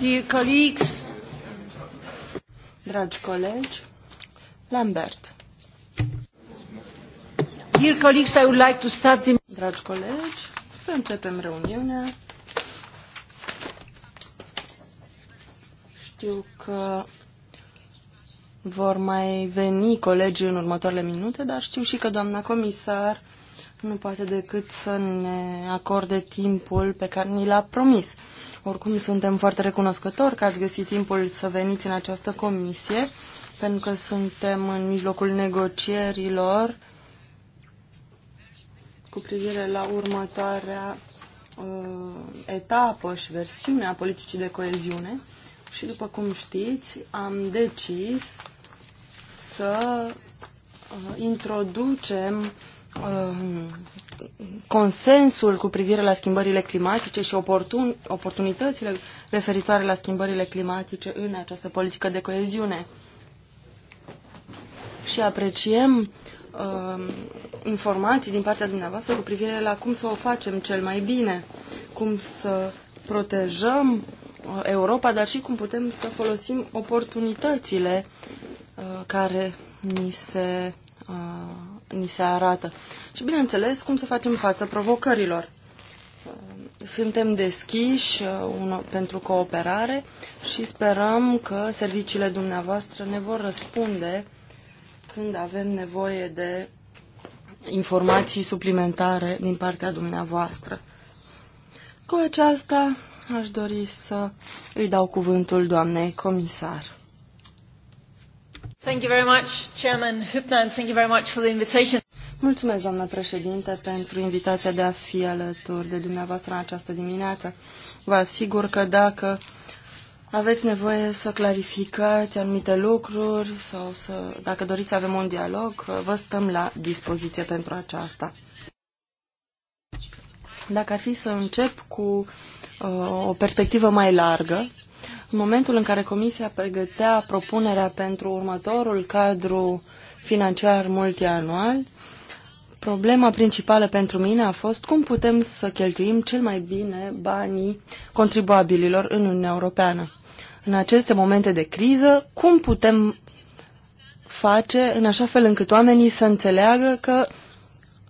Dear colleagues, dragi colegi, Lambert. Dear colleagues, I would like to start the... Dragi colegi, să începem reuniunea. Știu că vor mai veni colegii în următoarele minute, dar știu și că doamna comisar nu poate decât să ne acorde timpul pe care ni l-a promis. Oricum, suntem foarte recunoscători că ați găsit timpul să veniți în această comisie, pentru că suntem în mijlocul negocierilor cu privire la următoarea uh, etapă și versiune a politicii de coeziune. Și, după cum știți, am decis să uh, introducem Uh, consensul cu privire la schimbările climatice și oportun, oportunitățile referitoare la schimbările climatice în această politică de coeziune. Și apreciem uh, informații din partea dumneavoastră cu privire la cum să o facem cel mai bine, cum să protejăm uh, Europa, dar și cum putem să folosim oportunitățile uh, care ni se uh, ni se arată. Și, bineînțeles, cum să facem față provocărilor. Suntem deschiși uh, pentru cooperare și sperăm că serviciile dumneavoastră ne vor răspunde când avem nevoie de informații suplimentare din partea dumneavoastră. Cu aceasta aș dori să îi dau cuvântul doamnei comisar. Thank you very much, Chairman Hübner, thank you very much for the invitation. Mulțumesc, doamnă președinte, pentru invitația de a fi alături de dumneavoastră în această dimineață. Vă asigur că dacă aveți nevoie să clarificați anumite lucruri sau să, dacă doriți să avem un dialog, vă stăm la dispoziție pentru aceasta. Dacă ar fi să încep cu uh, o perspectivă mai largă, în momentul în care Comisia pregătea propunerea pentru următorul cadru financiar multianual, problema principală pentru mine a fost cum putem să cheltuim cel mai bine banii contribuabililor în Uniunea Europeană. În aceste momente de criză, cum putem face în așa fel încât oamenii să înțeleagă că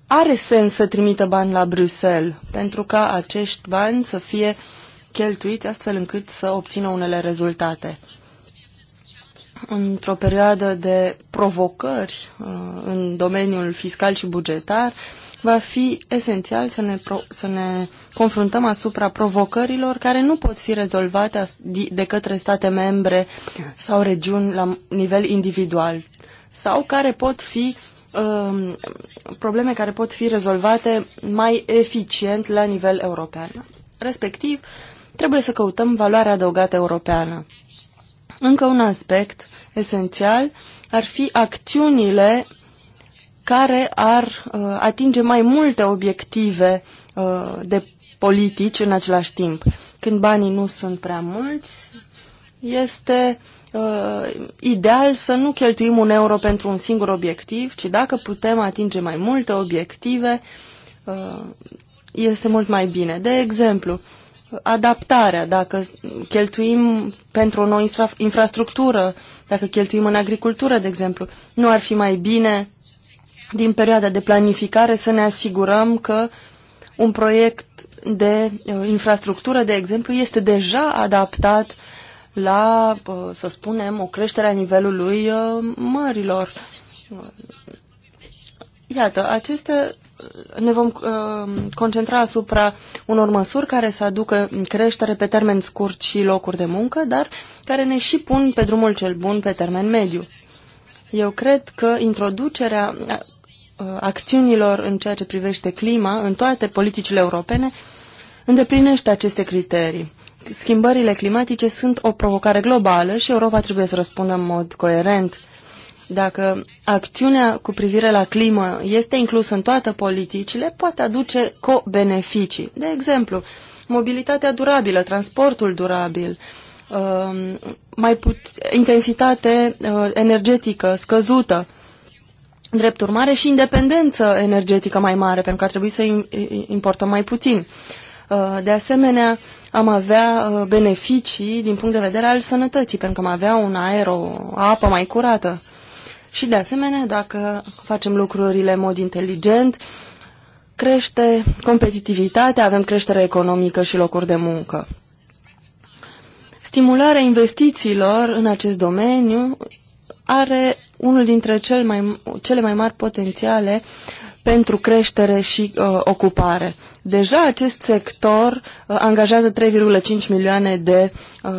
are sens să trimită bani la Bruxelles pentru ca acești bani să fie uh, cheltuiți astfel încât să obțină unele rezultate. Într-o perioadă de provocări uh, în domeniul fiscal și bugetar, va fi esențial să ne, pro- să ne confruntăm asupra provocărilor care nu pot fi rezolvate de către state membre sau regiuni la nivel individual sau care pot fi um, probleme care pot fi rezolvate mai eficient la nivel european. Respectiv, trebuie să căutăm valoarea adăugată europeană. Încă un aspect esențial ar fi acțiunile care ar uh, atinge mai multe obiective uh, de politici în același timp. Când banii nu sunt prea mulți, este uh, ideal să nu cheltuim un euro pentru un singur obiectiv, ci dacă putem atinge mai multe obiective, uh, este mult mai bine. De exemplu, adaptarea, dacă cheltuim pentru o nouă infra infrastructură, dacă cheltuim în agricultură, de exemplu, nu ar fi mai bine din perioada de planificare să ne asigurăm că un proiect de uh, infrastructură, de exemplu, este deja adaptat la, uh, să spunem, o creștere a nivelului uh, mărilor. Iată, aceste ne vom uh, concentra asupra unor măsuri care să aducă creștere pe termen scurt și locuri de muncă, dar care ne și pun pe drumul cel bun pe termen mediu. Eu cred că introducerea uh, acțiunilor în ceea ce privește clima în toate politicile europene îndeplinește aceste criterii. Schimbările climatice sunt o provocare globală și Europa trebuie să răspundă în mod coerent. Dacă acțiunea cu privire la climă este inclusă în toate politicile, poate aduce co-beneficii. De exemplu, mobilitatea durabilă, transportul durabil, um, mai put intensitate uh, energetică scăzută, drept urmare și independență energetică mai mare, pentru că ar trebui să importăm mai puțin. Uh, de asemenea, am avea uh, beneficii din punct de vedere al sănătății, pentru că am avea un aer, o apă mai curată. Și de asemenea, dacă facem lucrurile în mod inteligent, crește competitivitatea, avem creștere economică și locuri de muncă. Stimularea investițiilor în acest domeniu are unul dintre cel mai, cele mai mari potențiale pentru creștere și uh, ocupare. Deja acest sector uh, angajează 3,5 milioane de uh,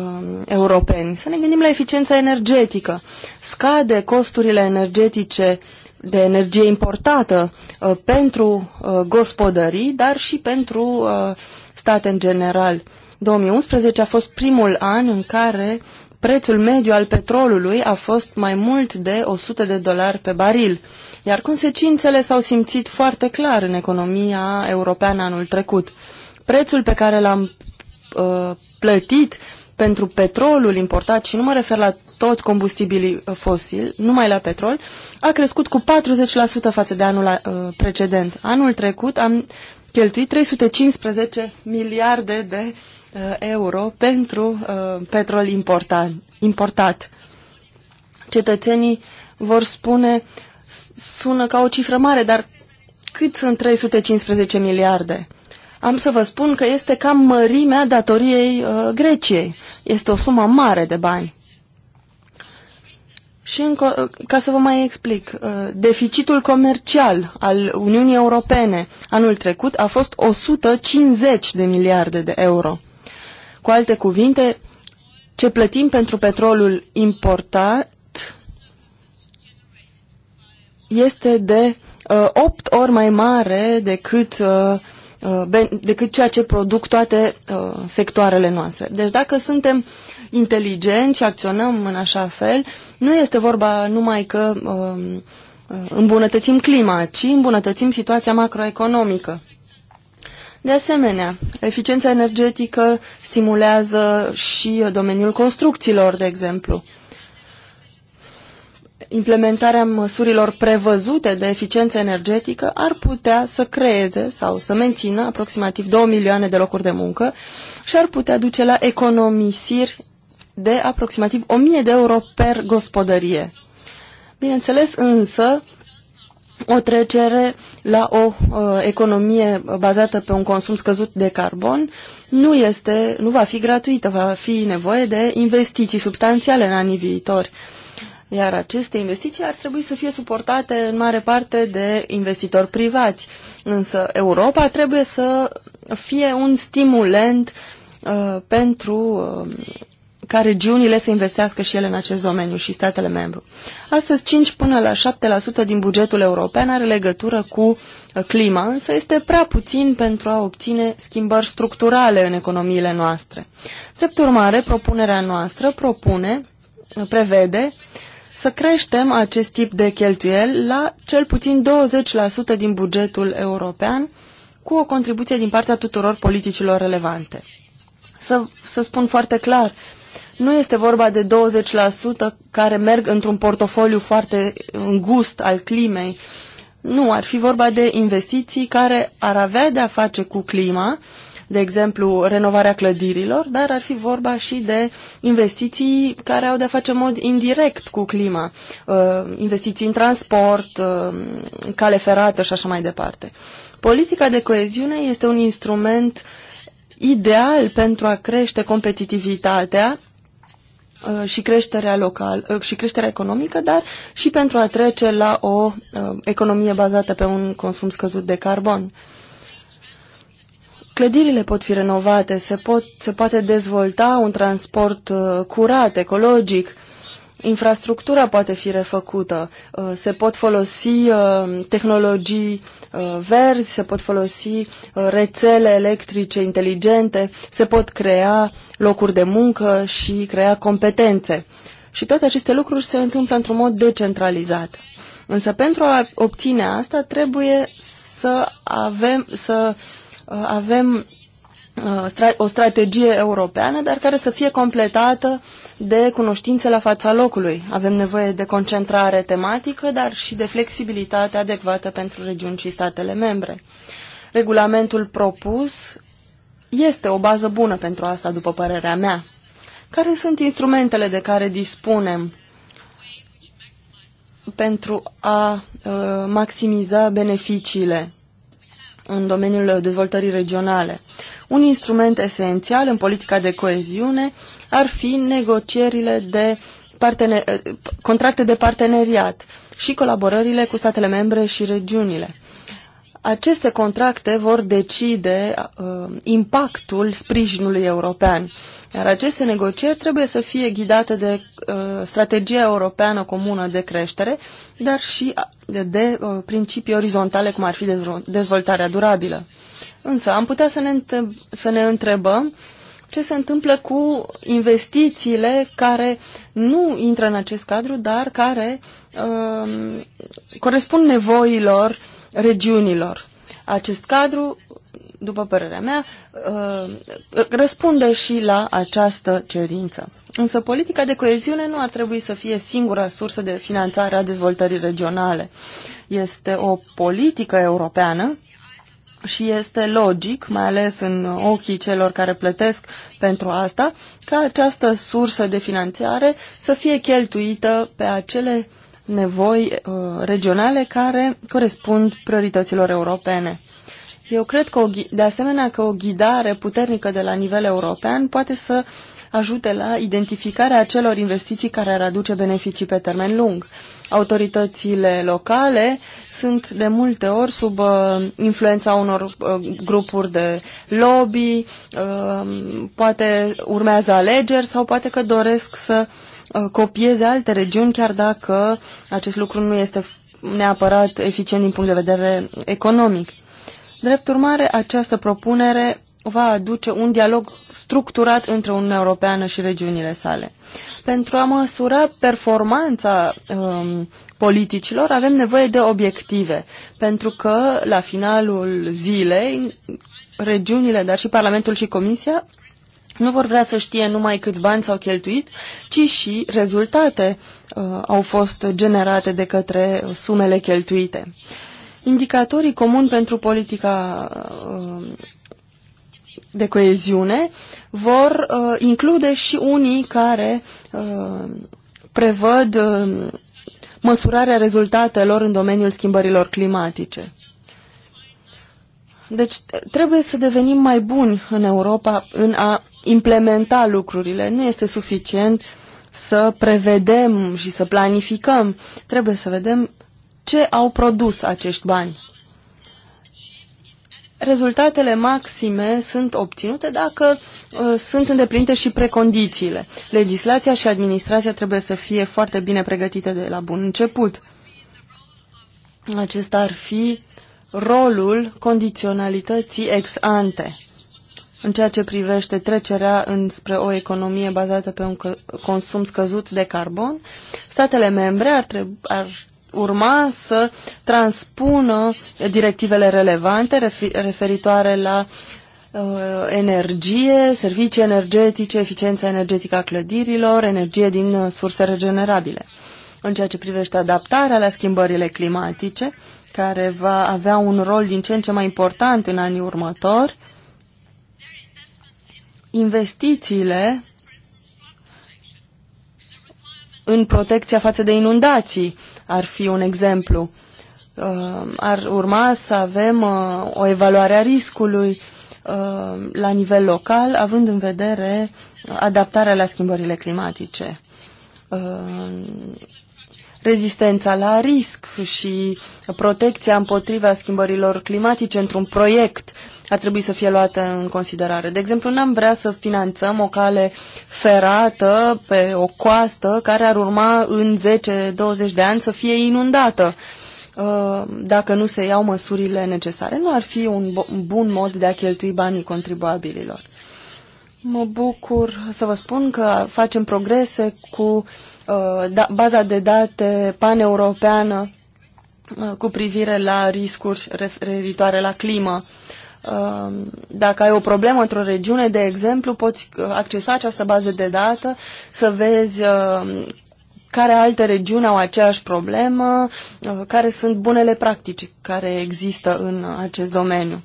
europeni. Să ne gândim la eficiența energetică. Scade costurile energetice de energie importată uh, pentru uh, gospodării, dar și pentru uh, state în general. 2011 a fost primul an în care uh, prețul mediu al petrolului a fost mai mult de 100 de dolari pe baril, iar consecințele s-au simțit foarte clar în economia europeană anul trecut. Prețul pe care l-am uh, plătit pentru petrolul importat, și nu mă refer la toți combustibilii uh, fosili, numai la petrol, a crescut cu 40% față de anul uh, precedent. Anul trecut am cheltuit 315 miliarde de Uh, euro pentru uh, petrol importat. importat. Cetățenii vor spune, sună ca o cifră mare, dar cât sunt 315 miliarde? Am să vă spun că este cam mărimea datoriei uh, Greciei. Este o sumă mare de bani. Și încă, uh, ca să vă mai explic, deficitul comercial al Uniunii Europene anul trecut a fost 150 de miliarde de euro. Cu alte cuvinte, ce plătim pentru petrolul importat este de uh, 8 ori mai mare decât, uh, uh, ben, decât ceea ce produc toate uh, sectoarele noastre. Deci dacă suntem inteligenți și acționăm în așa fel, nu este vorba numai că um, uh, îmbunătățim clima, ci îmbunătățim situația macroeconomică. De asemenea, eficiența energetică stimulează și domeniul construcțiilor, de exemplu. Implementarea măsurilor prevăzute de eficiență energetică ar putea să creeze sau să mențină aproximativ 2 milioane de locuri de muncă și ar putea duce la economisiri de aproximativ 1000 de euro per gospodărie. Bineînțeles însă, o trecere la o uh, economie bazată pe un consum scăzut de carbon nu, este, nu va fi gratuită, va fi nevoie de investiții substanțiale în anii viitori. Iar aceste investiții ar trebui să fie suportate în mare parte de investitori privați. Însă Europa trebuie să fie un stimulent uh, pentru uh, ca regiunile să investească și ele în acest domeniu și statele membru. Astăzi, 5 până la 7% din bugetul european are legătură cu uh, clima, însă este prea puțin pentru a obține schimbări structurale în economiile noastre. Drept urmare, propunerea noastră propune, uh, prevede să creștem acest tip de cheltuieli la cel puțin 20% din bugetul european, cu o contribuție din partea tuturor politicilor relevante. Să, să spun foarte clar, nu este vorba de 20% care merg într-un portofoliu foarte îngust al climei. Nu, ar fi vorba de investiții care ar avea de a face cu clima, de exemplu, renovarea clădirilor, dar ar fi vorba și de investiții care au de-a face în mod indirect cu clima, uh, investiții în transport, uh, cale ferată și așa mai departe. Politica de coeziune este un instrument uh, ideal pentru a crește competitivitatea uh, și creșterea local uh, și creșterea economică, dar și pentru a trece la o uh, economie bazată pe un consum scăzut de carbon. Clădirile pot fi renovate, se, pot, se poate dezvolta un transport curat, ecologic, infrastructura poate fi refăcută, uh, se pot folosi uh, tehnologii uh, verzi, se pot folosi rețele electrice inteligente, se pot crea locuri de muncă și crea competențe. Și toate aceste lucruri se întâmplă într-un mod decentralizat. Însă pentru a obține asta trebuie să avem, să avem Uh, o strategie europeană, dar care să fie completată de cunoștințe la fața locului. Avem nevoie de concentrare tematică, dar și de flexibilitate adecvată pentru regiuni și statele membre. Regulamentul propus este o bază bună pentru asta, după părerea mea. Care sunt instrumentele de care dispunem pentru a uh, maximiza beneficiile în domeniul dezvoltării regionale? Un instrument esențial în politica de coeziune ar fi negocierile de partener, eh, contracte de parteneriat și colaborările cu statele membre și regiunile. Aceste contracte vor decide uh, impactul sprijinului european, iar aceste negocieri trebuie să fie ghidate de uh, strategia europeană comună de creștere, dar și de, de uh, principii orizontale, cum ar fi dezvoltarea durabilă. Însă am putea să ne, întreb, să ne întrebăm ce se întâmplă cu investițiile care nu intră în acest cadru, dar care uh, corespund nevoilor regiunilor. Acest cadru, după părerea mea, uh, răspunde și la această cerință. Însă politica de coeziune nu ar trebui să fie singura sursă de finanțare a dezvoltării regionale. Este o politică europeană și este logic, mai ales în ochii celor care plătesc pentru asta, ca această sursă de finanțare să fie cheltuită pe acele nevoi uh, regionale care corespund priorităților europene. Eu cred că, o, de asemenea, că o ghidare puternică de la nivel european poate să ajute la identificarea acelor investiții care ar aduce beneficii pe termen lung. Autoritățile locale sunt de multe ori sub uh, influența unor uh, grupuri de lobby, uh, poate urmează alegeri sau poate că doresc să uh, copieze alte regiuni, chiar dacă acest lucru nu este neapărat eficient din punct de vedere economic. Drept urmare, această propunere va aduce un dialog structurat între Uniunea Europeană și regiunile sale. Pentru a măsura performanța um, politicilor avem nevoie de obiective, pentru că la finalul zilei regiunile, dar și Parlamentul și Comisia nu vor vrea să știe numai câți bani s-au cheltuit, ci și rezultate uh, au fost generate de către sumele cheltuite. Indicatorii comuni pentru politica uh, de coeziune vor uh, include și unii care uh, prevăd uh, măsurarea rezultatelor în domeniul schimbărilor climatice. Deci trebuie să devenim mai buni în Europa în a implementa lucrurile. Nu este suficient să prevedem și să planificăm. Trebuie să vedem ce au produs acești bani rezultatele maxime sunt obținute dacă uh, sunt îndeplinite și precondițiile. Legislația și administrația trebuie să fie foarte bine pregătite de la bun început. Acesta ar fi rolul condiționalității ex ante în ceea ce privește trecerea înspre o economie bazată pe un consum scăzut de carbon, statele membre ar, treb- ar urma să transpună directivele relevante referitoare la uh, energie, servicii energetice, eficiența energetică a clădirilor, energie din uh, surse regenerabile. În ceea ce privește adaptarea la schimbările climatice, care va avea un rol din ce în ce mai important în anii următori, investițiile în protecția față de inundații, ar fi un exemplu. Uh, ar urma să avem uh, o evaluare a riscului uh, la nivel local, având în vedere adaptarea la schimbările climatice rezistența la risc și protecția împotriva schimbărilor climatice într-un proiect ar trebui să fie luate în considerare. De exemplu, n-am vrea să finanțăm o cale ferată pe o coastă care ar urma în 10-20 de ani să fie inundată uh, dacă nu se iau măsurile necesare. Nu ar fi un bun mod de a cheltui banii contribuabililor. Mă bucur să vă spun că facem progrese cu uh, da, baza de date paneuropeană uh, cu privire la riscuri referitoare la climă. Um, dacă ai o problemă într-o regiune, de exemplu, poți uh, accesa această bază de dată, să vezi um, care alte regiuni au aceeași problemă, uh, care sunt bunele practici care există în acest domeniu.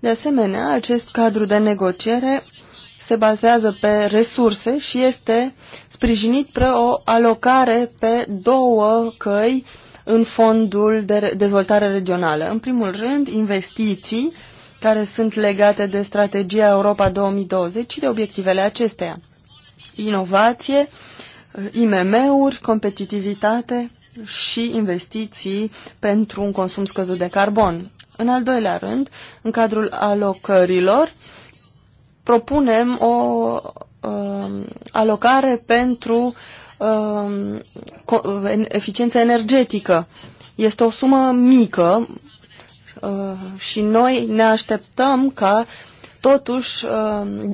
De asemenea, acest cadru de negociere se bazează pe resurse și este sprijinit pe o alocare pe două căi în fondul de dezvoltare regională. În primul rând, investiții care sunt legate de strategia Europa 2020 și de obiectivele acesteia. Inovație, IMM-uri, competitivitate și investiții pentru un consum scăzut de carbon. În al doilea rând, în cadrul alocărilor, propunem o uh, alocare pentru uh, um, eficiența energetică. Este o sumă mică, Uh, și noi ne așteptăm ca totuși uh,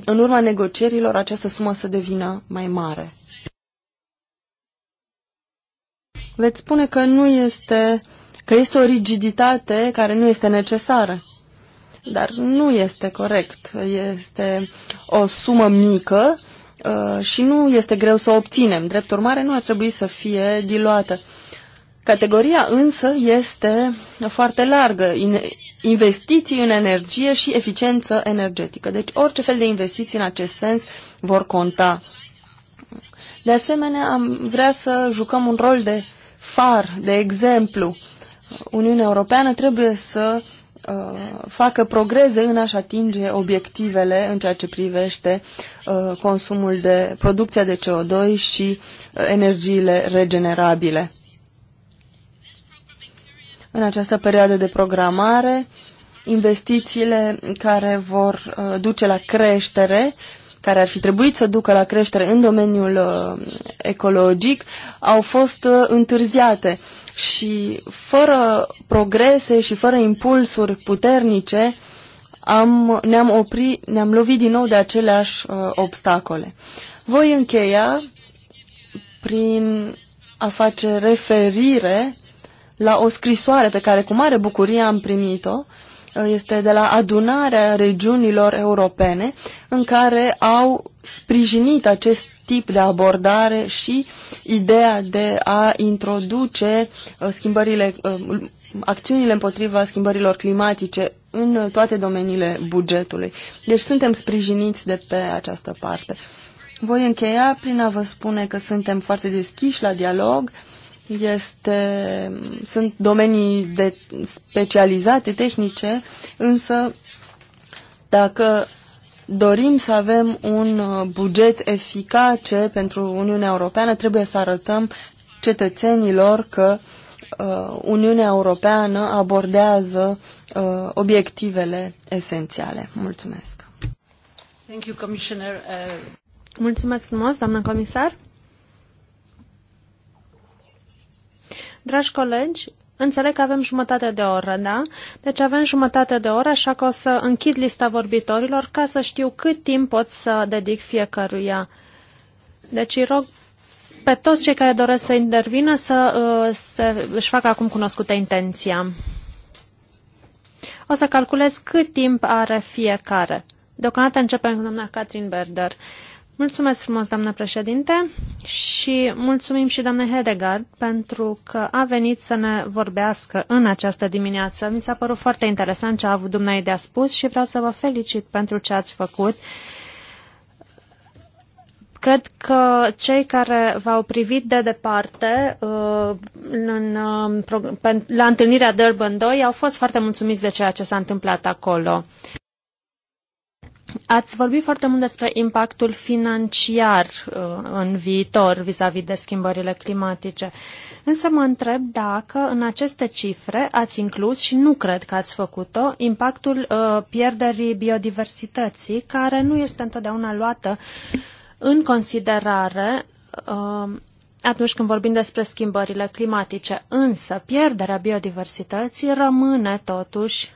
în urma negocierilor această sumă să devină mai mare. Veți spune că nu este că este o rigiditate care nu este necesară. Dar nu este corect. Este o sumă mică uh, și nu este greu să o obținem. Drept urmare, nu ar trebui să fie diluată. Categoria însă este foarte largă, investiții în energie și eficiență energetică. Deci orice fel de investiții în acest sens vor conta. De asemenea, am vrea să jucăm un rol de far, de exemplu. Uniunea Europeană trebuie să uh, facă progrese în a-și atinge obiectivele în ceea ce privește uh, consumul de producția de CO2 și uh, energiile regenerabile în această perioadă de programare, investițiile care vor uh, duce la creștere, care ar fi trebuit să ducă la creștere în domeniul uh, ecologic, au fost uh, întârziate și fără progrese și fără impulsuri puternice am, ne-am oprit, ne-am lovit din nou de aceleași uh, obstacole. Voi încheia prin a face referire uh, la o scrisoare pe care cu mare bucurie am primit-o, uh, este de la adunarea regiunilor europene în care au sprijinit acest tip de abordare și ideea de a introduce uh, schimbările, uh, acțiunile împotriva schimbărilor climatice în toate domeniile bugetului. Deci suntem sprijiniți de pe această parte. Voi încheia prin a vă spune că suntem foarte deschiși la dialog, este, sunt domenii de specializate, tehnice, însă dacă dorim să avem un uh, buget eficace pentru Uniunea Europeană, trebuie să arătăm cetățenilor că uh, Uniunea Europeană abordează uh, obiectivele esențiale. Mulțumesc! Thank you, Commissioner. Uh... Mulțumesc frumos, doamnă comisar! Dragi colegi, înțeleg că avem jumătate de oră, da? Deci avem jumătate de oră, așa că o să închid lista vorbitorilor ca să știu cât timp pot să dedic fiecăruia. Deci îi rog pe toți cei care doresc să intervină să, uh, să își facă acum cunoscută intenția. O să calculez cât timp are fiecare. Deocamdată începem cu doamna Catherine Berder. Mulțumesc frumos, doamnă președinte, și mulțumim și doamnei Hedegaard pentru că a venit să ne vorbească în această dimineață. Mi s-a părut foarte interesant ce a avut dumneai de a spus și vreau să vă felicit pentru ce ați făcut. Cred că cei care v-au privit de departe uh, în, um, la întâlnirea Durban 2 au fost foarte mulțumiți de ceea ce s-a întâmplat acolo. Ați vorbit foarte mult despre impactul financiar uh, în viitor vis-a-vis -vis de schimbările climatice, însă mă întreb dacă în aceste cifre ați inclus, și nu cred că ați făcut-o, impactul uh, pierderii biodiversității, care nu este întotdeauna luată în considerare uh, atunci când vorbim despre schimbările climatice. Însă pierderea biodiversității rămâne totuși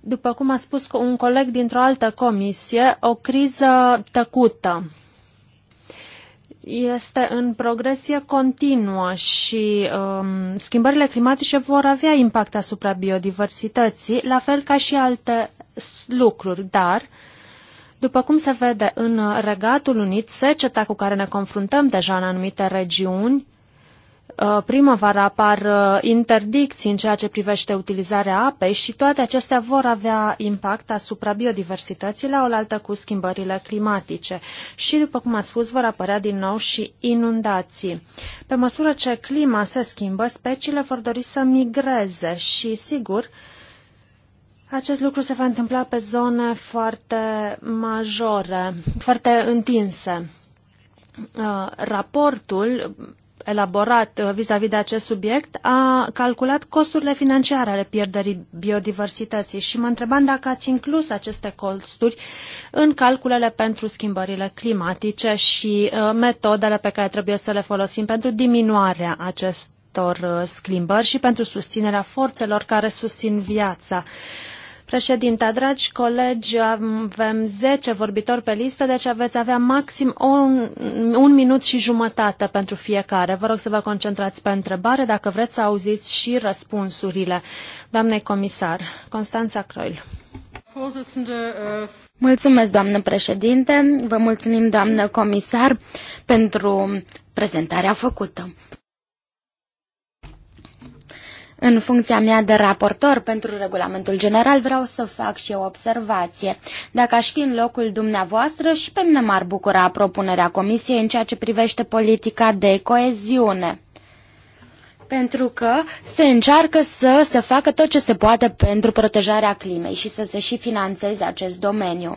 după cum a spus un coleg dintr-o altă comisie, o criză tăcută. Este în progresie continuă și um, schimbările climatice vor avea impact asupra biodiversității, la fel ca și alte lucruri, dar după cum se vede în Regatul Unit, seceta cu care ne confruntăm deja în anumite regiuni Uh, primăvara apar uh, interdicții în ceea ce privește utilizarea apei și toate acestea vor avea impact asupra biodiversității la oaltă cu schimbările climatice. Și, după cum ați spus, vor apărea din nou și inundații. Pe măsură ce clima se schimbă, speciile vor dori să migreze și, sigur, acest lucru se va întâmpla pe zone foarte majore, foarte întinse. Uh, raportul elaborat uh, vis-a-vis -vis de acest subiect a calculat costurile financiare ale pierderii biodiversității și mă întrebam dacă ați inclus aceste costuri în calculele pentru schimbările climatice și uh, metodele pe care trebuie să le folosim pentru diminuarea acestor uh, schimbări și pentru susținerea forțelor care susțin viața. Președinta, dragi colegi, avem 10 vorbitori pe listă, deci aveți avea maxim un, un minut și jumătate pentru fiecare. Vă rog să vă concentrați pe întrebare, dacă vreți să auziți și răspunsurile. Doamnei comisar, Constanța Croil. Mulțumesc, doamnă președinte, vă mulțumim, doamnă comisar, pentru prezentarea făcută. În funcția mea de raportor pentru regulamentul general vreau să fac și eu observație. Dacă aș fi în locul dumneavoastră și pe mine m-ar bucura propunerea Comisiei în ceea ce privește politica de coeziune pentru că se încearcă să se facă tot ce se poate pentru protejarea climei și să se și financeze acest domeniu.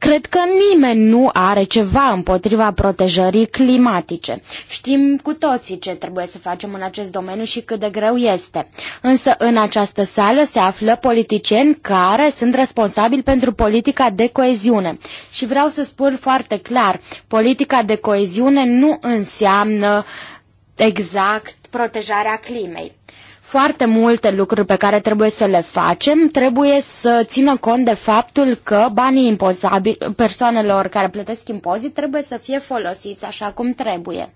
Cred că nimeni nu are ceva împotriva protejării climatice. Știm cu toții ce trebuie să facem în acest domeniu și cât de greu este. Însă în această sală se află politicieni care sunt responsabili pentru politica de coeziune. Și vreau să spun foarte clar, politica de coeziune nu înseamnă exact protejarea climei foarte multe lucruri pe care trebuie să le facem, trebuie să țină cont de faptul că banii impozabili, persoanelor care plătesc impozit trebuie să fie folosiți așa cum trebuie.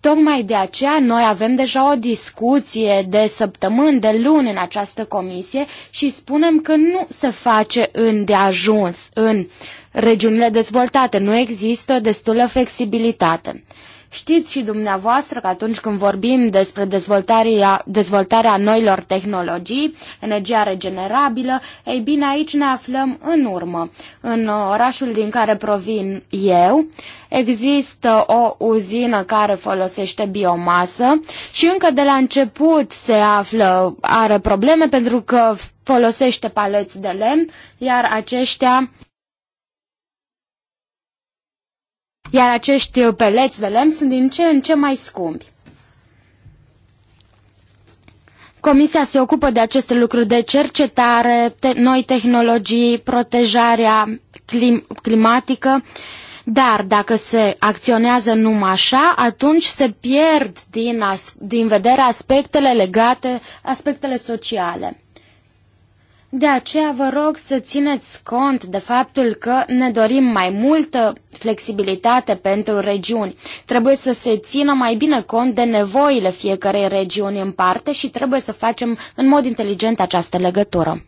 Tocmai de aceea noi avem deja o discuție de săptămâni, de luni în această comisie și spunem că nu se face îndeajuns în regiunile dezvoltate, nu există destulă flexibilitate. Știți și dumneavoastră că atunci când vorbim despre dezvoltarea, dezvoltarea noilor tehnologii, energia regenerabilă, ei bine, aici ne aflăm în urmă. În orașul din care provin eu, există o uzină care folosește biomasă și încă de la început se află, are probleme pentru că folosește paleți de lemn, iar aceștia iar acești peleți de lemn sunt din ce în ce mai scumpi. Comisia se ocupă de aceste lucruri de cercetare, te noi tehnologii, protejarea clim climatică, dar dacă se acționează numai așa, atunci se pierd din, din vedere aspectele legate, aspectele sociale. De aceea vă rog să țineți cont de faptul că ne dorim mai multă flexibilitate pentru regiuni. Trebuie să se țină mai bine cont de nevoile fiecarei regiuni în parte și trebuie să facem în mod inteligent această legătură.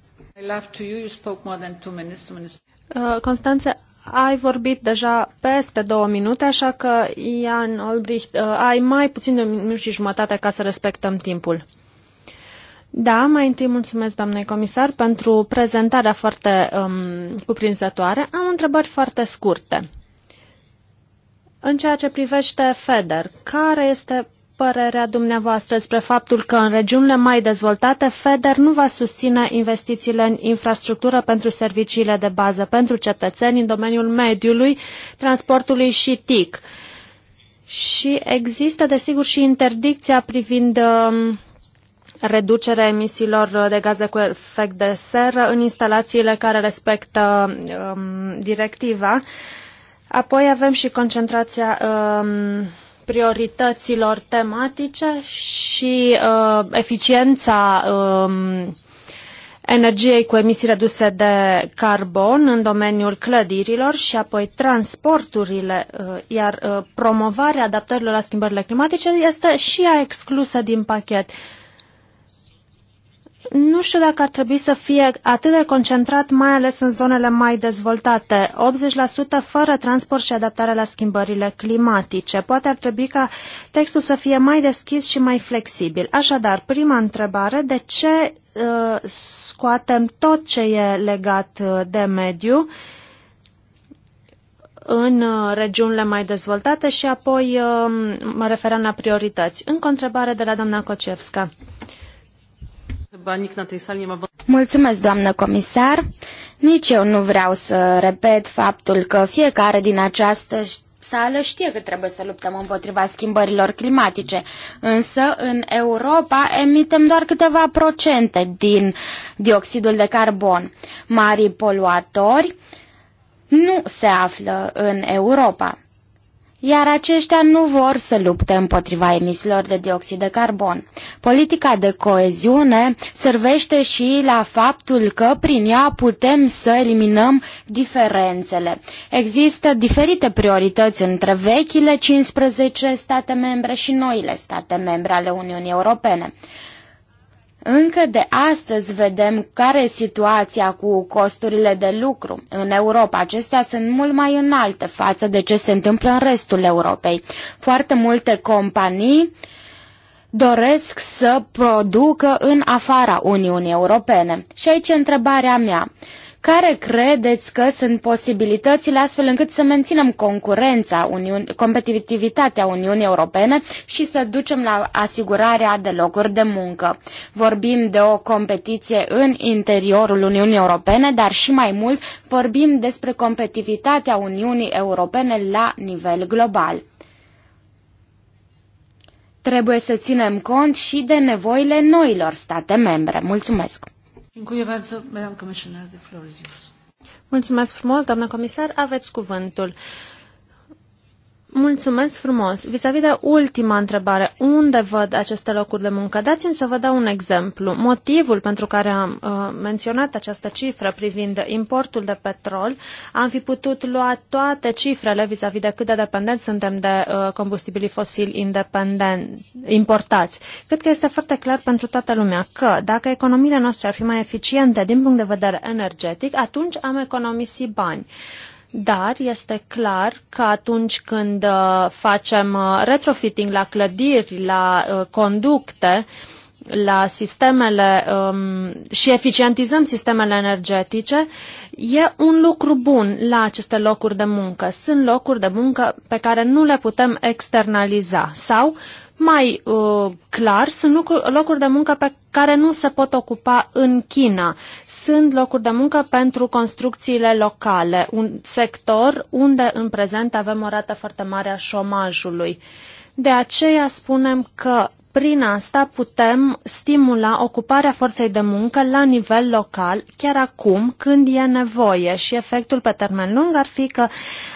Uh, Constanța ai vorbit deja peste două minute, așa că, Ian Olbricht, uh, ai mai puțin de un minut și jumătate ca să respectăm timpul. Da, mai întâi mulțumesc, doamnei comisar, pentru prezentarea foarte um, cuprinzătoare. Am întrebări foarte scurte. În ceea ce privește FEDER, care este părerea dumneavoastră despre faptul că în regiunile mai dezvoltate FEDER nu va susține investițiile în infrastructură pentru serviciile de bază pentru cetățeni în domeniul mediului, transportului și TIC? Și există, desigur, și interdicția privind um, reducerea emisiilor de gaze cu efect de seră în instalațiile care respectă um, directiva. Apoi avem și concentrația um, priorităților tematice și uh, eficiența um, energiei cu emisii reduse de carbon în domeniul clădirilor și apoi transporturile, uh, iar uh, promovarea adaptărilor la schimbările climatice este și ea exclusă din pachet. Nu știu dacă ar trebui să fie atât de concentrat, mai ales în zonele mai dezvoltate, 80% fără transport și adaptare la schimbările climatice. Poate ar trebui ca textul să fie mai deschis și mai flexibil. Așadar, prima întrebare, de ce uh, scoatem tot ce e legat uh, de mediu în uh, regiunile mai dezvoltate și apoi uh, mă referam la priorități. Încă o întrebare de la doamna Kocevska. Mulțumesc, doamnă comisar. Nici eu nu vreau să repet faptul că fiecare din această sală știe că trebuie să luptăm împotriva schimbărilor climatice, însă în Europa emitem doar câteva procente din dioxidul de carbon. Marii poluatori nu se află în Europa iar aceștia nu vor să lupte împotriva emisiilor de dioxid de carbon. Politica de coeziune servește și la faptul că prin ea putem să eliminăm diferențele. Există diferite priorități între vechile 15 state membre și noile state membre ale Uniunii Europene. Încă de astăzi vedem care e situația cu costurile de lucru în Europa. Acestea sunt mult mai înalte față de ce se întâmplă în restul Europei. Foarte multe companii doresc să producă în afara Uniunii Europene. Și aici e întrebarea mea. Care credeți că sunt posibilitățile astfel încât să menținem concurența, Uniun- competitivitatea Uniunii Europene și să ducem la asigurarea de locuri de muncă? Vorbim de o competiție în interiorul Uniunii Europene, dar și mai mult vorbim despre competitivitatea Uniunii Europene la nivel global trebuie să ținem cont și de nevoile noilor state membre. Mulțumesc! Mulțumesc frumos, doamnă comisar, aveți cuvântul. Mulțumesc frumos. Vis-a-vis -vis de ultima întrebare, unde văd aceste locuri de muncă? Dați-mi să vă dau un exemplu. Motivul pentru care am uh, menționat această cifră privind importul de petrol, am fi putut lua toate cifrele vis-a-vis -vis de cât de dependenți suntem de uh, combustibilii fosili importați. Cred că este foarte clar pentru toată lumea că dacă economiile noastre ar fi mai eficiente din punct de vedere energetic, atunci am economisit bani dar este clar că atunci când uh, facem uh, retrofitting la clădiri, la uh, conducte, la sistemele um, și eficientizăm sistemele energetice, e un lucru bun la aceste locuri de muncă. Sunt locuri de muncă pe care nu le putem externaliza sau mai uh, clar, sunt lucruri, locuri de muncă pe care nu se pot ocupa în China. Sunt locuri de muncă pentru construcțiile locale, un sector unde în prezent avem o rată foarte mare a șomajului. De aceea spunem că prin asta putem stimula ocuparea forței de muncă la nivel local, chiar acum când e nevoie și efectul pe termen lung ar fi că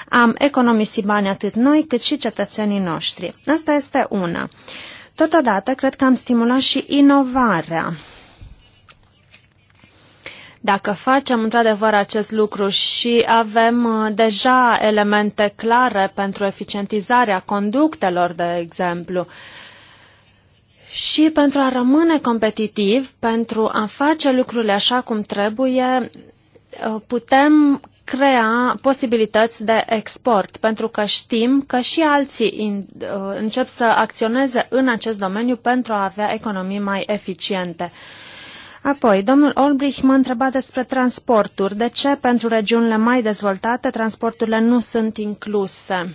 am economisit bani atât noi cât și cetățenii noștri. Asta este una. Totodată, cred că am stimulat și inovarea. Dacă facem într-adevăr acest lucru și avem uh, deja elemente clare pentru eficientizarea conductelor, de exemplu, uh, și pentru a rămâne competitiv, pentru a face lucrurile așa cum trebuie, uh, putem crea posibilități de export, pentru că știm că și alții uh, încep să acționeze în acest domeniu pentru a avea economii mai eficiente. Apoi, domnul Olbrich m-a întrebat despre transporturi. De ce pentru regiunile mai dezvoltate transporturile nu sunt incluse?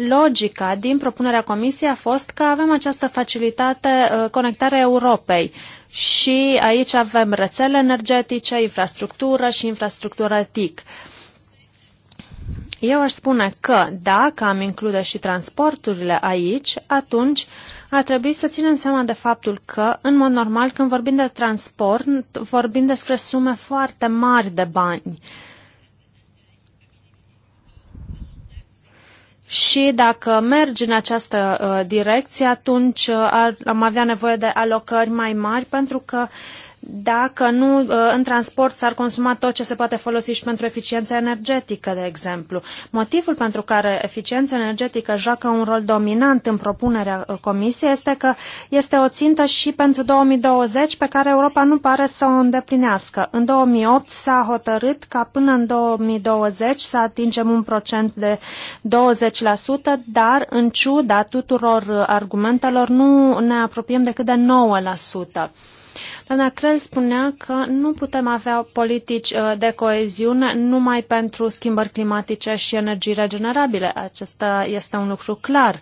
Logica din propunerea Comisiei a fost că avem această facilitate uh, conectarea Europei și aici avem rețele energetice, infrastructură și infrastructură TIC. Eu aș spune că dacă am include și transporturile aici, atunci ar trebui să ținem seama de faptul că, în mod normal, când vorbim de transport, vorbim despre sume foarte mari de bani. Uh, și dacă mergi în această uh, direcție, atunci uh, ar, am avea nevoie de alocări mai mari pentru că uh, dacă nu uh, în transport s-ar consuma tot ce se poate folosi și pentru eficiența energetică, de exemplu. Motivul pentru care eficiența energetică joacă un rol dominant în propunerea uh, Comisiei este că este o țintă și pentru 2020 pe care Europa nu pare să o îndeplinească. În 2008 s-a hotărât ca până în 2020 să atingem un procent de 20%, dar în ciuda tuturor uh, argumentelor nu ne apropiem decât de 9%. Doamna Crel spunea că nu putem avea politici uh, de coeziune numai pentru schimbări climatice și energii regenerabile. Acesta este un lucru clar. Uh,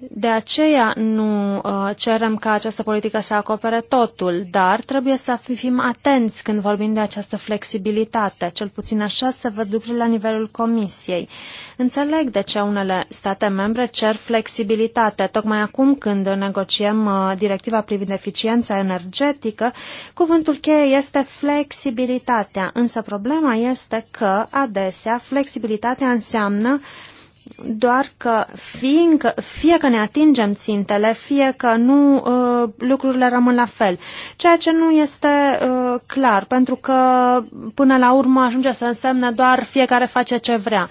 de aceea nu uh, cerem ca această politică să acopere totul, dar trebuie să fim atenți când vorbim de această flexibilitate. Cel puțin așa se văd lucrurile la nivelul Comisiei. Înțeleg de ce unele state membre cer flexibilitate, tocmai acum când negociem uh, directiva privind eficiența energetică, cuvântul cheie este flexibilitatea, însă problema este că adesea flexibilitatea înseamnă uh, doar că fiindcă, fie că ne atingem țintele, fie că nu, uh, lucrurile rămân la fel. Ceea ce nu este uh, clar, pentru că până la urmă ajunge să însemne doar fiecare face ce vrea.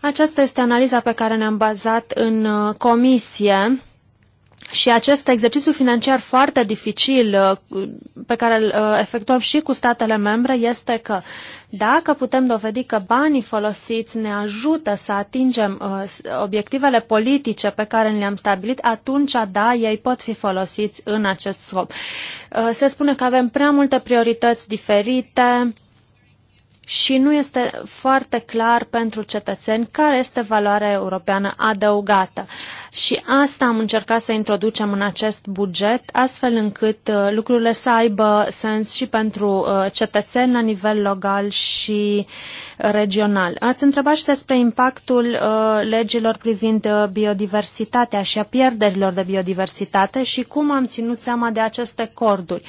Aceasta este analiza pe care ne-am bazat în uh, comisie și acest exercițiu financiar foarte dificil uh, pe care îl uh, efectuăm și cu statele membre este că dacă putem dovedi că banii folosiți ne ajută să atingem uh, obiectivele politice pe care le-am stabilit, atunci, da, ei pot fi folosiți în acest scop. Se spune că avem prea multe priorități diferite, și nu este foarte clar pentru cetățeni care este valoarea europeană adăugată. Și asta am încercat să introducem în acest buget, astfel încât uh, lucrurile să aibă sens și pentru uh, cetățeni la nivel local și uh, regional. Ați întrebat și despre impactul uh, legilor privind uh, biodiversitatea și a pierderilor de biodiversitate și cum am ținut seama de aceste corduri.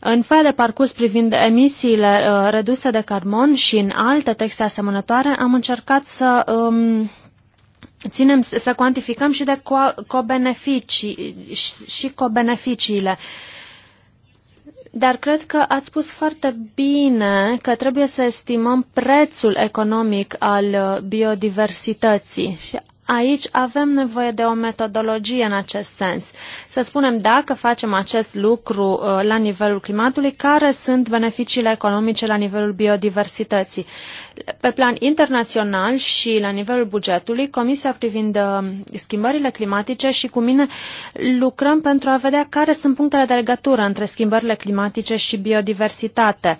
În fel de parcurs privind emisiile uh, reduse de carbon și în alte texte asemănătoare am încercat să um, ținem să cuantificăm și de co-beneficii co și, și co-beneficiile. Uh, dar cred că ați spus foarte bine că trebuie să estimăm prețul economic al uh, biodiversității și aici avem nevoie de o metodologie în acest sens. Să spunem dacă facem acest lucru uh, la nivelul climatului, care sunt beneficiile economice la nivelul biodiversității. Pe plan internațional și la nivelul bugetului, Comisia privind uh, schimbările climatice și cu mine lucrăm pentru a vedea care sunt punctele de legătură între schimbările climatice și biodiversitate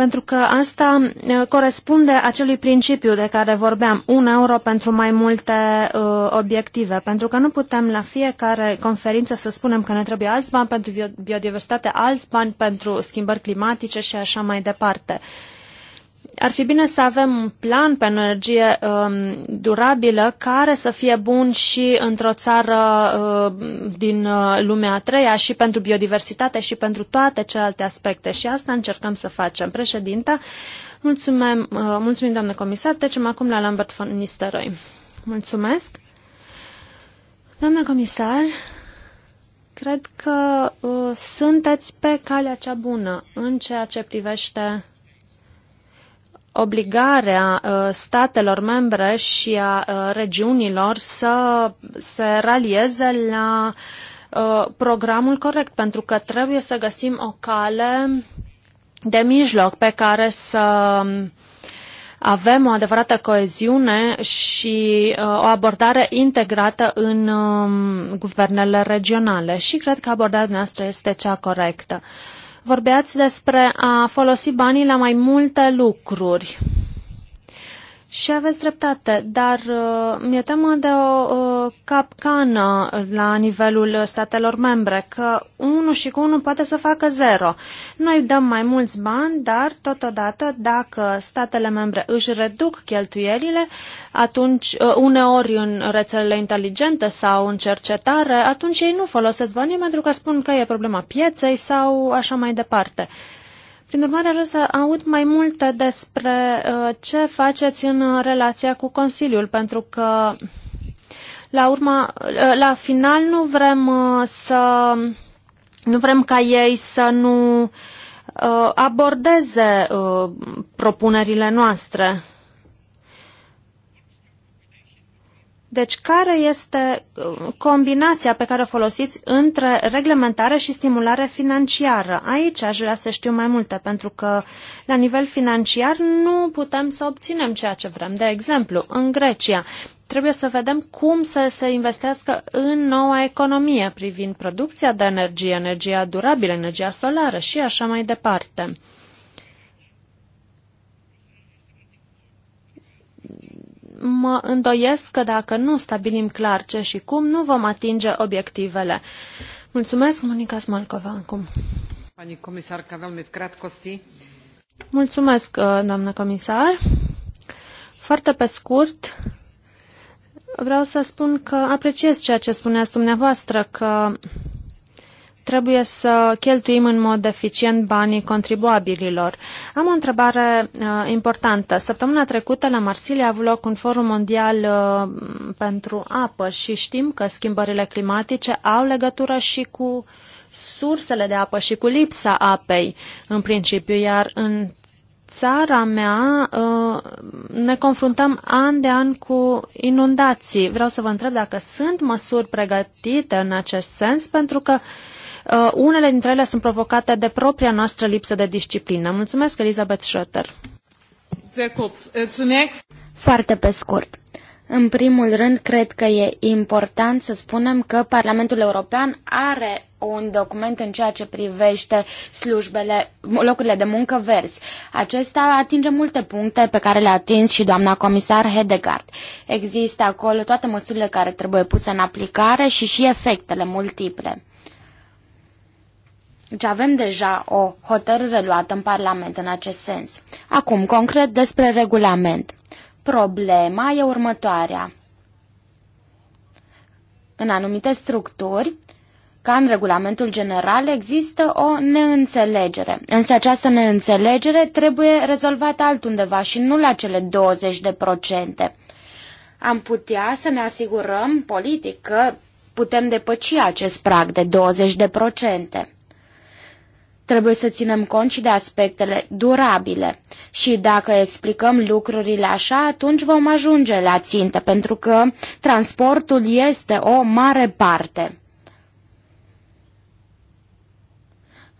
pentru că asta eh, corespunde acelui principiu de care vorbeam, un euro pentru mai multe uh, obiective, pentru că nu putem la fiecare conferință să spunem că ne trebuie alți bani pentru biodiversitate, alți bani pentru schimbări climatice și așa mai departe. Uh, ar fi bine să avem un plan pe energie um, durabilă care să fie bun și într-o țară uh, din uh, lumea a treia și pentru biodiversitate și pentru toate celelalte aspecte. Și asta încercăm să facem. Președinta, mulțumim, uh, mulțumim doamnă comisar. Trecem acum la Lambert von Nistelrooy. Mulțumesc. Doamnă comisar, cred că uh, sunteți pe calea cea bună în ceea ce privește obligarea uh, statelor membre și a uh, regiunilor să se ralieze la uh, programul corect, pentru că trebuie să găsim o cale de mijloc pe care să um, avem o adevărată coeziune și o abordare integrată în um, guvernele regionale și cred că abordarea noastră este cea corectă. Vorbeați despre a folosi banii la mai multe lucruri. Și aveți dreptate, dar uh, mi-e teamă de o uh, capcană la nivelul statelor membre, că unul și cu unul poate să facă zero. Noi dăm mai mulți bani, dar totodată dacă statele membre își reduc cheltuielile, atunci uh, uneori în rețelele inteligente sau în cercetare, atunci ei nu folosesc banii pentru că spun că e problema pieței sau așa mai departe. Uh, prin urmare, aș să aud mai multe despre uh, ce faceți în relația cu Consiliul, pentru că la, urma, uh, la final nu vrem uh, să nu vrem ca ei să nu abordeze propunerile noastre. Deci, care este uh, combinația pe care o folosiți între reglementare și stimulare financiară? Aici aș vrea să știu mai multe, pentru că la nivel financiar nu putem să obținem ceea ce vrem. De exemplu, în Grecia trebuie să vedem cum să se investească în noua economie privind producția de energie, energia durabilă, energia solară și așa mai departe. mă îndoiesc că dacă nu stabilim clar ce și cum, nu vom atinge obiectivele. Mulțumesc, Monica Smalcova, acum. Pani comisarka, velmi Mulțumesc, uh, doamnă comisar. Foarte pe scurt, vreau să spun că apreciez ceea ce spuneați dumneavoastră, că trebuie să cheltuim în mod eficient banii contribuabililor. Am o întrebare uh, importantă. Săptămâna trecută la Marsilia a avut loc un forum mondial uh, pentru apă și știm că schimbările climatice au legătură și cu sursele de apă și cu lipsa apei în principiu, iar în țara mea uh, ne confruntăm an de an cu inundații. Vreau să vă întreb dacă sunt măsuri pregătite în acest sens, pentru că Uh, unele dintre ele sunt provocate de propria noastră lipsă de disciplină. Mulțumesc, Elizabeth Schroeter. Äh, Foarte pe scurt. În primul rând, cred că e important să spunem că Parlamentul European are un document în ceea ce privește slujbele, locurile de muncă verzi. Acesta atinge multe puncte pe care le-a atins și doamna comisar Hedegaard. Există acolo toate măsurile care trebuie puse în aplicare și și efectele multiple. Deci avem deja o hotărâre luată în Parlament în acest sens. Acum, concret despre regulament. Problema e următoarea. În anumite structuri, ca în regulamentul general, există o neînțelegere. Însă această neînțelegere trebuie rezolvată altundeva și nu la cele 20 de procente. Am putea să ne asigurăm politic că putem depăși acest prag de 20 de procente. Trebuie să ținem cont și de aspectele durabile și dacă explicăm lucrurile așa, atunci vom ajunge la țintă, pentru că transportul este o mare parte.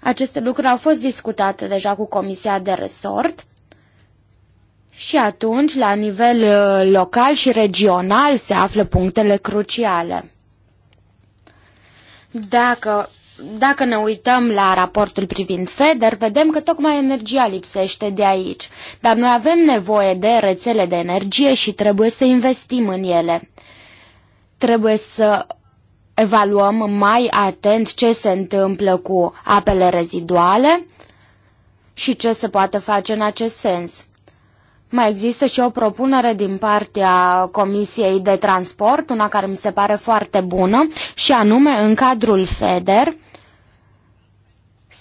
Aceste lucruri au fost discutate deja cu Comisia de Resort și atunci, la nivel uh, local și regional, se află punctele cruciale. Dacă dacă ne uităm la raportul privind FEDER, vedem că tocmai energia lipsește de aici. Dar noi avem nevoie de rețele de energie și trebuie să investim în ele. Trebuie să evaluăm mai atent ce se întâmplă cu apele reziduale și ce se poate face în acest sens. Mai există și o propunere din partea Comisiei de Transport, una care mi se pare foarte bună, și anume în cadrul FEDER,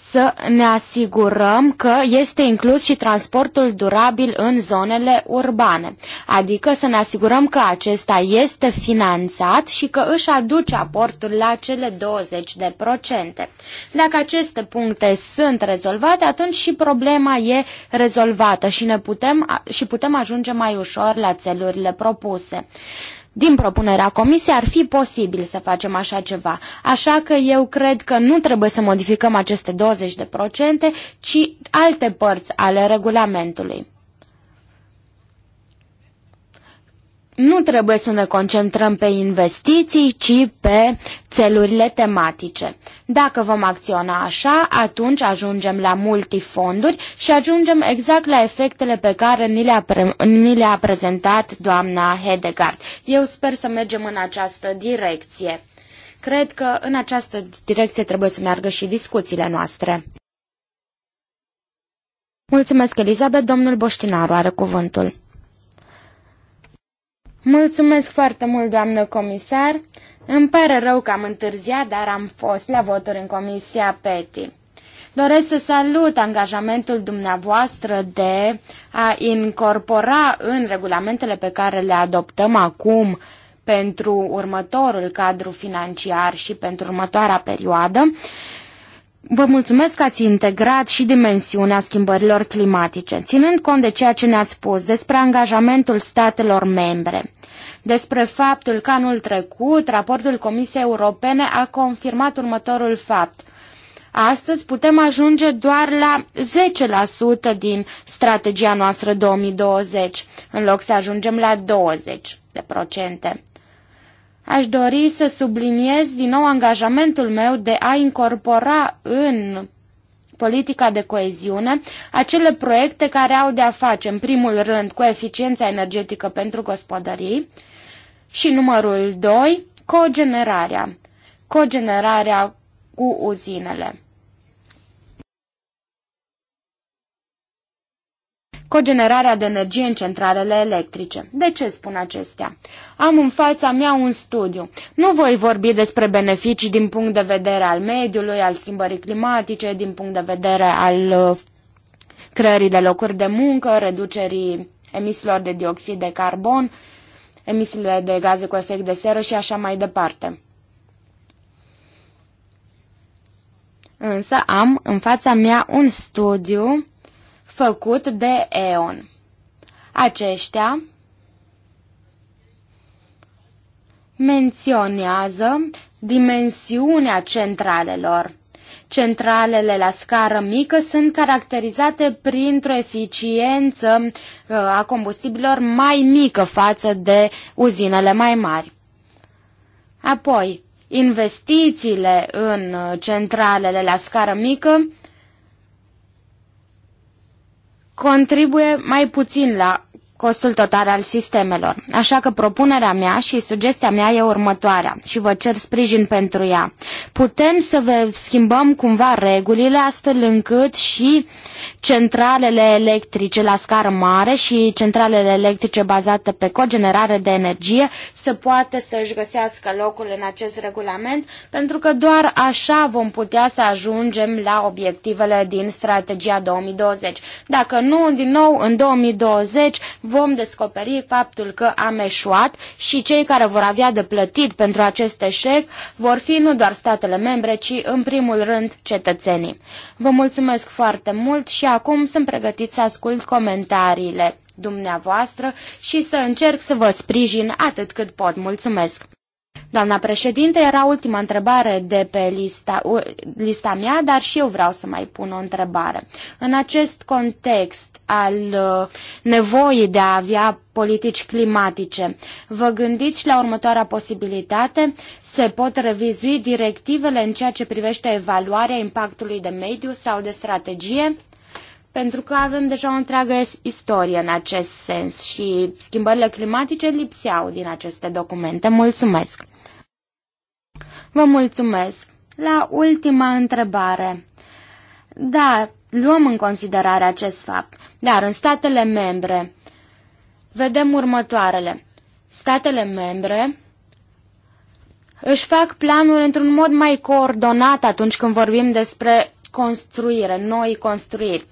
să ne asigurăm că este inclus și transportul durabil în zonele urbane, adică să ne asigurăm că acesta este finanțat și că își aduce aportul la cele 20%. de procente. Dacă aceste puncte sunt rezolvate, atunci și problema e rezolvată și, ne putem, și putem ajunge mai ușor la țelurile propuse din propunerea comisiei ar fi posibil să facem așa ceva. Așa că eu cred că nu trebuie să modificăm aceste 20%, ci alte părți ale regulamentului. nu trebuie să ne concentrăm pe investiții, ci pe țelurile tematice. Dacă vom acționa așa, atunci ajungem la multifonduri și ajungem exact la efectele pe care ni le-a, pre- ni le-a prezentat doamna Hedegaard. Eu sper să mergem în această direcție. Cred că în această direcție trebuie să meargă și discuțiile noastre. Mulțumesc, Elizabeth. Domnul Boștinaru are cuvântul. Mulțumesc foarte mult, doamnă comisar. Îmi pare rău că am întârziat, dar am fost la voturi în Comisia PETI. Doresc să salut angajamentul dumneavoastră de a incorpora în regulamentele pe care le adoptăm acum pentru următorul cadru financiar și pentru următoarea perioadă. Vă mulțumesc că ați integrat și dimensiunea schimbărilor climatice, ținând cont de ceea ce ne-ați spus despre angajamentul statelor membre despre faptul că anul trecut raportul Comisiei Europene a confirmat următorul fapt. Astăzi putem ajunge doar la 10% din strategia noastră 2020, în loc să ajungem la 20%. Aș dori să subliniez din nou angajamentul meu de a incorpora în politica de coeziune, acele proiecte care au de a face, în primul rând, cu eficiența energetică pentru gospodării, și numărul 2, cogenerarea. Cogenerarea cu uzinele. cogenerarea de energie în centralele electrice. De ce spun acestea? Am în fața mea un studiu. Nu voi vorbi despre beneficii din punct de vedere al mediului, al schimbării climatice, din punct de vedere al uh, creării de locuri de muncă, reducerii emisiilor de dioxid de carbon, uh, emisiile de gaze cu efect de seră și așa mai departe. Însă am în fața mea un studiu făcut de E.ON. Aceștia menționează dimensiunea centralelor Centralele la scară mică sunt caracterizate printr-o eficiență uh, a combustibilor mai mică față de uzinele mai mari. Apoi, investițiile în centralele la scară mică contribuie mai puțin la costul total al sistemelor. Așa că propunerea mea și sugestia mea e următoarea și vă cer sprijin pentru ea. Putem să schimbăm cumva regulile astfel încât și centralele electrice la scară mare și centralele electrice bazate pe cogenerare de energie să poată să își găsească locul în acest regulament, pentru că doar așa vom putea să ajungem la obiectivele din strategia 2020. Dacă nu, din nou, în 2020 vom descoperi faptul că am eșuat și cei care vor avea de plătit pentru acest eșec vor fi nu doar statele membre, ci în primul rând cetățenii. Vă mulțumesc foarte mult și acum sunt pregătit să ascult comentariile dumneavoastră și să încerc să vă sprijin atât cât pot. Mulțumesc! Doamna președinte, era ultima întrebare de pe lista, lista mea, dar și eu vreau să mai pun o întrebare. În acest context al uh, nevoii de a avea politici climatice, vă gândiți la următoarea posibilitate? Se pot revizui directivele în ceea ce privește evaluarea impactului de mediu sau de strategie? pentru că avem deja o întreagă istorie în acest sens și schimbările climatice lipseau din aceste documente. Mulțumesc! Vă mulțumesc! La ultima întrebare. Da, luăm în considerare acest fapt, dar în statele membre vedem următoarele. Statele membre își fac planuri într-un mod mai coordonat atunci când vorbim despre construire, noi construiri.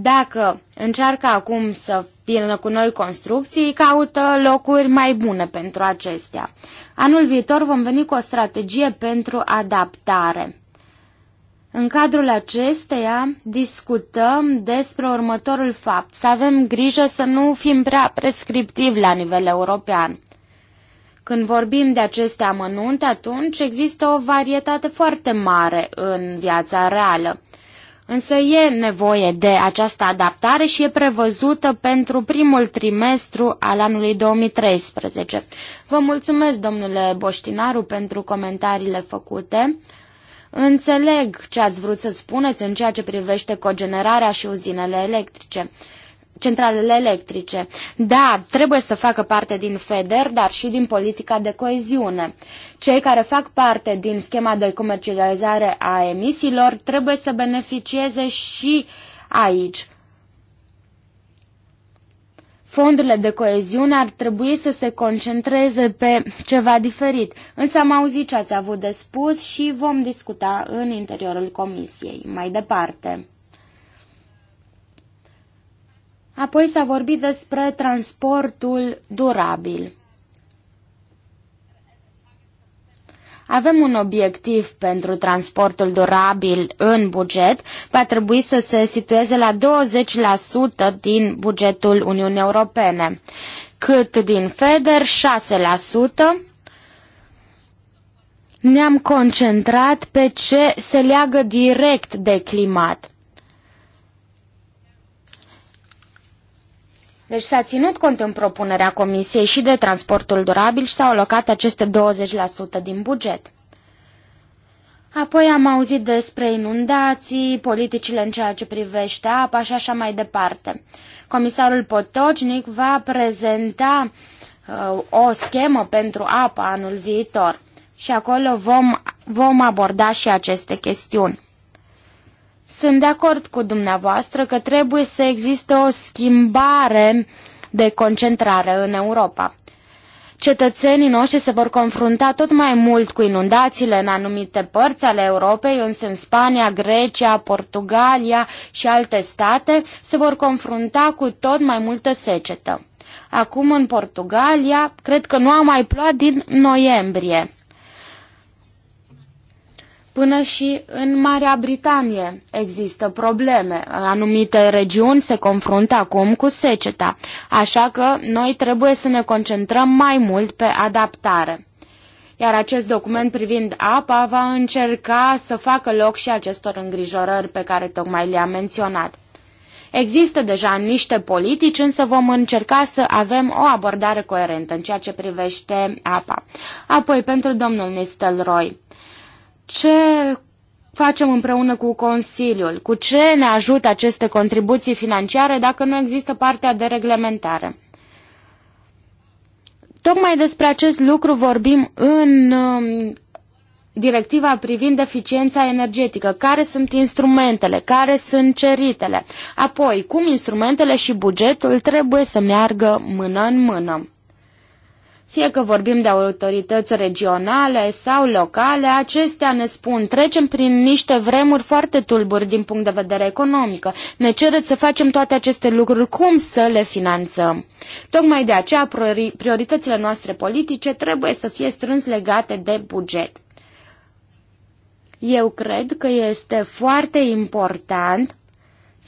Dacă încearcă acum să vină cu noi construcții, caută locuri mai bune pentru acestea. Anul viitor vom veni cu o strategie pentru adaptare. În cadrul acesteia discutăm despre următorul fapt, să avem grijă să nu fim prea prescriptivi la nivel european. Când vorbim de aceste amănunte, atunci există o varietate foarte mare în viața reală. Însă e nevoie de această adaptare și e prevăzută pentru primul trimestru al anului 2013. Vă mulțumesc, domnule Boștinaru, pentru comentariile făcute. Înțeleg ce ați vrut să spuneți în ceea ce privește cogenerarea și uzinele electrice centralele electrice. Da, trebuie să facă parte din FEDER, dar și din politica de coeziune. Cei care fac parte din schema de comercializare a emisiilor trebuie să beneficieze și aici. Fondurile de coeziune ar trebui să se concentreze pe ceva diferit, însă am auzit ce ați avut de spus și vom discuta în interiorul comisiei mai departe. Apoi s-a vorbit despre transportul durabil. Avem un obiectiv pentru transportul durabil în buget. Va trebui să se situeze la 20% din bugetul Uniunii Europene, cât din FEDER 6% ne-am concentrat pe ce se leagă direct de climat. Deci s-a ținut cont în propunerea Comisiei și de transportul durabil și s-au alocat aceste 20% din buget. Apoi am auzit despre inundații, politicile în ceea ce privește apa și așa mai departe. Comisarul Potocnic va prezenta uh, o schemă pentru apa anul viitor și acolo vom, vom aborda și aceste chestiuni. Sunt de acord cu dumneavoastră că trebuie să existe o schimbare de concentrare în Europa. Cetățenii noștri se vor confrunta tot mai mult cu inundațiile în anumite părți ale Europei, însă în Spania, Grecia, Portugalia și alte state se vor confrunta cu tot mai multă secetă. Acum în Portugalia, cred că nu a mai plouat din noiembrie. Până și în Marea Britanie există probleme. Anumite regiuni se confruntă acum cu seceta, așa că noi trebuie să ne concentrăm mai mult pe adaptare. Iar acest document privind apa va încerca să facă loc și acestor îngrijorări pe care tocmai le-am menționat. Există deja niște politici, însă vom încerca să avem o abordare coerentă în ceea ce privește apa. Apoi, pentru domnul Nistelrooy. Roy ce facem împreună cu Consiliul, cu ce ne ajută aceste contribuții financiare dacă nu există partea de reglementare. Tocmai despre acest lucru vorbim în um, directiva privind eficiența energetică, care sunt instrumentele, care sunt ceritele. Apoi, cum instrumentele și bugetul trebuie să meargă mână în mână. Fie că vorbim de autorități regionale sau locale, acestea ne spun trecem prin niște vremuri foarte tulburi din punct de vedere economic. Ne cereți să facem toate aceste lucruri, cum să le finanțăm? Tocmai de aceea prioritățile noastre politice trebuie să fie strâns legate de buget. Eu cred că este foarte important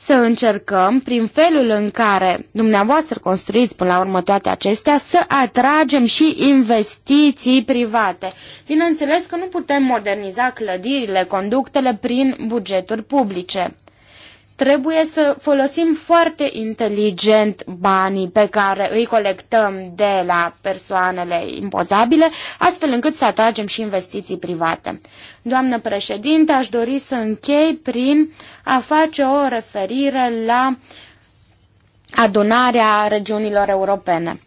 să încercăm, prin felul în care dumneavoastră construiți până la urmă toate acestea, să atragem și investiții private. Bineînțeles că nu putem moderniza clădirile, conductele prin bugeturi publice. Trebuie să folosim foarte inteligent banii pe care îi colectăm de la persoanele impozabile, astfel încât să atragem și investiții private. Doamnă președinte, aș dori să închei prin a face o referire la adunarea regiunilor europene.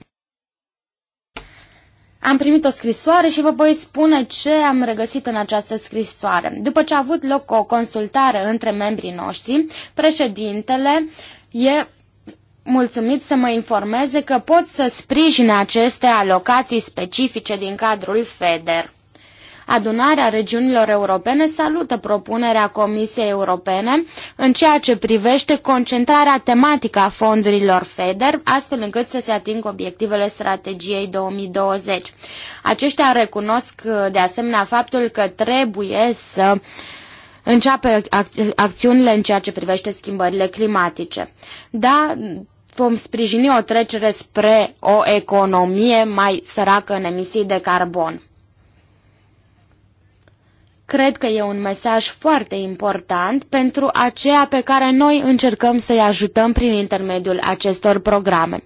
Am primit o scrisoare și vă voi spune ce am regăsit în această scrisoare. După ce a avut loc o consultare între membrii noștri, președintele e mulțumit să mă informeze că pot să sprijine aceste alocații specifice din cadrul FEDER. Adunarea regiunilor europene salută propunerea Comisiei Europene în ceea ce privește concentrarea tematică a fondurilor FEDER, astfel încât să se atingă obiectivele strategiei 2020. Aceștia recunosc uh, de asemenea faptul că trebuie să înceapă acțiunile în ceea ce privește schimbările climatice. Da, vom sprijini o trecere spre o economie mai săracă în emisii de carbon. Cred că e un mesaj foarte important pentru aceea pe care noi încercăm să-i ajutăm prin intermediul acestor programe.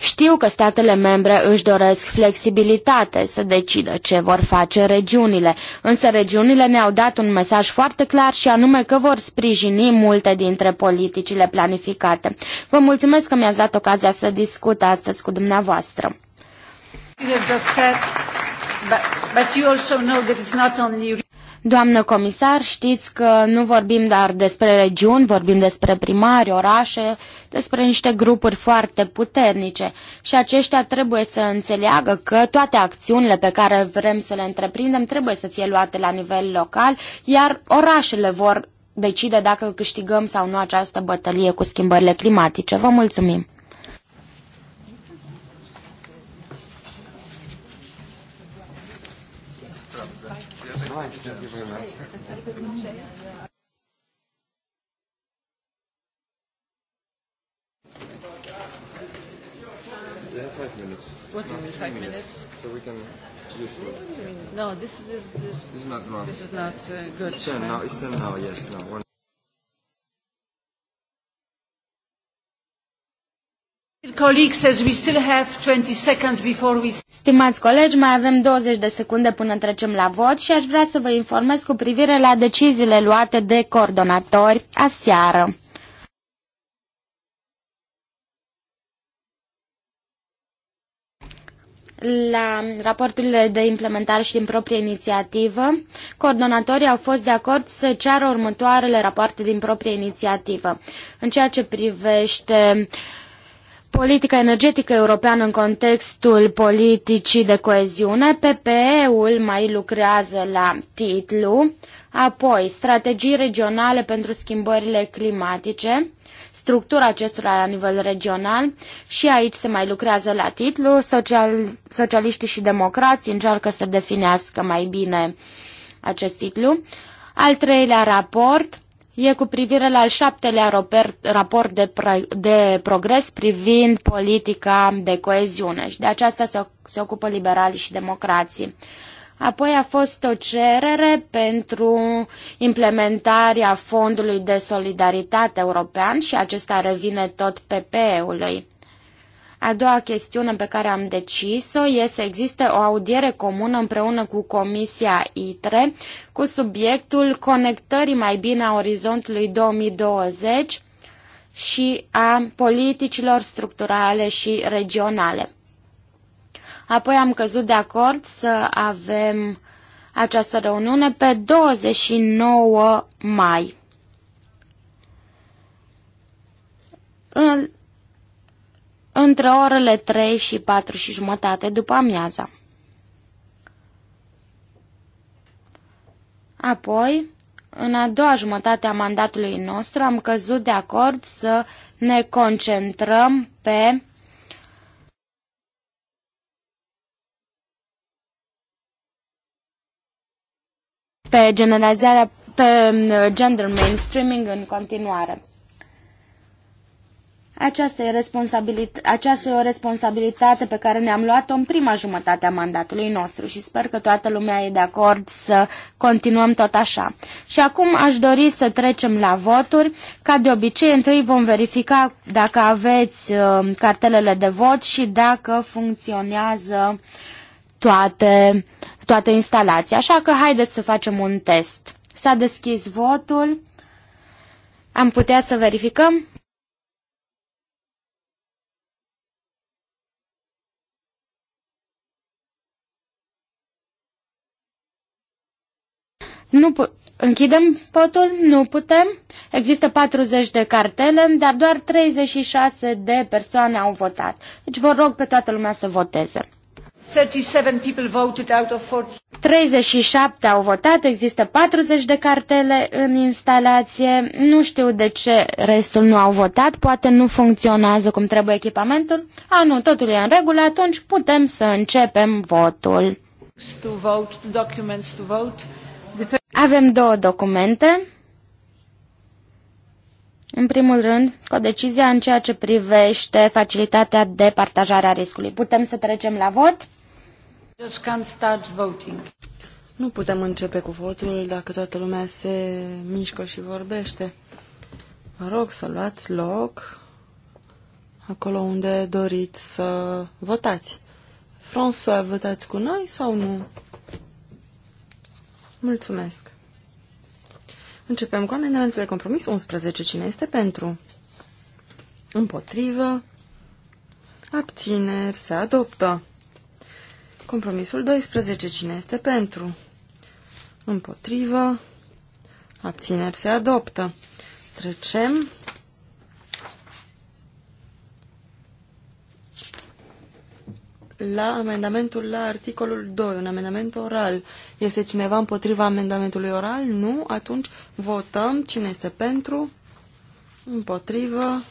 Știu că statele membre își doresc flexibilitate să decidă ce vor face regiunile, însă regiunile ne-au dat un mesaj foarte clar și anume că vor sprijini multe dintre politicile planificate. Vă mulțumesc că mi-ați dat ocazia să discut astăzi cu dumneavoastră. Doamnă comisar, știți că nu vorbim doar despre regiuni, vorbim despre primari, orașe, despre niște grupuri foarte puternice și aceștia trebuie să înțeleagă că toate acțiunile pe care vrem să le întreprindem trebuie să fie luate la nivel local, iar orașele vor decide dacă câștigăm sau nu această bătălie cu schimbările climatice. Vă mulțumim! What do you mean, five minutes? minutes? So we can use it. No, this, is this, this is not wrong. This is not uh, good. It's ten now, it's ten now, yes. No, one. Colleagues, as we still have 20 seconds before we... Stimați colegi, mai avem 20 de secunde până trecem la vot și aș vrea să vă informez cu privire la deciziile luate de coordonatori aseară. la raporturile de implementare și din proprie inițiativă, coordonatorii au fost de acord să ceară următoarele rapoarte din proprie inițiativă. În ceea ce privește politica energetică europeană în contextul politicii de coeziune, PPE-ul mai lucrează la titlu, apoi strategii regionale pentru schimbările climatice, structura acestora la nivel regional și aici se mai lucrează la titlu. Social, socialiștii și democrații încearcă să definească mai bine acest titlu. Al treilea raport e cu privire la al șaptelea raport de, de progres privind politica de coeziune și de aceasta se, se ocupă liberalii și democrații. Apoi a fost o cerere pentru implementarea Fondului de Solidaritate European și acesta revine tot PPE-ului. A doua chestiune pe care am decis-o este să existe o audiere comună împreună cu Comisia ITRE cu subiectul conectării mai bine a orizontului 2020 și a politicilor structurale și regionale. Apoi am căzut de acord să avem această reuniune pe 29 mai. În, între orele 3 și 4 și jumătate după amiaza. Apoi, în a doua jumătate a mandatului nostru, am căzut de acord să ne concentrăm pe pe generalizarea pe um, gender mainstreaming în continuare. Aceasta e, aceasta e o responsabilitate pe care ne-am luat-o în prima jumătate a mandatului nostru și sper că toată lumea e de acord să continuăm tot așa. Și acum aș dori să trecem la voturi. Ca de obicei, întâi vom verifica dacă aveți uh, cartelele de vot și dacă funcționează toate uh, toată instalația. Așa că haideți să facem un test. S-a deschis votul. Am putea să verificăm? Nu Închidem votul? Nu putem. Există 40 de cartele, dar doar 36 de persoane au votat. Deci vă rog pe toată lumea să voteze. 37, 40. au votat, există 40 de cartele în instalație. Nu știu de ce restul nu au votat, poate nu funcționează cum trebuie echipamentul. A, nu, totul e în regulă, atunci putem să începem votul. To vote, documents to vote. Avem două documente. În primul rând, decizia în ceea ce privește facilitatea de partajare a riscului. Putem să trecem la vot? Nu putem începe cu votul dacă toată lumea se mișcă și vorbește. Vă rog să luați loc acolo unde doriți să votați. François, votați cu noi sau nu? Mulțumesc. Începem cu amendamentul de compromis 11. Cine este pentru? Împotrivă. Abțineri. Se adoptă. Compromisul 12. Cine este pentru? Împotrivă. Abțineri se adoptă. Trecem. La amendamentul la articolul 2, un amendament oral. Este cineva împotriva amendamentului oral? Nu? Atunci votăm cine este pentru, împotrivă,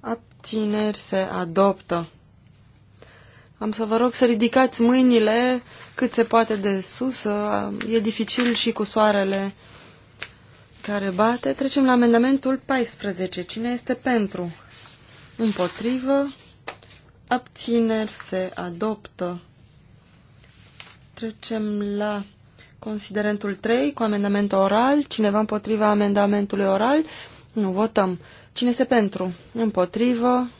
abțineri se adoptă. Am să vă rog să ridicați mâinile cât se poate de sus. E dificil și cu soarele care bate. Trecem la amendamentul 14. Cine este pentru? Împotrivă. Abțineri se adoptă. Trecem la considerentul 3 cu amendament oral. Cineva împotriva amendamentului oral? Nu, votăm. Cine este pentru? Împotrivă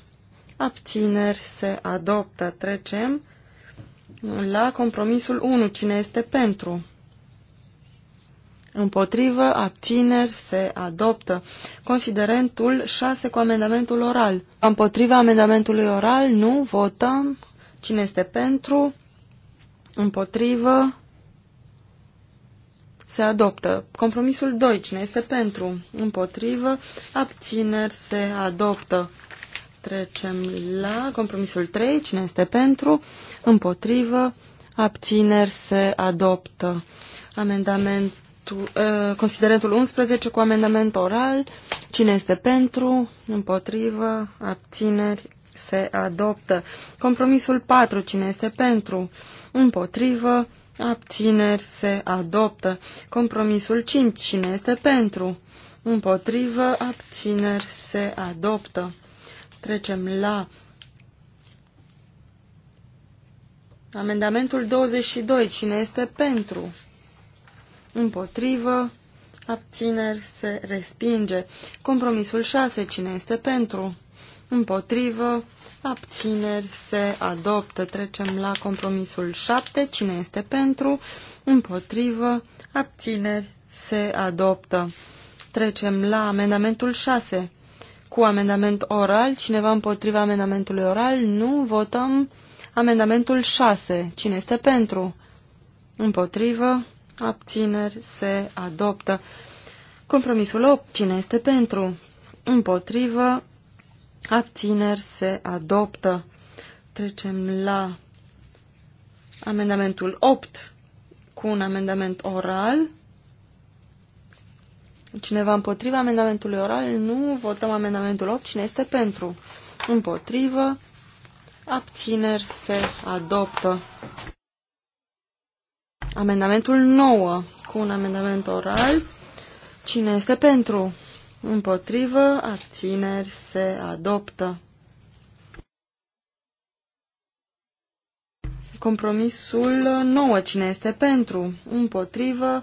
abțineri se adoptă. Trecem la compromisul 1. Cine este pentru? Împotrivă, abțineri, se adoptă. Considerentul 6 cu amendamentul oral. Împotriva amendamentului oral, nu, votăm. Cine este pentru? Împotrivă, se adoptă. Compromisul 2, cine este pentru? Împotrivă, abțineri, se adoptă. Trecem la compromisul 3. Cine este pentru? Împotrivă. Abțineri se adoptă. Amendamentul, uh, considerentul 11 cu amendament oral. Cine este pentru? Împotrivă. Abțineri se adoptă. Compromisul 4. Cine este pentru? Împotrivă. Abțineri se adoptă. Compromisul 5. Cine este pentru? Împotrivă. Abțineri se adoptă. Trecem la amendamentul 22. Cine este pentru? Împotrivă. Abțineri se respinge. Compromisul 6. Cine este pentru? Împotrivă. Abțineri se adoptă. Trecem la compromisul 7. Cine este pentru? Împotrivă. Abțineri se adoptă. Trecem la amendamentul 6 cu amendament oral. Cineva împotriva amendamentului oral? Nu. Votăm amendamentul 6. Cine este pentru? Împotrivă. Abțineri. Se adoptă. Compromisul 8. Cine este pentru? Împotrivă. Abțineri. Se adoptă. Trecem la amendamentul 8 cu un amendament oral Cineva împotriva amendamentului oral? Nu. Votăm amendamentul 8. Cine este pentru? Împotrivă. Abțineri se adoptă. Amendamentul 9 cu un amendament oral. Cine este pentru? Împotrivă. Abțineri se adoptă. Compromisul 9. Cine este pentru? Împotrivă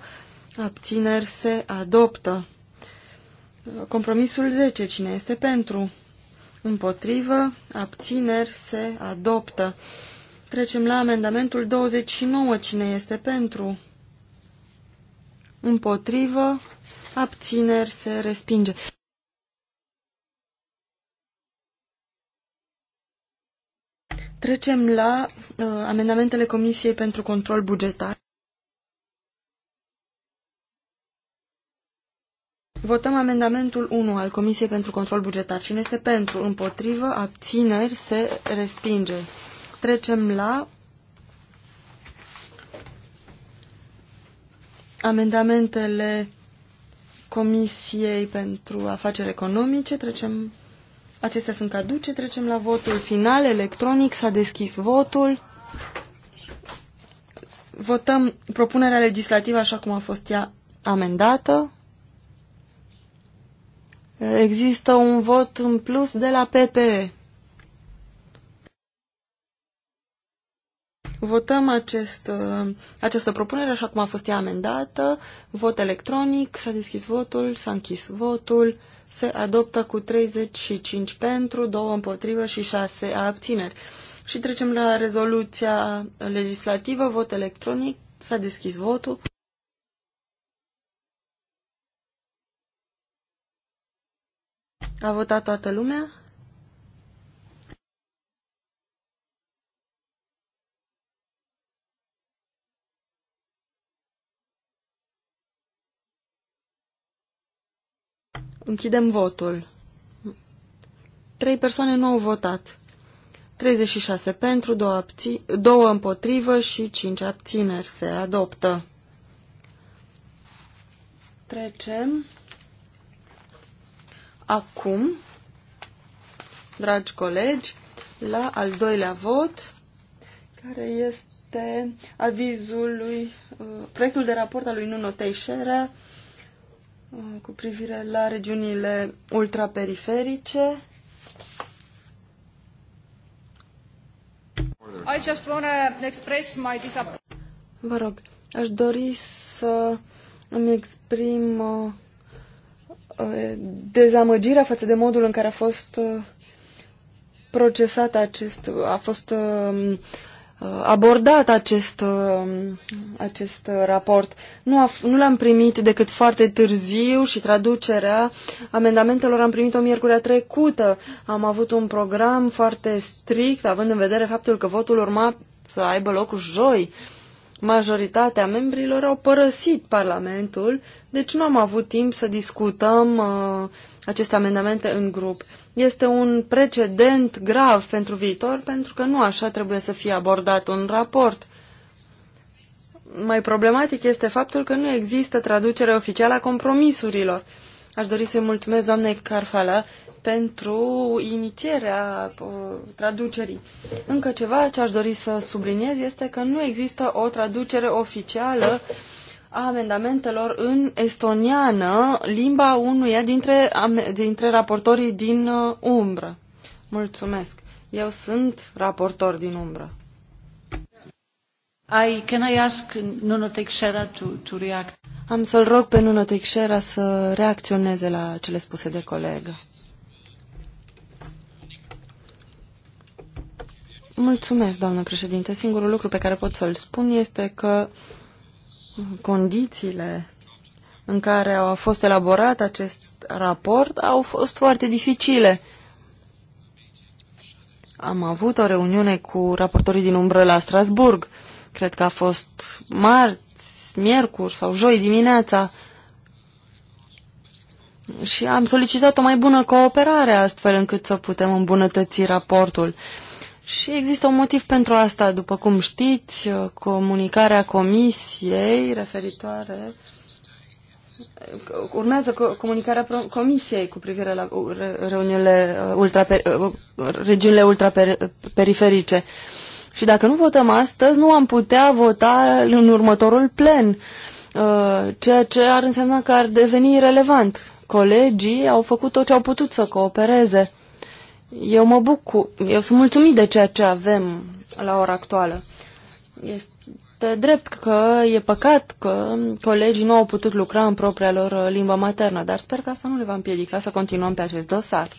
abțineri se adoptă. Compromisul 10. Cine este pentru? Împotrivă, abțineri se adoptă. Trecem la amendamentul 29. Cine este pentru? Împotrivă, abțineri se respinge. Trecem la uh, amendamentele Comisiei pentru Control Bugetar. Votăm amendamentul 1 al Comisiei pentru Control Bugetar. Cine este pentru? Împotrivă? Abțineri? Se respinge. Trecem la amendamentele Comisiei pentru Afaceri Economice. Trecem, acestea sunt caduce. Trecem la votul final. Electronic s-a deschis votul. Votăm propunerea legislativă așa cum a fost ea amendată. Există un vot în plus de la PPE. Votăm acest, uh, această propunere așa cum a fost ea amendată. Vot electronic, s-a deschis votul, s-a închis votul, se adoptă cu 35 pentru, 2 împotrivă și 6 abțineri. Și trecem la rezoluția legislativă, vot electronic, s-a deschis votul. A votat toată lumea? Închidem votul. Trei persoane nu au votat. 36 pentru, 2, abți 2 împotrivă și 5 abțineri se adoptă. Trecem acum, dragi colegi, la al doilea vot, care este avizul lui, uh, proiectul de raport al lui Nuno Teixeira uh, cu privire la regiunile ultraperiferice. I just wanna express my disappointment. Vă rog, aș dori să îmi exprim uh, dezamăgirea față de modul în care a fost uh, procesat acest, a fost uh, uh, abordat acest, acest raport. Nu, a, nu l-am primit decât foarte târziu și traducerea amendamentelor am primit-o miercurea trecută. Am avut un program foarte strict, având în vedere faptul că votul urma să aibă loc joi. Uh, majoritatea membrilor au părăsit Parlamentul, deci nu am avut timp să discutăm uh, aceste amendamente în grup. Este un precedent grav pentru viitor, pentru că nu așa trebuie să fie abordat un raport. Mai problematic este faptul că nu există traducere oficială a compromisurilor. Aș dori să-i mulțumesc doamnei Carfala pentru inițierea uh, traducerii. Încă ceva ce aș dori să subliniez este că nu există o traducere oficială a amendamentelor în estoniană, limba unuia dintre, dintre raportorii din uh, umbră. Mulțumesc. Eu sunt raportor din umbră. I, can I ask Nuno Teixeira to, to react? Am să-l rog pe Nuno Teixeira să reacționeze la cele spuse de colegă. Mulțumesc, doamnă președinte. Singurul lucru pe care pot să-l spun este că condițiile în care a fost elaborat acest raport au fost foarte dificile. Am avut o reuniune cu raportorii din umbră la Strasburg. Cred că a fost marți, miercuri sau joi dimineața. Și am solicitat o mai bună cooperare astfel încât să putem îmbunătăți raportul. Și există un motiv pentru asta, după cum știți, comunicarea comisiei referitoare urmează comunicarea comisiei cu privire la reuniunile uh, ultra, uh, uh, regiunile ultraperiferice. Și dacă nu votăm astăzi, nu am putea vota în următorul plen, ceea ce ar însemna că ar deveni irrelevant. Colegii au făcut tot ce au putut să coopereze. Eu mă bucur, eu sunt mulțumit de ceea ce avem la ora actuală. Este drept că e păcat că colegii nu au putut lucra în propria lor uh, limbă maternă, dar sper că asta nu le va împiedica să continuăm pe acest dosar.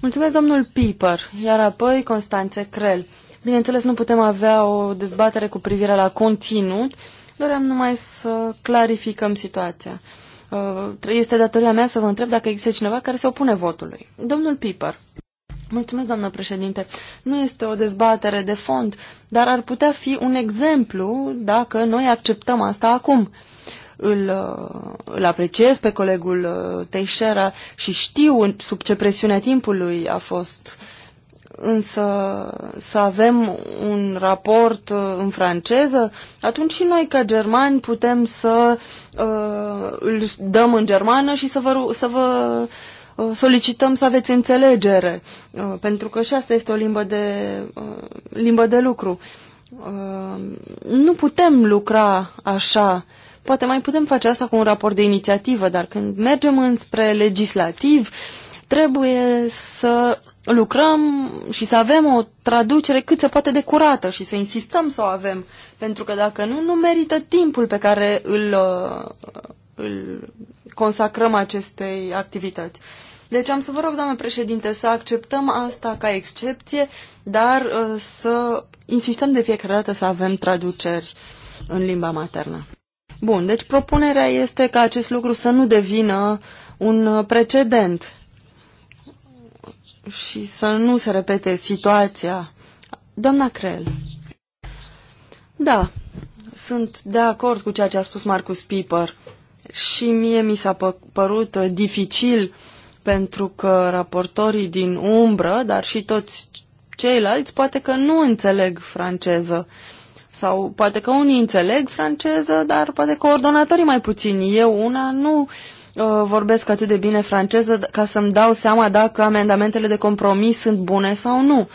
Mulțumesc, domnul Piper, iar apoi Constanțe Crel. Bineînțeles, nu putem avea o dezbatere cu privire la conținut, doream numai să clarificăm situația. Uh, este datoria mea să vă întreb dacă există cineva care se opune votului. Domnul Piper. Mulțumesc, doamnă președinte. Nu este o dezbatere de fond, dar ar putea fi un exemplu dacă noi acceptăm asta acum. Îl, uh, îl apreciez pe colegul uh, Teixeira și știu sub ce presiune timpului a fost uh, însă să avem un raport uh, în franceză, atunci și noi ca germani putem să uh, îl dăm în germană și să vă, să vă uh, solicităm să aveți înțelegere, uh, pentru că și asta este o limbă de, uh, limbă de lucru. Uh, nu putem lucra așa. Poate mai putem face asta cu un raport de inițiativă, dar când mergem înspre legislativ, trebuie să lucrăm și să avem o traducere cât se poate de curată și să insistăm să o avem, pentru că dacă nu, nu merită timpul pe care îl, uh, îl consacrăm acestei activități. Deci am să vă rog, doamnă președinte, să acceptăm asta ca excepție, dar uh, să insistăm de fiecare dată să avem traduceri în limba maternă. Bun, deci propunerea este ca acest lucru să nu devină un precedent și să nu se repete situația. Doamna Crel. Da, sunt de acord cu ceea ce a spus Marcus Piper. Și mie mi s-a pă părut uh, dificil pentru că raportorii din umbră, dar și toți ceilalți, poate că nu înțeleg franceză. Sau poate că unii înțeleg franceză, dar poate coordonatorii mai puțin. Eu una nu Uh, vorbesc atât de bine franceză ca să-mi dau seama dacă amendamentele de compromis sunt bune sau nu.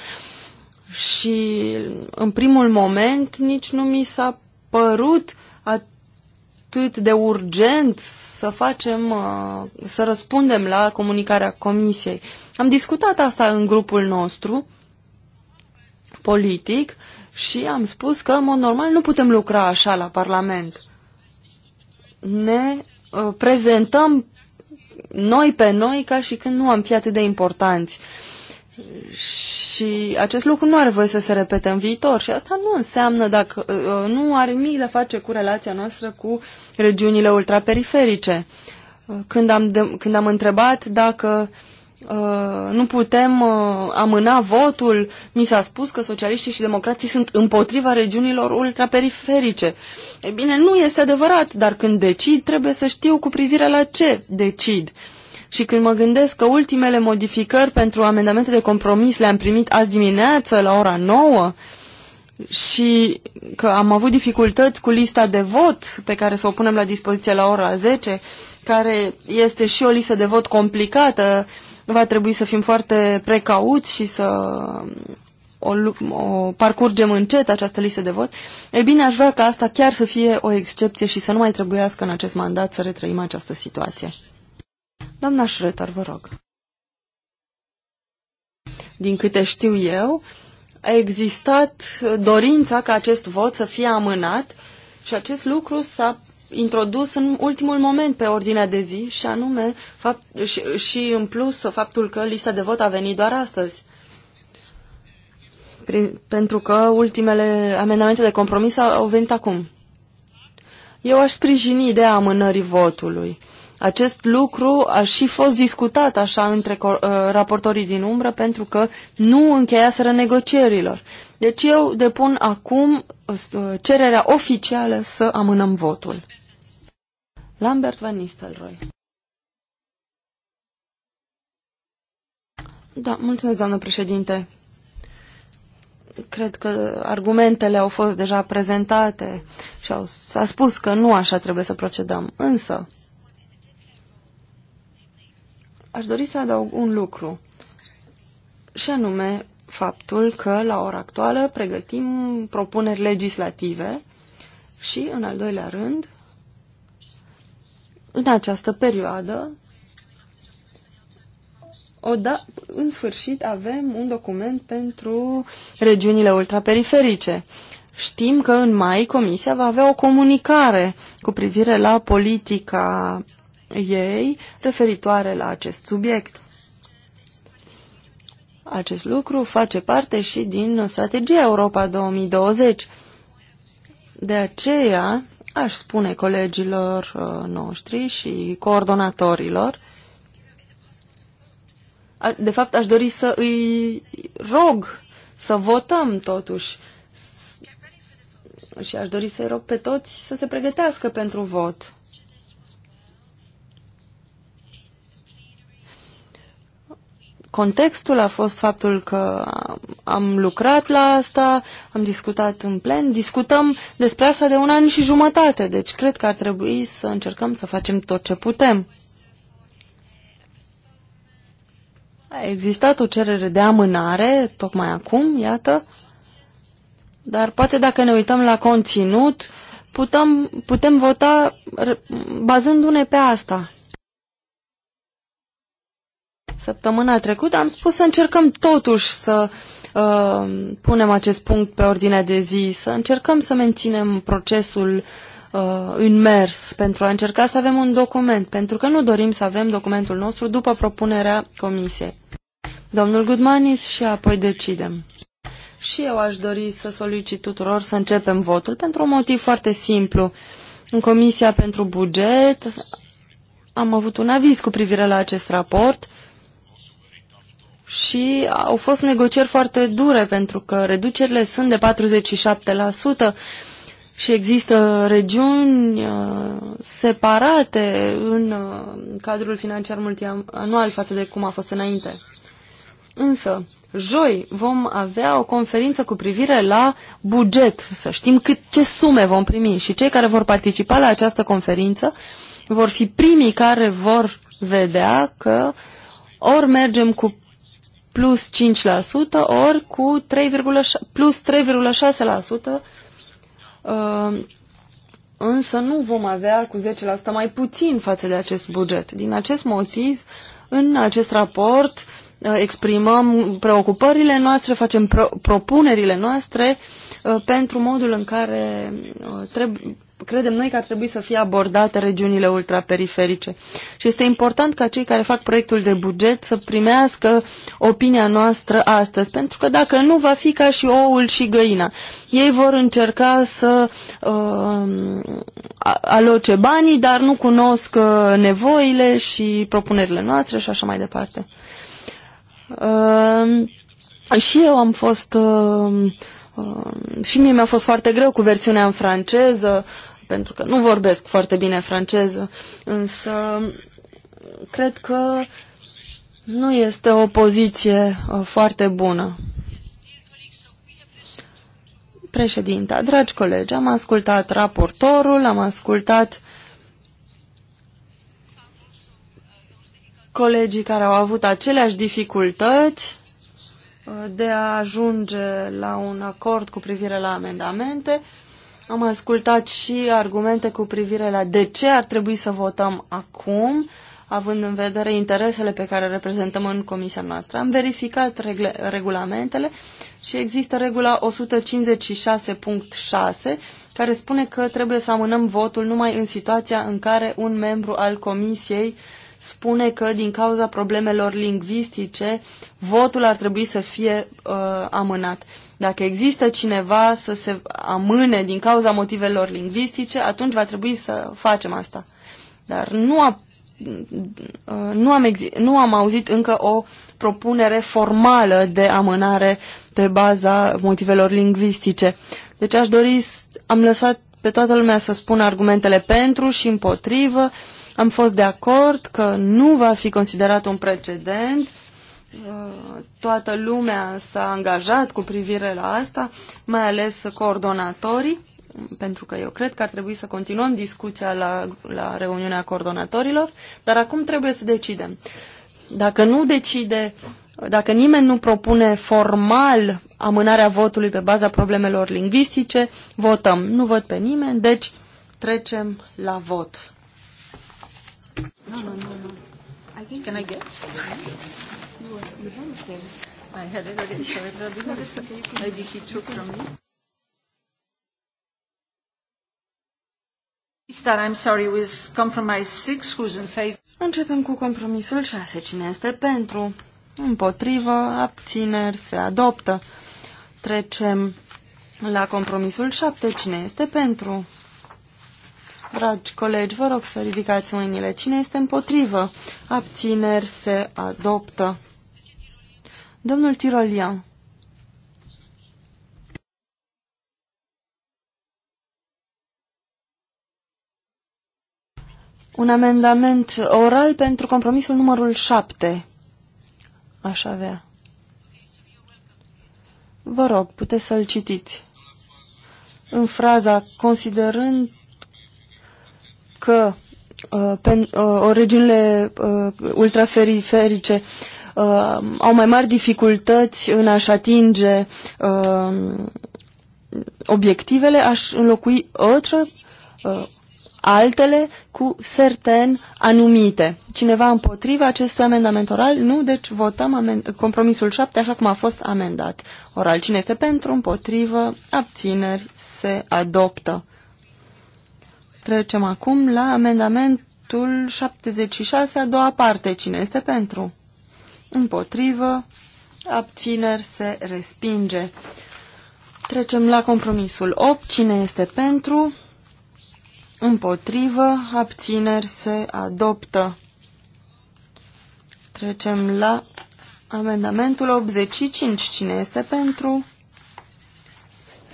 Și în primul moment nici nu mi s-a părut atât de urgent să facem, uh, să răspundem la comunicarea comisiei. Am discutat asta în grupul nostru politic și am spus că, în mod normal, nu putem lucra așa la Parlament. Ne Uh, prezentăm noi pe noi ca și când nu am fi atât de importanți. Și acest lucru nu are voie să se repete în viitor și asta nu înseamnă dacă uh, uh, nu are nimic de face cu relația noastră cu regiunile ultraperiferice. Când am, de, când am întrebat dacă uh, Uh, nu putem uh, amâna votul. Mi s-a spus că socialiștii și democrații sunt împotriva regiunilor ultraperiferice. E bine, nu este adevărat, dar când decid, trebuie să știu cu privire la ce decid. Și când mă gândesc că ultimele modificări pentru amendamente de compromis le-am primit azi dimineață la ora 9 și că am avut dificultăți cu lista de vot pe care să o punem la dispoziție la ora 10, care este și o listă de vot complicată, uh, va trebui să fim foarte precauți și să o, o parcurgem încet această listă de vot, e bine, aș vrea ca asta chiar să fie o excepție și să nu mai trebuiască în acest mandat să retrăim această situație. Doamna Șretar, vă rog. Din câte știu eu, a existat dorința ca acest vot să fie amânat și acest lucru s-a introdus în ultimul moment pe ordinea de zi și anume fapt, și, și în plus faptul că lista de vot a venit doar astăzi. Prin, pentru că ultimele amendamente de compromis au venit acum. Eu aș sprijini ideea amânării votului. Acest lucru a și fost discutat așa între uh, raportorii din umbră pentru că nu încheiaseră negocierilor. Deci eu depun acum uh, cererea oficială să amânăm votul. Lambert Van Nistelrooy. Da, mulțumesc, doamnă președinte. Cred că argumentele au fost deja prezentate și s-a spus că nu așa trebuie să procedăm. Însă, Aș dori să adaug un lucru, și anume faptul că la ora actuală pregătim propuneri legislative și, în al doilea rând, în această perioadă, da, în sfârșit avem un document pentru regiunile ultraperiferice. Știm că în mai Comisia va avea o comunicare cu privire la politica ei referitoare la acest subiect. Acest lucru face parte și din strategia Europa 2020. De aceea, aș spune colegilor uh, noștri și coordonatorilor, de fapt aș dori să îi rog să votăm totuși și aș dori să-i rog pe toți să se pregătească pentru vot. Contextul a fost faptul că am lucrat la asta, am discutat în plen, discutăm despre asta de un an și jumătate, deci cred că ar trebui să încercăm să facem tot ce putem. A existat o cerere de amânare, tocmai acum, iată, dar poate dacă ne uităm la conținut, putem, putem vota bazându-ne pe asta. Săptămâna trecută am spus să încercăm totuși să uh, punem acest punct pe ordinea de zi, să încercăm să menținem procesul uh, în mers pentru a încerca să avem un document, pentru că nu dorim să avem documentul nostru după propunerea comisiei. Domnul Goodmanis și apoi decidem. Și eu aș dori să solicit tuturor să începem votul pentru un motiv foarte simplu. În Comisia pentru Buget am avut un aviz cu privire la acest raport și au fost negocieri foarte dure pentru că reducerile sunt de 47% și există regiuni uh, separate în uh, cadrul financiar multianual față de cum a fost înainte. Însă, joi vom avea o conferință cu privire la buget, să știm cât, ce sume vom primi și cei care vor participa la această conferință vor fi primii care vor vedea că ori mergem cu plus 5%, ori cu 3, plus 3,6%, uh, însă nu vom avea cu 10% mai puțin față de acest buget. Din acest motiv, în acest raport uh, exprimăm preocupările noastre, facem pro propunerile noastre uh, pentru modul în care uh, trebuie credem noi că ar trebui să fie abordate regiunile ultraperiferice. Și este important ca cei care fac proiectul de buget să primească opinia noastră astăzi, pentru că dacă nu va fi ca și oul și găina. Ei vor încerca să uh, aloce banii, dar nu cunosc uh, nevoile și propunerile noastre și așa mai departe. Uh, și eu am fost uh, Um, și mie mi-a fost foarte greu cu versiunea în franceză, pentru că nu vorbesc foarte bine franceză, însă cred că nu este o poziție uh, foarte bună. Președinta, dragi colegi, am ascultat raportorul, am ascultat colegii care au avut aceleași dificultăți de a ajunge la un acord cu privire la amendamente. Am ascultat și argumente cu privire la de ce ar trebui să votăm acum, având în vedere interesele pe care reprezentăm în comisia noastră. Am verificat regle, regulamentele și există regula 156.6 care spune că trebuie să amânăm votul numai în situația în care un membru al comisiei uh, spune că din cauza problemelor lingvistice votul ar trebui să fie uh, amânat. Dacă există cineva să se amâne din cauza motivelor lingvistice, atunci va trebui să facem asta. Dar nu, a, uh, nu, am, nu am auzit încă o propunere formală de amânare pe baza motivelor lingvistice. Deci aș dori, am lăsat pe toată lumea să spună argumentele pentru și împotrivă, uh, am fost de acord că nu va fi considerat un precedent. Uh, toată lumea s-a angajat cu privire la asta, mai ales coordonatorii, pentru că eu cred că ar trebui să continuăm discuția la, la reuniunea coordonatorilor, dar acum trebuie să decidem. Dacă nu decide dacă nimeni nu propune formal amânarea votului pe baza problemelor lingvistice, votăm. Nu văd pe nimeni, deci trecem la vot. No, no, no, no. I think Can I get? you have it I had it already. Shall I grab it? Maybe he took from me. I'm sorry, with compromise 6, who's in favor? Începem cu compromisul 6. Cine este pentru? Împotrivă, abțineri, se adoptă. Trecem la compromisul 7. Cine este pentru? Dragi colegi, vă rog să ridicați mâinile. Cine este împotrivă? Abțineri se adoptă. Domnul Tirolian. Un amendament oral pentru compromisul numărul 7. Aș avea. Vă rog, puteți să-l citiți. În fraza considerând că uh, pen, uh, regiunile uh, ultraferiferice uh, au mai mari dificultăți în a-și atinge uh, obiectivele, aș înlocui otră, uh, altele cu certain anumite. Cineva împotriva acestui amendament oral? Nu, deci votăm compromisul 7 așa cum a fost amendat oral. Cine este pentru, împotrivă, abțineri, se adoptă. Trecem acum la amendamentul 76, a doua parte. Cine este pentru? Împotrivă. Abțineri se respinge. Trecem la compromisul 8. Cine este pentru? Împotrivă. Abțineri se adoptă. Trecem la amendamentul 85. Cine este pentru?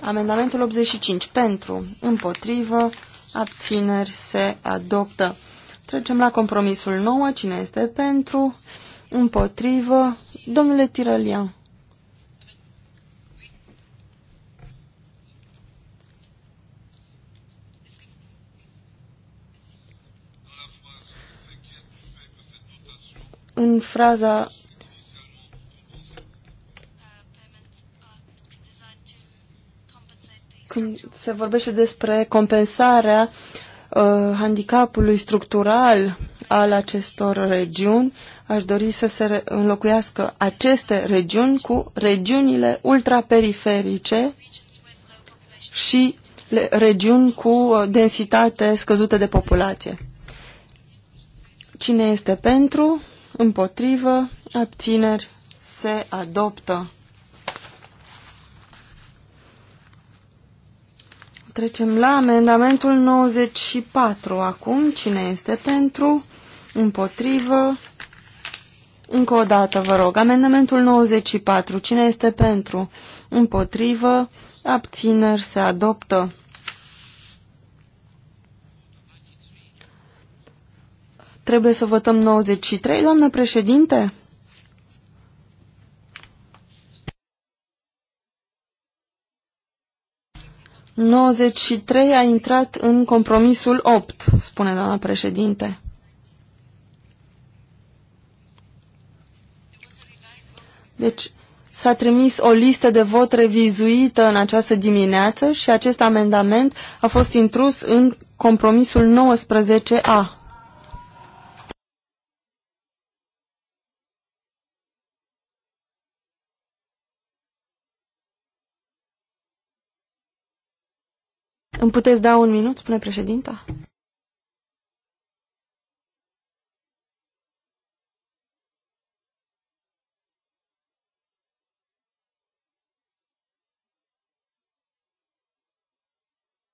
Amendamentul 85. Pentru. Împotrivă abțineri se adoptă. Trecem la compromisul 9. Cine este pentru? Împotrivă? Domnule Tirălian. În fraza când se vorbește despre compensarea uh, handicapului structural al acestor regiuni, aș dori să se înlocuiască aceste regiuni cu regiunile ultraperiferice și regiuni cu uh, densitate scăzută de populație. Cine este pentru, împotrivă, abțineri, se adoptă. Trecem la amendamentul 94 acum. Cine este pentru? Împotrivă? Încă o dată, vă rog. Amendamentul 94. Cine este pentru? Împotrivă? Abțineri? Se adoptă? Trebuie să votăm 93, doamnă președinte? 93 a intrat în compromisul 8, spune doamna președinte. Deci s-a trimis o listă de vot revizuită în această dimineață și acest amendament a fost intrus în compromisul 19A. Îmi puteți da un minut, spune președinta?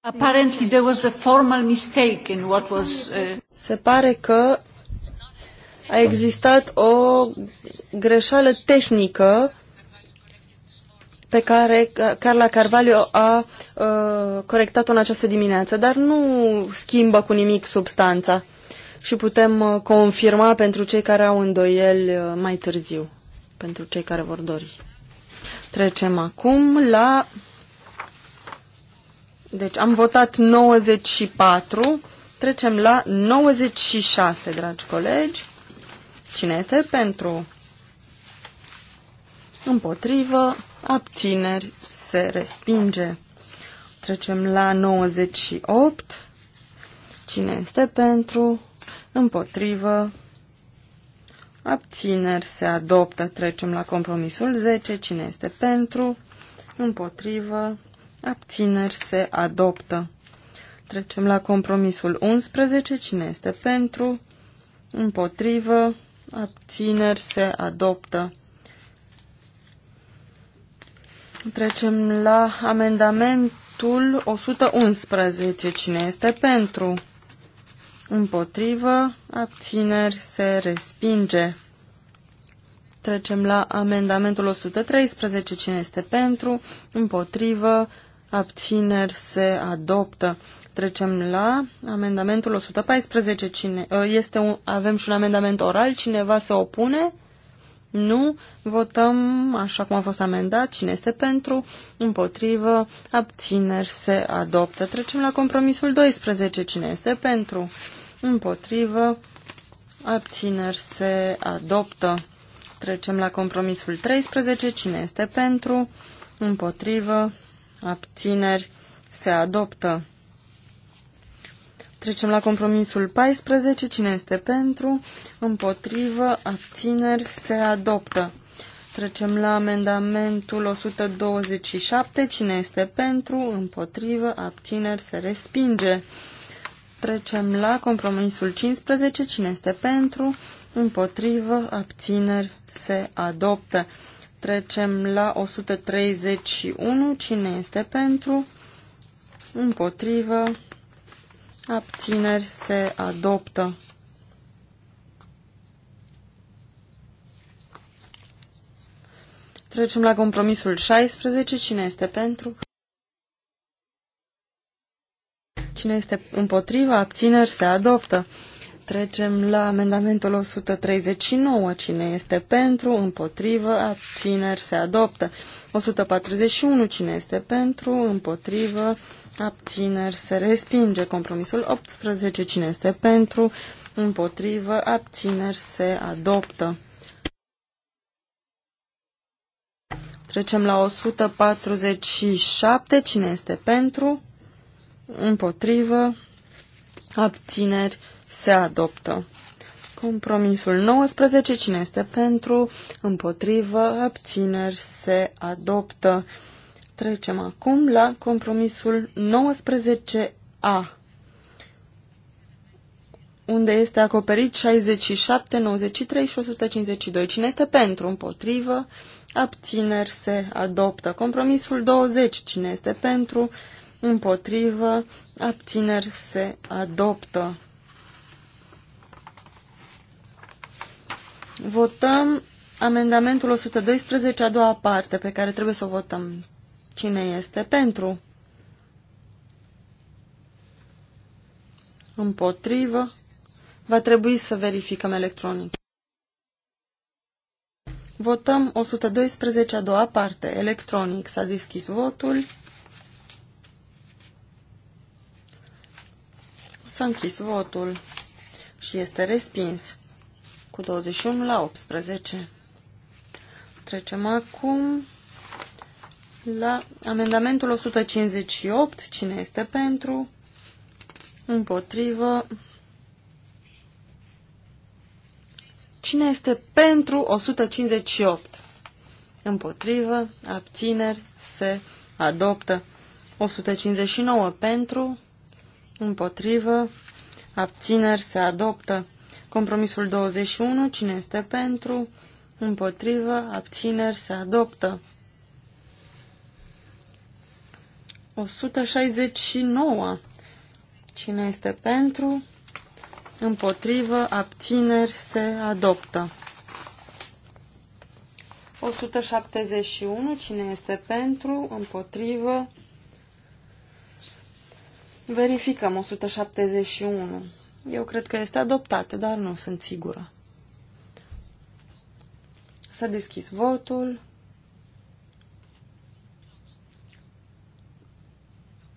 Apparently there was a formal mistake in what was uh... Se pare că a existat o greșeală tehnică pe care Carla Carvalho a uh, corectat-o în această dimineață, dar nu schimbă cu nimic substanța și putem uh, confirma pentru cei care au îndoieli uh, mai târziu, pentru cei care vor dori. Trecem acum la... Deci am votat 94, trecem la 96, dragi colegi. Cine este pentru? împotrivă, abțineri, se respinge. Trecem la 98. Cine este pentru, împotrivă, abțineri, se adoptă. Trecem la compromisul 10. Cine este pentru, împotrivă, abțineri, se adoptă. Trecem la compromisul 11. Cine este pentru, împotrivă, abțineri, se adoptă. Trecem la amendamentul 111. Cine este pentru? Împotrivă, abțineri, se respinge. Trecem la amendamentul 113. Cine este pentru? Împotrivă, abțineri, se adoptă. Trecem la amendamentul 114. Cine, ă, este un, avem și un amendament oral. Cineva se opune? Nu. Votăm așa cum a fost amendat. Cine este pentru? Împotrivă. Abțineri se adoptă. Trecem la compromisul 12. Cine este pentru? Împotrivă. Abțineri se adoptă. Trecem la compromisul 13. Cine este pentru? Împotrivă. Abțineri se adoptă. Trecem la compromisul 14. Cine este pentru? Împotrivă. Abțineri. Se adoptă. Trecem la amendamentul 127. Cine este pentru? Împotrivă. Abțineri. Se respinge. Trecem la compromisul 15. Cine este pentru? Împotrivă. Abțineri. Se adoptă. Trecem la 131. Cine este pentru? Împotrivă. Abțineri se adoptă. Trecem la compromisul 16. Cine este pentru? Cine este împotriva? Abțineri se adoptă. Trecem la amendamentul 139. Cine este pentru? Împotrivă? Abțineri se adoptă. 141. Cine este pentru? Împotrivă? abțineri, se respinge. Compromisul 18, cine este pentru, împotrivă, abțineri, se adoptă. Trecem la 147, cine este pentru, împotrivă, abțineri, se adoptă. Compromisul 19, cine este pentru, împotrivă, abțineri, se adoptă. Trecem acum la compromisul 19A, unde este acoperit 67, 93 și 152. Cine este pentru, împotrivă, abțineri se adoptă. Compromisul 20, cine este pentru, împotrivă, abțineri se adoptă. Votăm amendamentul 112, a doua parte, pe care trebuie să o votăm Cine este pentru? Împotrivă. Va trebui să verificăm electronic. Votăm 112 a doua parte. Electronic s-a deschis votul. S-a închis votul și este respins cu 21 la 18. Trecem acum la amendamentul 158. Cine este pentru? Împotrivă. Cine este pentru 158? Împotrivă. Abțineri. Se adoptă. 159 pentru. Împotrivă. Abțineri. Se adoptă. Compromisul 21. Cine este pentru? Împotrivă. Abțineri. Se adoptă. 169. Cine este pentru? Împotrivă, abțineri, se adoptă. 171. Cine este pentru? Împotrivă. Verificăm 171. Eu cred că este adoptată, dar nu sunt sigură. S-a deschis votul.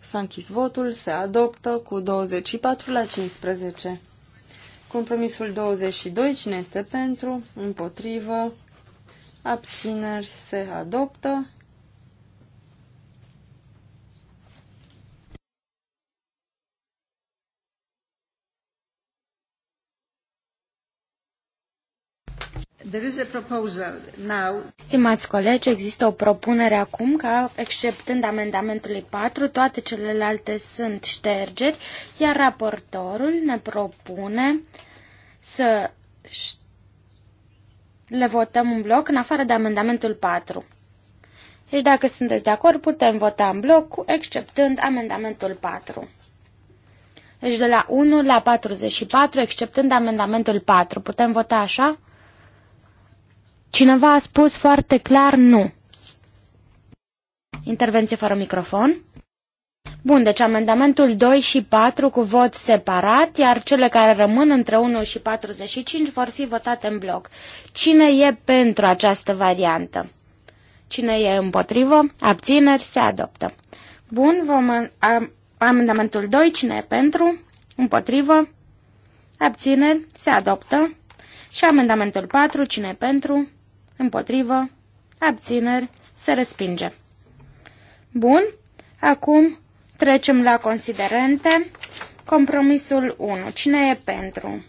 S-a închis votul, se adoptă cu 24 la 15. Compromisul 22, cine este pentru, împotrivă, abțineri, se adoptă. There is a proposal now. Stimați colegi, există o propunere acum ca, exceptând amendamentului 4, toate celelalte sunt ștergeri, iar raportorul ne propune să le votăm în bloc, în afară de amendamentul 4. Deci dacă sunteți de acord, putem vota în bloc, exceptând amendamentul 4. Deci de la 1 la 44, exceptând amendamentul 4. Putem vota așa? Cineva a spus foarte clar nu. Intervenție fără microfon. Bun, deci amendamentul 2 și 4 cu vot separat, iar cele care rămân între 1 și 45 vor fi votate în bloc. Cine e pentru această variantă? Cine e împotrivă? Abțineri? Se adoptă. Bun, vom, am, amendamentul 2, cine e pentru? Împotrivă? Abțineri? Se adoptă. Și amendamentul 4, cine e pentru? împotrivă, abțineri, se respinge. Bun, acum trecem la considerente. Compromisul 1. Cine e pentru?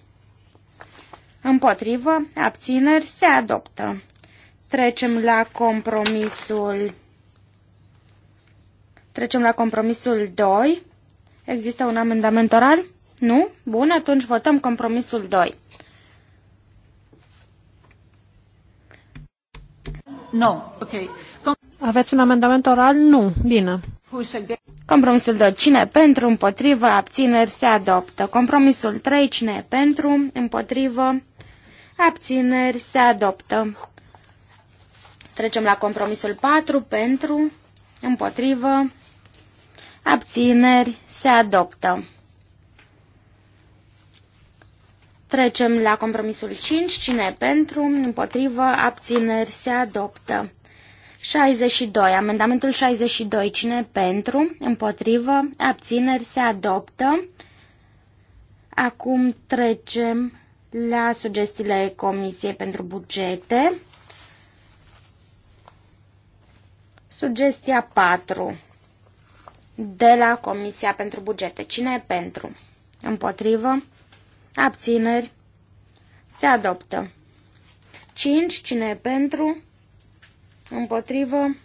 Împotrivă, abțineri, se adoptă. Trecem la compromisul Trecem la compromisul 2. Există un amendament oral? Nu? Bun, atunci votăm compromisul 2. No. Okay. Aveți un amendament oral? Nu. Bine. Compromisul 2. Cine pentru, împotrivă, abțineri, se adoptă. Compromisul 3. Cine pentru, împotrivă, abțineri, se adoptă. Trecem la compromisul 4. Pentru, împotrivă, abțineri, se adoptă. Trecem la compromisul 5. Cine pentru? Împotrivă? Abțineri? Se adoptă. 62. Amendamentul 62. Cine pentru? Împotrivă? Abțineri? Se adoptă. Acum trecem la sugestiile Comisiei pentru bugete. Sugestia 4 de la Comisia pentru bugete. Cine e pentru? Împotrivă? Abțineri. Se adoptă. 5. Cine e pentru? Împotrivă.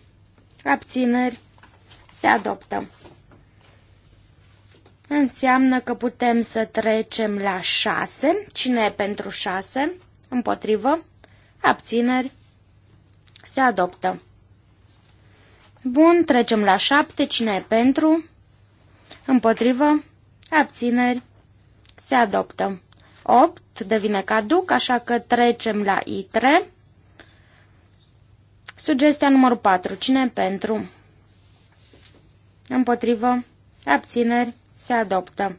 Abțineri. Se adoptă. Înseamnă că putem să trecem la 6. Cine e pentru 6? Împotrivă. Abțineri. Se adoptă. Bun, trecem la 7. Cine e pentru? Împotrivă. Abțineri. Se adoptă. 8 devine caduc, așa că trecem la I3. Sugestia numărul 4. Cine pentru? Împotrivă. Abțineri. Se adoptă.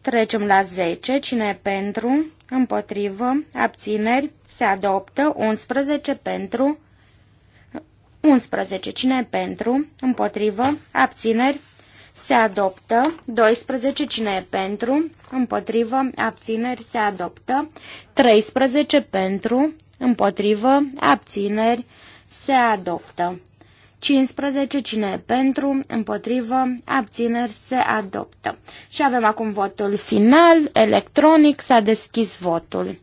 Trecem la 10. Cine pentru? Împotrivă. Abțineri. Se adoptă. 11 pentru. 11. Cine pentru? Împotrivă. Abțineri se adoptă. 12. Cine e pentru? Împotrivă. Abțineri se adoptă. 13. Pentru. Împotrivă. Abțineri se adoptă. 15. Cine e pentru? Împotrivă. Abțineri se adoptă. Și avem acum votul final. Electronic s-a deschis votul.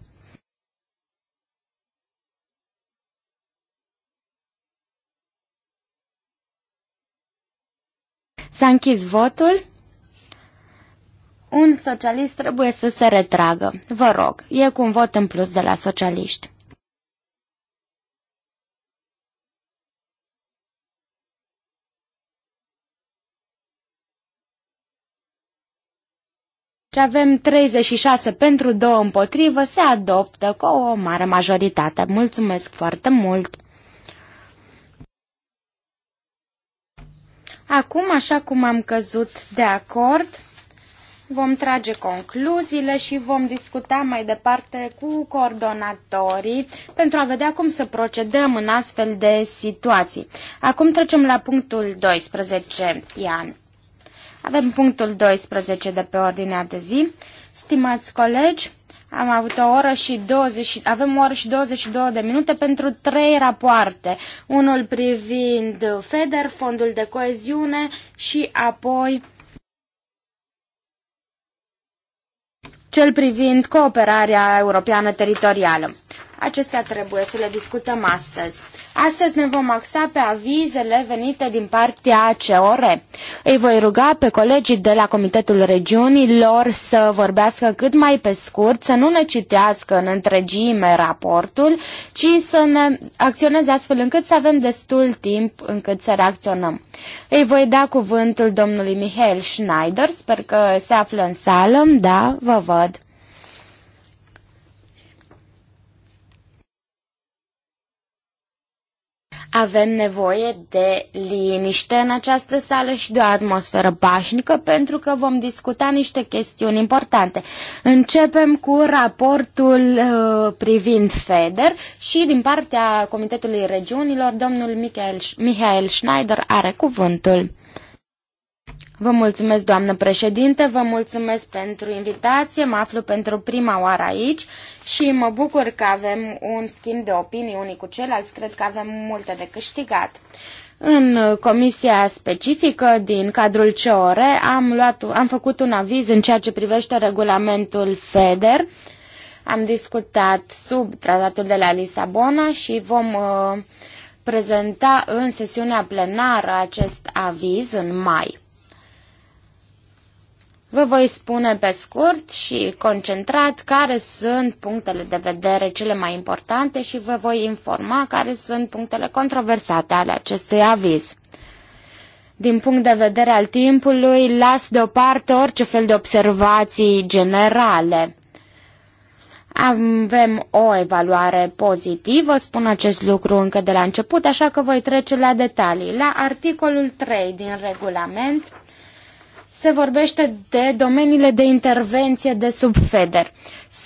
S-a închis votul. Un socialist trebuie să se retragă. Vă rog, e cu un vot în plus de la socialiști. Deci și avem 36 pentru 2 împotrivă, se adoptă cu o mare majoritate. Mulțumesc foarte mult! Acum, așa cum am căzut de acord, vom trage concluziile și vom discuta mai departe cu coordonatorii pentru a vedea cum să procedăm în astfel de situații. Acum trecem la punctul 12, Ian. Avem punctul 12 de pe ordinea de zi. Stimați colegi, am avut o oră și 20, avem o oră și 22 de minute pentru trei rapoarte. Unul privind FEDER, Fondul de Coeziune și apoi cel privind cooperarea europeană teritorială. Acestea trebuie să le discutăm astăzi. Astăzi ne vom axa pe avizele venite din partea ACOR. Îi voi ruga pe colegii de la Comitetul Regiunilor să vorbească cât mai pe scurt, să nu ne citească în întregime raportul, ci să ne acționeze astfel încât să avem destul timp încât să reacționăm. Îi voi da cuvântul domnului Mihail Schneider, sper că se află în sală, da, vă văd. Avem nevoie de liniște în această sală și de o atmosferă pașnică pentru că vom discuta niște chestiuni importante. Începem cu raportul uh, privind FEDER și din partea Comitetului Regiunilor, domnul Michael, Michael Schneider are cuvântul. Vă mulțumesc, doamnă președinte, vă mulțumesc pentru invitație, mă aflu pentru prima oară aici și mă bucur că avem un schimb de opinii unii cu ceilalți, cred că avem multe de câștigat. În comisia specifică din cadrul COR am, luat, am făcut un aviz în ceea ce privește regulamentul FEDER, am discutat sub tratatul de la Lisabona și vom uh, prezenta în sesiunea plenară acest aviz în mai. Vă voi spune pe scurt și concentrat care sunt punctele de vedere cele mai importante și vă voi informa care sunt punctele controversate ale acestui aviz. Din punct de vedere al timpului, las deoparte orice fel de observații generale. Avem o evaluare pozitivă, spun acest lucru încă de la început, așa că voi trece la detalii. La articolul 3 din regulament, se vorbește de domeniile de intervenție de sub FEDER.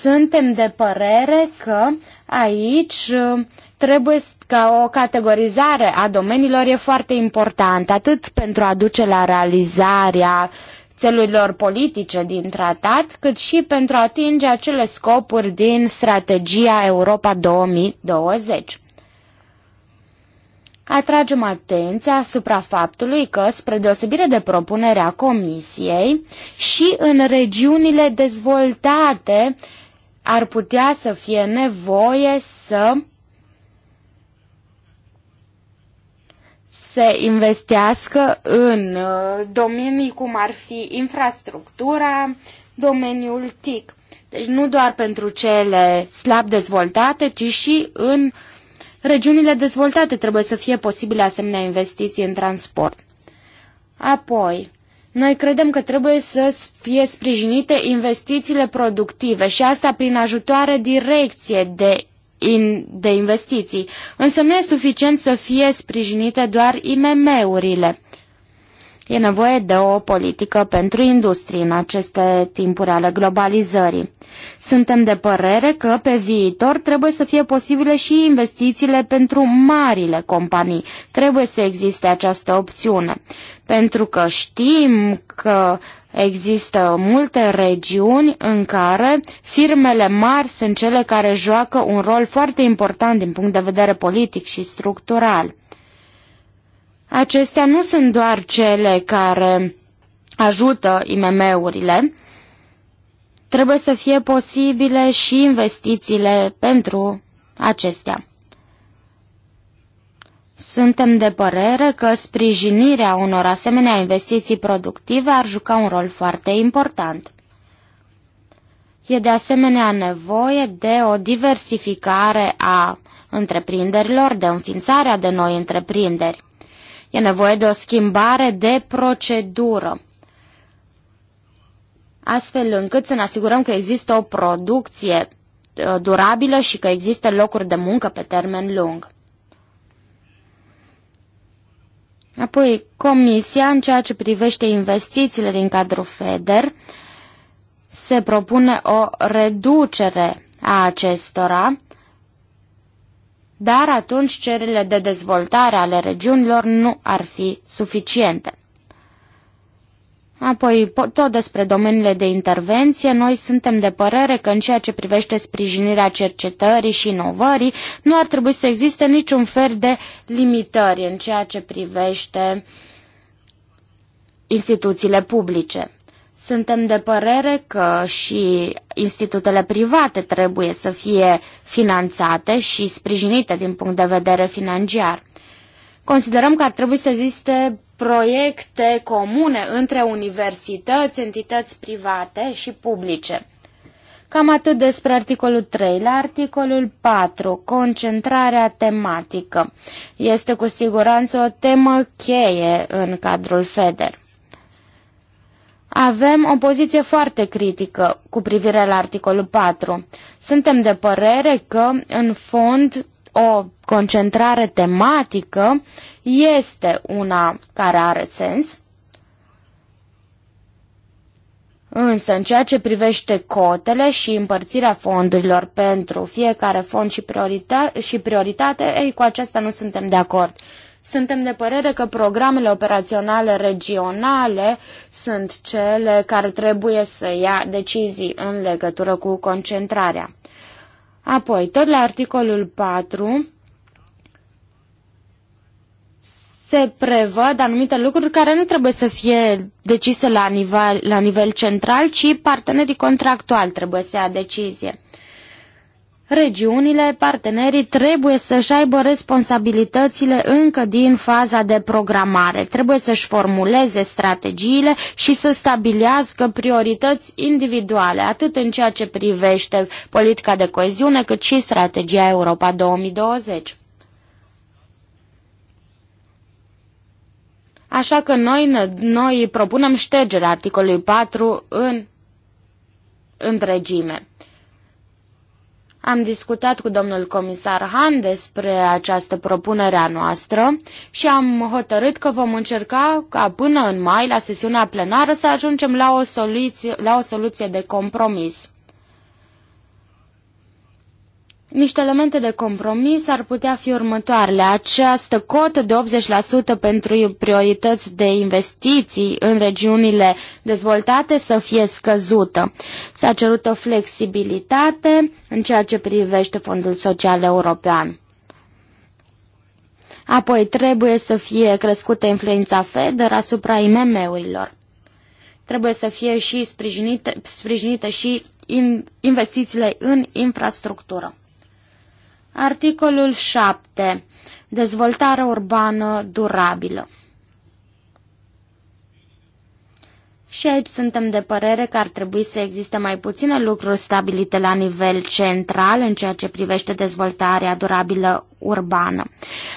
Suntem de părere că aici uh, trebuie ca o categorizare a domeniilor e foarte importantă, atât pentru a duce la realizarea țelurilor politice din tratat, cât și pentru a atinge acele scopuri din strategia Europa 2020 atragem atenția asupra faptului că, spre deosebire de propunerea Comisiei, și în regiunile dezvoltate ar putea să fie nevoie să se investească în uh, domenii cum ar fi infrastructura, domeniul TIC. Deci nu doar pentru cele slab dezvoltate, ci și în uh, Regiunile dezvoltate trebuie să fie posibile asemenea investiții în transport. Apoi, noi credem că trebuie să fie sprijinite investițiile productive și asta prin ajutoare direcție de, in, de investiții. Însă nu e suficient să fie sprijinite doar IMM-urile. E nevoie de o politică pentru industrie în aceste timpuri ale globalizării. Suntem de părere că pe viitor trebuie să fie posibile și investițiile pentru marile companii. Trebuie să existe această opțiune. Pentru că știm că Există multe regiuni în care firmele mari sunt cele care joacă un rol foarte important din punct de vedere politic și structural. Acestea nu sunt doar cele care ajută IMM-urile, trebuie să fie posibile și investițiile pentru acestea. Suntem de părere că sprijinirea unor asemenea investiții productive ar juca un rol foarte important. E de asemenea nevoie de o diversificare a întreprinderilor, de înființarea de noi întreprinderi. E nevoie de o schimbare de procedură, astfel încât să ne asigurăm că există o producție uh, durabilă și că există locuri de muncă pe termen lung. Apoi, Comisia, în ceea ce privește investițiile din cadrul FEDER, se propune o reducere a acestora dar atunci cererile de dezvoltare ale regiunilor nu ar fi suficiente. Apoi, tot despre domeniile de intervenție, noi suntem de părere că în ceea ce privește sprijinirea cercetării și inovării, nu ar trebui să existe niciun fel de limitări în ceea ce privește instituțiile publice. Suntem de părere că și institutele private trebuie să fie finanțate și sprijinite din punct de vedere financiar. Considerăm că ar trebui să existe proiecte comune între universități, entități private și publice. Cam atât despre articolul 3. La articolul 4, concentrarea tematică. Este cu siguranță o temă cheie în cadrul FEDER. Avem o poziție foarte critică cu privire la articolul 4. Suntem de părere că, în fond, o concentrare tematică este una care are sens. Însă, în ceea ce privește cotele și împărțirea fondurilor pentru fiecare fond și, priorita- și prioritate, ei, cu aceasta nu suntem de acord. Suntem de părere că programele operaționale regionale sunt cele care trebuie să ia decizii în legătură cu concentrarea. Apoi, tot la articolul 4 se prevăd anumite lucruri care nu trebuie să fie decise la nivel, la nivel central, ci partenerii contractuali trebuie să ia decizie. Regiunile, partenerii trebuie să-și aibă responsabilitățile încă din faza de programare, trebuie să-și formuleze strategiile și să stabilească priorități individuale, atât în ceea ce privește politica de coeziune, cât și strategia Europa 2020. Așa că noi, noi propunem ștergerea articolului 4 în întregime. Am discutat cu domnul comisar Han despre această propunere a noastră și am hotărât că vom încerca ca până în mai, la sesiunea plenară, să ajungem la o soluție, la o soluție de compromis. Niște elemente de compromis ar putea fi următoarele. Această cotă de 80% pentru priorități de investiții în regiunile dezvoltate să fie scăzută. S-a cerut o flexibilitate în ceea ce privește Fondul Social European. Apoi trebuie să fie crescută influența FEDER asupra IMM-urilor. Trebuie să fie și sprijinite, sprijinite și in, investițiile în infrastructură. Articolul 7. Dezvoltare urbană durabilă. Și aici suntem de părere că ar trebui să existe mai puține lucruri stabilite la nivel central în ceea ce privește dezvoltarea durabilă urbană.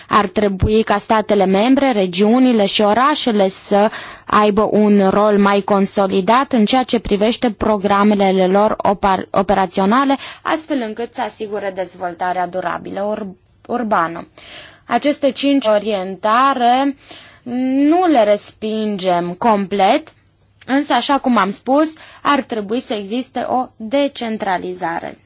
Ar trebui ca statele membre, regiunile și orașele să aibă un rol mai consolidat în ceea ce privește programele lor operaționale, astfel încât să asigure dezvoltarea durabilă ur- urbană. Aceste cinci orientare nu le respingem complet, Însă, așa cum am spus, ar trebui să existe o decentralizare.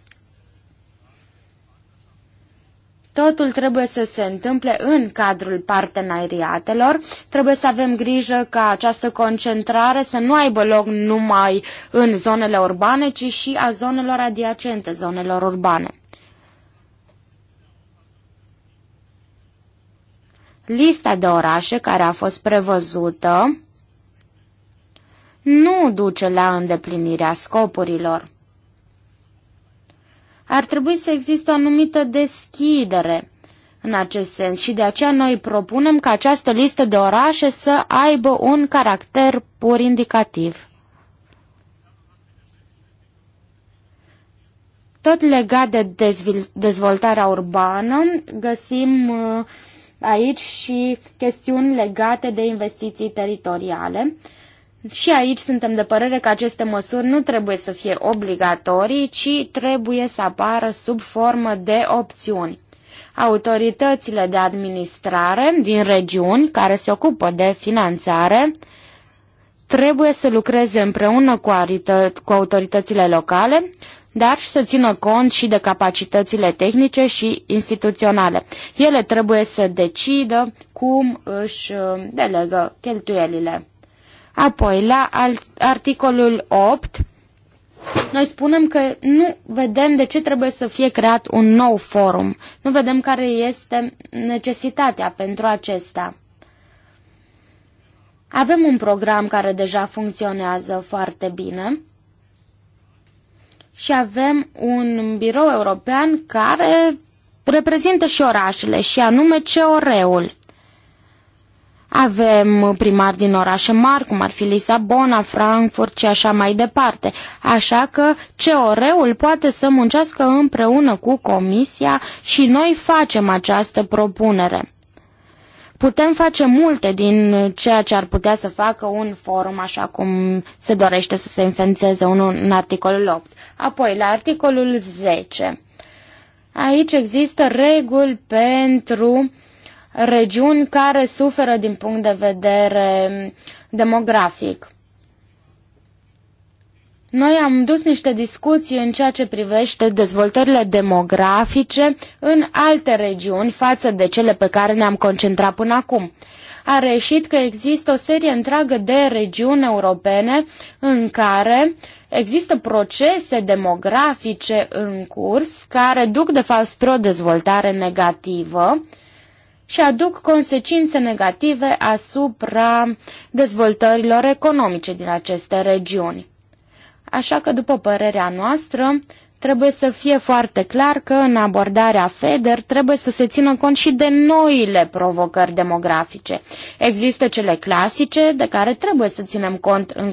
Totul trebuie să se întâmple în cadrul parteneriatelor. Trebuie să avem grijă ca această concentrare să nu aibă loc numai în zonele urbane, ci și a zonelor adiacente zonelor urbane. Lista de orașe care a fost prevăzută nu duce la îndeplinirea scopurilor. Ar trebui să existe o anumită deschidere în acest sens și de aceea noi propunem ca această listă de orașe să aibă un caracter pur indicativ. Tot legat de dezvoltarea urbană, găsim uh, aici și chestiuni legate de investiții teritoriale. Și aici suntem de părere că aceste măsuri nu trebuie să fie obligatorii, ci trebuie să apară sub formă de opțiuni. Autoritățile de administrare din regiuni care se ocupă de finanțare trebuie să lucreze împreună cu, cu autoritățile locale, dar și să țină cont și de capacitățile tehnice și instituționale. Ele trebuie să decidă cum își uh, delegă cheltuielile. Apoi, la articolul 8, noi spunem că nu vedem de ce trebuie să fie creat un nou forum. Nu vedem care este necesitatea pentru acesta. Avem un program care deja funcționează foarte bine și avem un birou european care reprezintă și orașele, și anume CEOR-ul. Avem primari din orașe mari, cum ar fi Lisabona, Frankfurt și așa mai departe. Așa că COR-ul poate să muncească împreună cu Comisia și noi facem această propunere. Putem face multe din ceea ce ar putea să facă un forum așa cum se dorește să se înfențeze unul în articolul 8. Apoi, la articolul 10. Aici există reguli pentru uh, regiuni care suferă din punct de vedere demografic. Noi am dus niște discuții în ceea ce privește dezvoltările demografice în alte regiuni față de cele pe care ne-am concentrat până acum. A reșit că există o serie întreagă de regiuni europene în care există procese demografice în curs care duc de fapt spre o dezvoltare negativă, și aduc consecințe negative asupra dezvoltărilor economice din aceste regiuni. Așa că, după părerea noastră, trebuie să fie foarte clar că în abordarea FEDER trebuie să se țină cont și de noile provocări demografice. Există cele clasice de care trebuie să ținem cont în,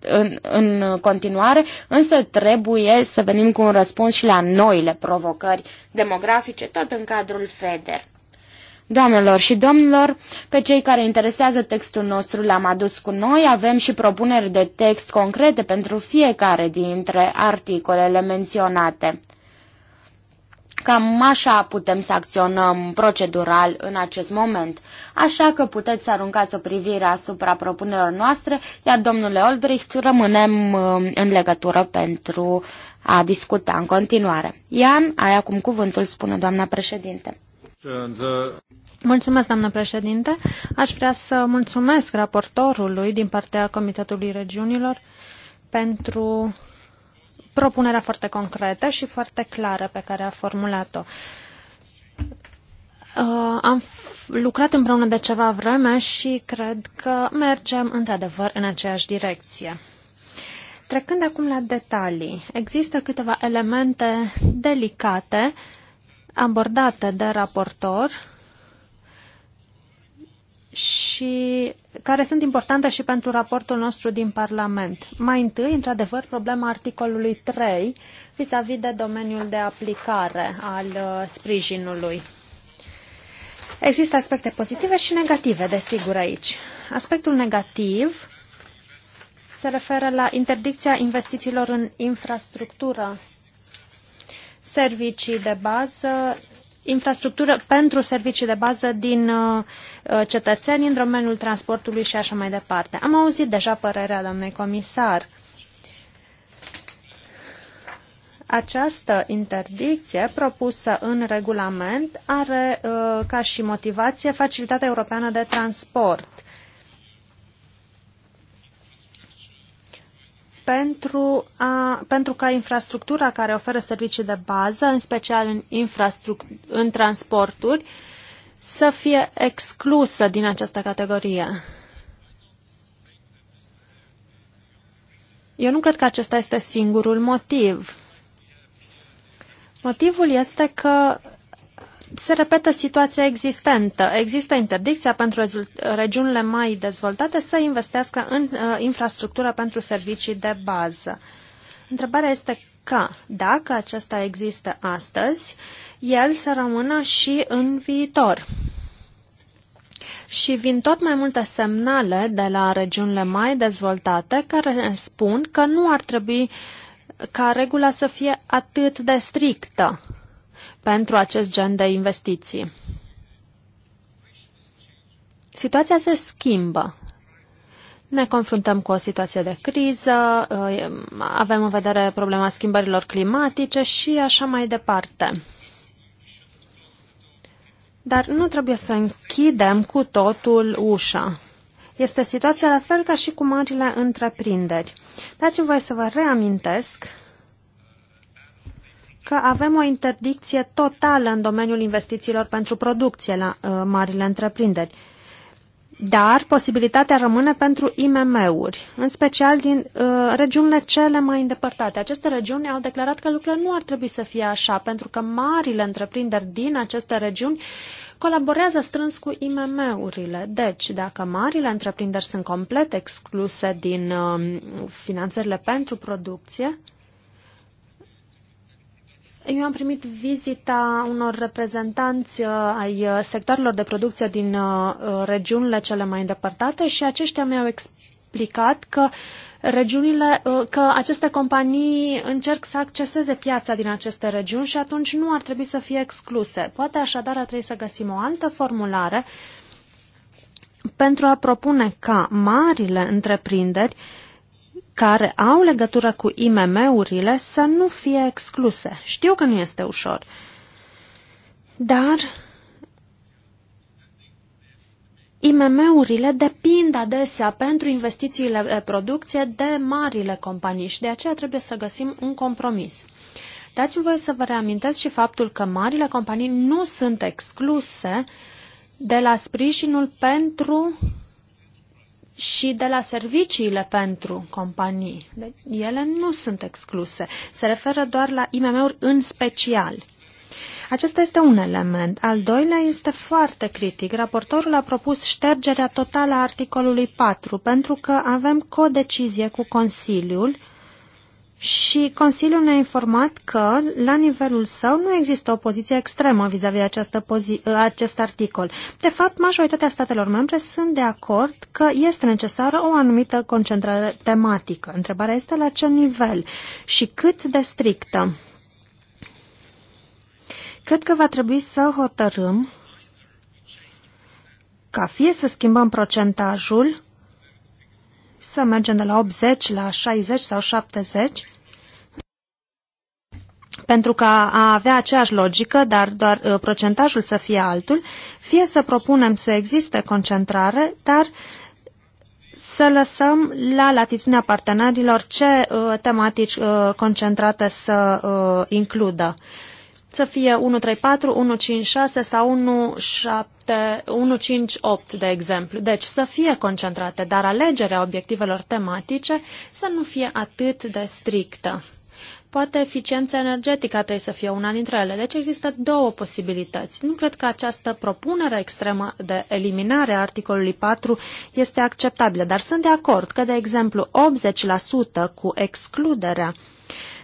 în, în continuare, însă trebuie să venim cu un răspuns și la noile provocări demografice, tot în cadrul FEDER. Doamnelor și domnilor, pe cei care interesează textul nostru l-am adus cu noi, avem și propuneri de text concrete pentru fiecare dintre articolele menționate. Cam așa putem să acționăm procedural în acest moment. Așa că puteți să aruncați o privire asupra propunerilor noastre, iar domnule Olbricht rămânem uh, în legătură pentru a discuta în continuare. Ian, ai acum cuvântul, spune doamna președinte. Uh, Mulțumesc, doamnă președinte. Aș vrea să mulțumesc raportorului din partea Comitetului Regiunilor pentru propunerea foarte concretă și foarte clară pe care a formulat-o. Uh, am lucrat împreună de ceva vreme și cred că mergem într-adevăr în aceeași direcție. Trecând acum la detalii, există câteva elemente delicate abordate de raportor și care sunt importante și pentru raportul nostru din Parlament. Mai întâi, într-adevăr, problema articolului 3 vis-a-vis -vis de domeniul de aplicare al uh, sprijinului. Există aspecte pozitive și negative, desigur, aici. Aspectul negativ se referă la interdicția investițiilor în infrastructură, servicii de bază, infrastructură pentru servicii de bază din uh, uh, cetățeni în domeniul transportului și așa mai departe. Am auzit deja părerea doamnei comisar. Această interdicție propusă în regulament are uh, ca și motivație Facilitatea Europeană de Transport pentru, a, pentru ca infrastructura care oferă servicii de bază, în special în, infrastruct- în transporturi, să fie exclusă din această categorie. Eu nu cred că acesta este singurul motiv. Motivul este că se repetă situația existentă. Există interdicția pentru regiunile mai dezvoltate să investească în uh, infrastructură pentru servicii de bază. Întrebarea este că dacă acesta există astăzi, el să rămână și în viitor. Și vin tot mai multe semnale de la regiunile mai dezvoltate care spun că nu ar trebui ca regula să fie atât de strictă pentru acest gen de investiții. Situația se schimbă. Ne confruntăm cu o situație de criză, uh, avem în vedere problema schimbărilor climatice și așa mai departe. Dar nu trebuie să închidem cu totul ușa. Este situația la fel ca și cu marile întreprinderi. Dați-mi voi să vă reamintesc că avem o interdicție totală în domeniul investițiilor pentru producție la uh, marile întreprinderi. Dar posibilitatea rămâne pentru IMM-uri, în special din uh, regiunile cele mai îndepărtate. Aceste regiuni au declarat că lucrurile nu ar trebui să fie așa, pentru că marile întreprinderi din aceste regiuni colaborează strâns cu IMM-urile. Deci, dacă marile întreprinderi sunt complet excluse din uh, finanțările pentru producție, eu am primit vizita unor reprezentanți uh, ai uh, sectorilor de producție din uh, regiunile cele mai îndepărtate și aceștia mi-au explicat că regiunile, că aceste companii încerc să acceseze piața din aceste regiuni și atunci nu ar trebui să fie excluse. Poate așadar ar trebui să găsim o altă formulare pentru a propune ca marile întreprinderi uh, care au legătură cu IMM-urile să nu fie excluse. Știu că nu este ușor, dar IMM-urile depind adesea pentru investițiile de producție de marile companii și de aceea trebuie să găsim un compromis. Dați-mi voie să vă reamintesc și faptul că marile companii nu sunt excluse de la sprijinul pentru și de la serviciile pentru companii. Deci, ele nu sunt excluse. Se referă doar la IMM-uri în special. Acesta este un element. Al doilea este foarte critic. Raportorul a propus ștergerea totală a articolului 4 pentru că avem codecizie cu Consiliul și Consiliul ne-a informat că, la nivelul său, nu există o poziție extremă vis-a-vis -vis această ă, acest articol. De fapt, majoritatea statelor membre sunt de acord că este necesară o anumită concentrare tematică. Întrebarea este la ce nivel și cât de strictă. Cred că va trebui să hotărâm ca fie să schimbăm procentajul, să mergem de la 80 la 60 sau 70, pentru ca a avea aceeași logică, dar doar uh, procentajul să fie altul, fie să propunem să existe concentrare, dar să lăsăm la latitudinea partenerilor ce uh, tematici uh, concentrate să uh, includă. Să fie 134, 156 sau 17, 158, de exemplu. Deci să fie concentrate, dar alegerea obiectivelor tematice să nu fie atât de strictă. Poate eficiența energetică ar trebui să fie una dintre ele. Deci există două posibilități. Nu cred că această propunere extremă de eliminare a articolului 4 este acceptabilă, dar sunt de acord că, de exemplu, 80% cu excluderea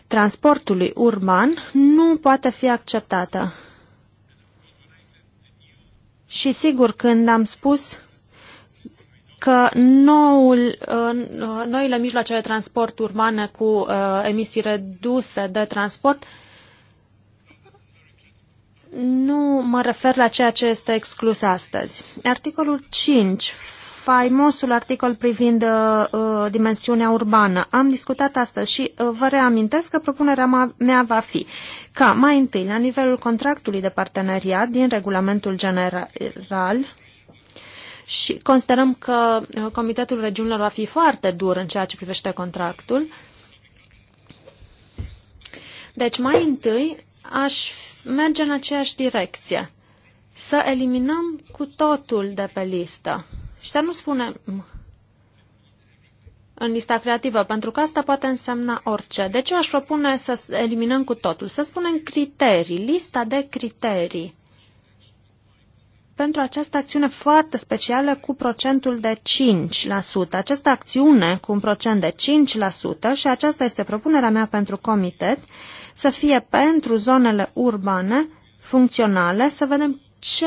transportului urban nu poate fi acceptată. Și sigur, când am spus că noul, uh, noile mijloace de transport urbane cu uh, emisii reduse de transport nu mă refer la ceea ce este exclus astăzi. Articolul 5, faimosul articol privind uh, uh, dimensiunea urbană. Am discutat astăzi și uh, vă reamintesc că propunerea mea va fi ca mai întâi, la nivelul contractului de parteneriat din regulamentul general, și considerăm că uh, Comitetul Regiunilor va fi foarte dur în ceea ce privește contractul. Deci, mai întâi, aș merge în aceeași direcție. Să eliminăm cu totul de pe listă. Și să nu spunem în lista creativă, pentru că asta poate însemna orice. Deci eu aș propune să eliminăm cu totul, să spunem criterii, lista de criterii pentru această acțiune foarte specială cu procentul de 5%. Această acțiune cu un procent de 5% și aceasta este propunerea mea pentru comitet să fie pentru zonele urbane funcționale, să vedem ce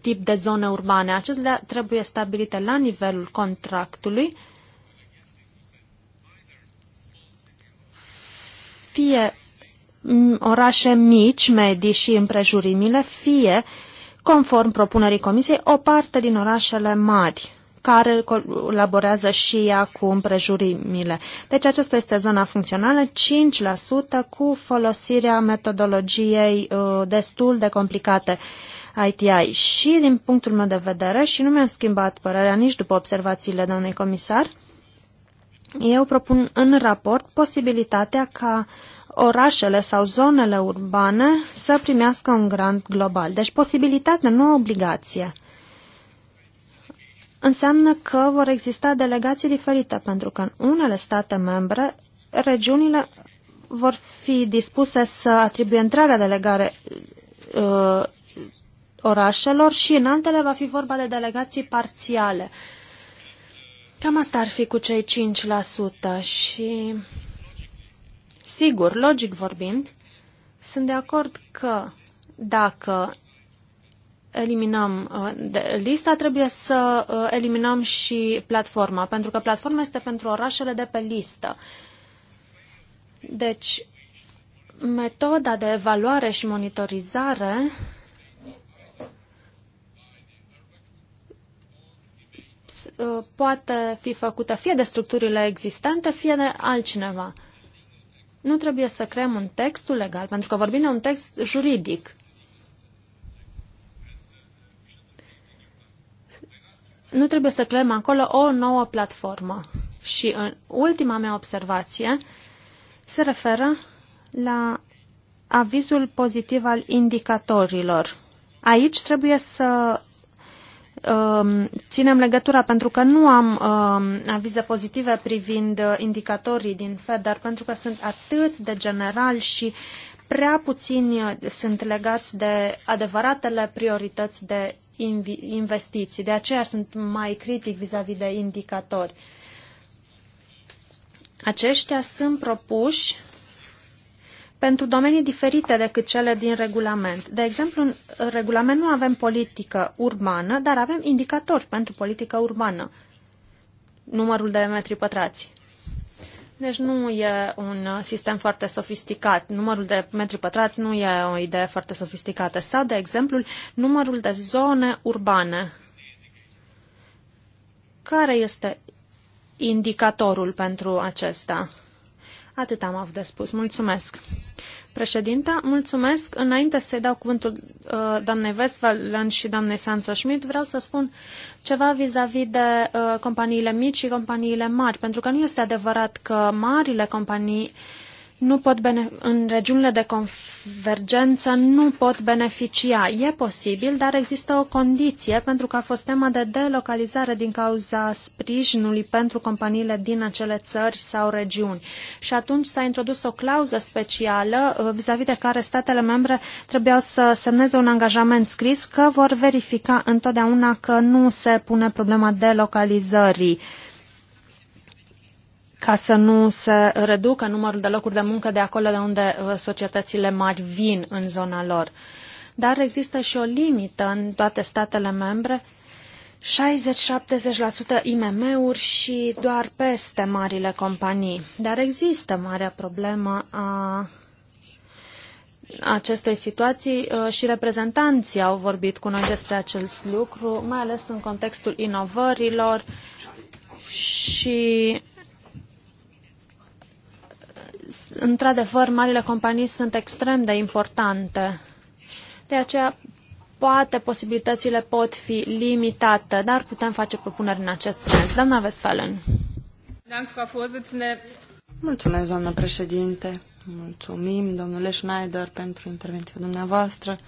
tip de zone urbane. Acestea trebuie stabilite la nivelul contractului, fie orașe mici, medii și împrejurimile, fie uh, conform propunerii Comisiei, o parte din orașele mari care colaborează și ea cu împrejurimile. Deci aceasta este zona funcțională, 5% cu folosirea metodologiei uh, destul de complicate ITI. Și din punctul meu de vedere, și nu mi-am schimbat părerea nici după observațiile doamnei comisar, eu propun în raport posibilitatea ca orașele sau zonele urbane să primească un grant global. Deci posibilitatea nu obligație. Înseamnă că vor exista delegații diferite, pentru că în unele state membre regiunile vor fi dispuse să atribuie întreaga delegare uh, orașelor și în altele va fi vorba de delegații parțiale. Uh, Cam asta ar fi cu cei 5% și, sigur, logic vorbind, sunt de acord că dacă eliminăm uh, lista, trebuie să uh, eliminăm și platforma, pentru că platforma este pentru orașele de pe listă. Deci, metoda de evaluare și monitorizare Uh, poate fi făcută fie de structurile existente, fie de altcineva. Nu trebuie să creăm un text legal, pentru că vorbim de un text juridic. Nu trebuie să creăm acolo o nouă platformă. Și în ultima mea observație se referă la avizul pozitiv al indicatorilor. Aici trebuie să Um, ținem legătura pentru că nu am um, avize pozitive privind uh, indicatorii din Fed, dar pentru că sunt atât de general și prea puțini uh, sunt legați de adevăratele priorități de investiții. De aceea sunt mai critic vis-a-vis -vis de indicatori. Aceștia sunt propuși pentru domenii diferite decât cele din regulament. De exemplu, în regulament nu avem politică urbană, dar avem indicatori pentru politică urbană, numărul de metri pătrați. Deci nu e un sistem foarte sofisticat. Numărul de metri pătrați nu e o idee foarte sofisticată. Sau, de exemplu, numărul de zone urbane. Care este indicatorul pentru acesta? Atât am avut de spus. Mulțumesc. Președinte, mulțumesc. Înainte să-i dau cuvântul uh, doamnei Westphalen și doamnei Sanso Schmidt, vreau să spun ceva vis-a-vis -vis de uh, companiile mici și companiile mari, pentru că nu este adevărat că marile companii uh, nu pot în regiunile de convergență nu pot beneficia. E posibil, dar există o condiție pentru că a fost tema de delocalizare din cauza sprijinului pentru companiile din acele țări sau regiuni. Și atunci s-a introdus o clauză specială uh, vis-a-vis -vis de care statele membre trebuiau să semneze un angajament scris că vor verifica întotdeauna că nu se pune problema delocalizării ca să nu se reducă numărul de locuri de muncă de acolo de unde uh, societățile mari vin în zona lor. Dar există și o limită în toate statele membre 60-70% IMM-uri și doar peste marile companii. Dar există marea problemă a acestei situații uh, și reprezentanții au vorbit cu noi despre acest lucru, mai ales în contextul inovărilor și într-adevăr, marile companii sunt extrem de importante. De aceea, poate posibilitățile pot fi limitate, dar putem face propuneri în acest sens. Doamna Westphalen. Mulțumesc, doamnă președinte. Mulțumim, domnule Schneider, pentru intervenția dumneavoastră.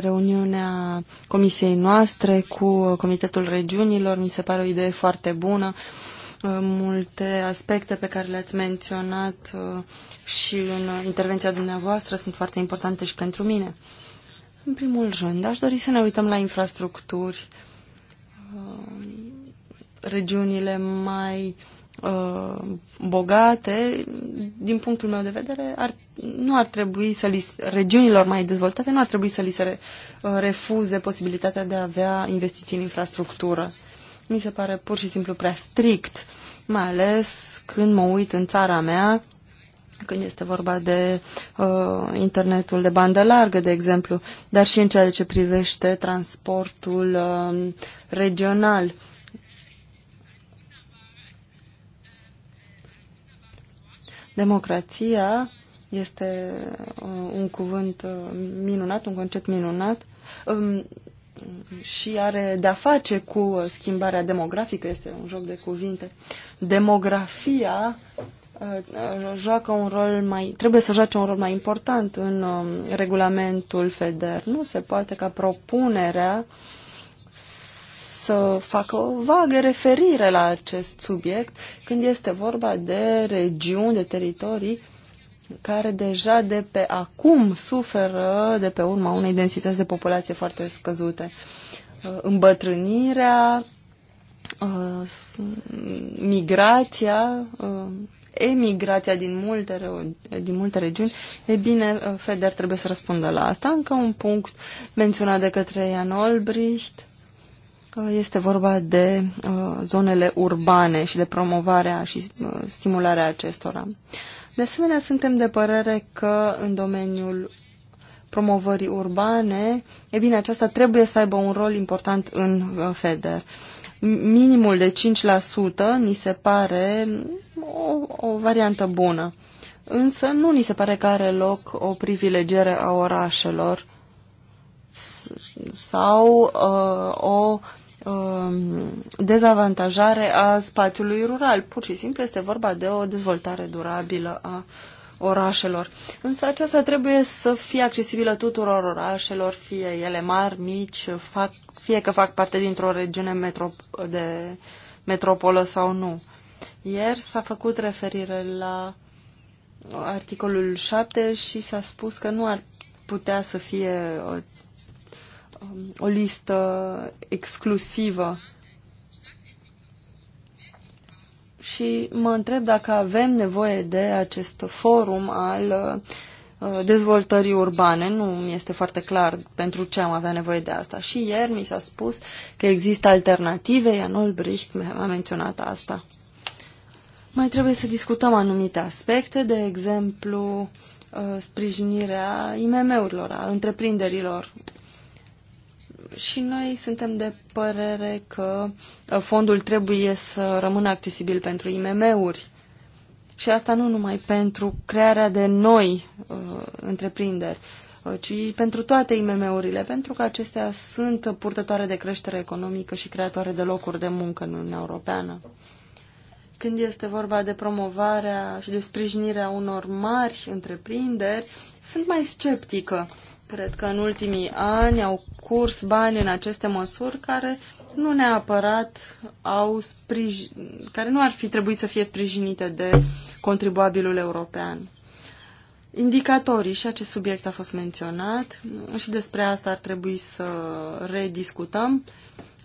Reuniunea comisiei noastre cu Comitetul Regiunilor mi se pare o idee foarte bună Uh, multe aspecte pe care le-ați menționat uh, și în intervenția dumneavoastră sunt foarte importante și pentru mine. În primul rând, aș dori să ne uităm la infrastructuri, uh, regiunile mai bogate, din punctul meu de vedere, ar, nu ar trebui să li, regiunilor mai dezvoltate nu ar trebui să li se refuze posibilitatea de a avea investiții în infrastructură mi se pare pur și simplu prea strict, mai ales când mă uit în țara mea, când este vorba de uh, internetul de bandă largă, de exemplu, dar și în ceea ce privește transportul uh, regional. Democrația este uh, un cuvânt uh, minunat, un concept minunat. Um, și are de-a face cu schimbarea demografică, este un joc de cuvinte. Demografia uh, uh, joacă un rol mai, trebuie să joace un rol mai important în um, regulamentul FEDER. Nu se poate ca propunerea să facă o vagă referire la acest subiect când este vorba de regiuni, de teritorii care deja de pe acum suferă de pe urma unei densități de populație foarte scăzute. Uh, îmbătrânirea, uh, migrația, uh, emigrația din multe, din multe regiuni. E bine, FEDER trebuie să răspundă la asta. Încă un punct menționat de către Ian Olbricht este vorba de zonele urbane și de promovarea și stimularea acestora. De asemenea, suntem de părere că în domeniul promovării urbane, e bine, aceasta trebuie să aibă un rol important în uh, FEDER. Minimul de 5% ni se pare o, o variantă bună, însă nu ni se pare că are loc o privilegiere a orașelor sau uh, o Um, dezavantajare a spațiului rural. Pur și simplu este vorba de o dezvoltare durabilă a orașelor. Însă aceasta trebuie să fie accesibilă tuturor orașelor, fie ele mari, mici, fac, fie că fac parte dintr-o regiune metro, de metropolă sau nu. Ieri s-a făcut referire la articolul 7 și s-a spus că nu ar putea să fie uh, o listă exclusivă. Și mă întreb dacă avem nevoie de acest forum al uh, dezvoltării urbane. Nu mi-e este foarte clar pentru ce am avea nevoie de asta. Și ieri mi s-a spus că există alternative, Ian Olbricht a menționat asta. Mai trebuie să discutăm anumite aspecte, de exemplu, uh, sprijinirea IMM-urilor, a întreprinderilor și noi suntem de părere că uh, fondul trebuie să rămână accesibil pentru IMM-uri. Și asta nu numai pentru crearea de noi uh, întreprinderi, uh, ci pentru toate IMM-urile, pentru că acestea sunt purtătoare de creștere economică și creatoare de locuri de muncă în Uniunea Europeană. Când este vorba de promovarea și de sprijinirea unor mari întreprinderi, sunt mai sceptică Cred că în ultimii ani au curs bani în aceste măsuri care nu neapărat au sprij... care nu ar fi trebuit să fie sprijinite de contribuabilul european. Indicatorii și acest subiect a fost menționat și despre asta ar trebui să rediscutăm.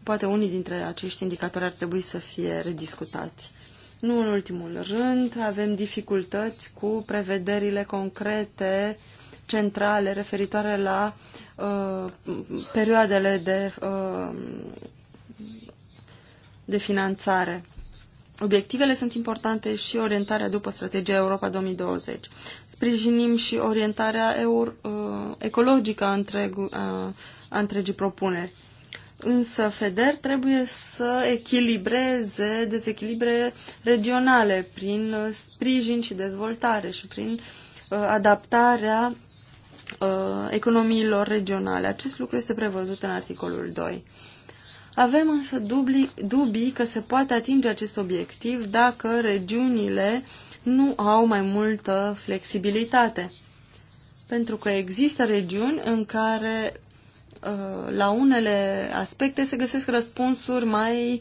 Poate unii dintre acești indicatori ar trebui să fie rediscutați. Nu în ultimul rând, avem dificultăți cu prevederile concrete uh, centrale referitoare la uh, perioadele de, uh, de finanțare. Obiectivele sunt importante și orientarea după strategia Europa 2020. Sprijinim și orientarea euro, uh, ecologică a, întreg, uh, a întregii propuneri. Însă FEDER trebuie să echilibreze dezechilibre regionale prin uh, sprijin și dezvoltare și prin uh, adaptarea Uh, economiilor regionale. Acest lucru este prevăzut în articolul 2. Avem însă dubli, dubii că se poate atinge acest obiectiv dacă regiunile nu au mai multă flexibilitate. Pentru că există regiuni în care uh, la unele aspecte se găsesc răspunsuri mai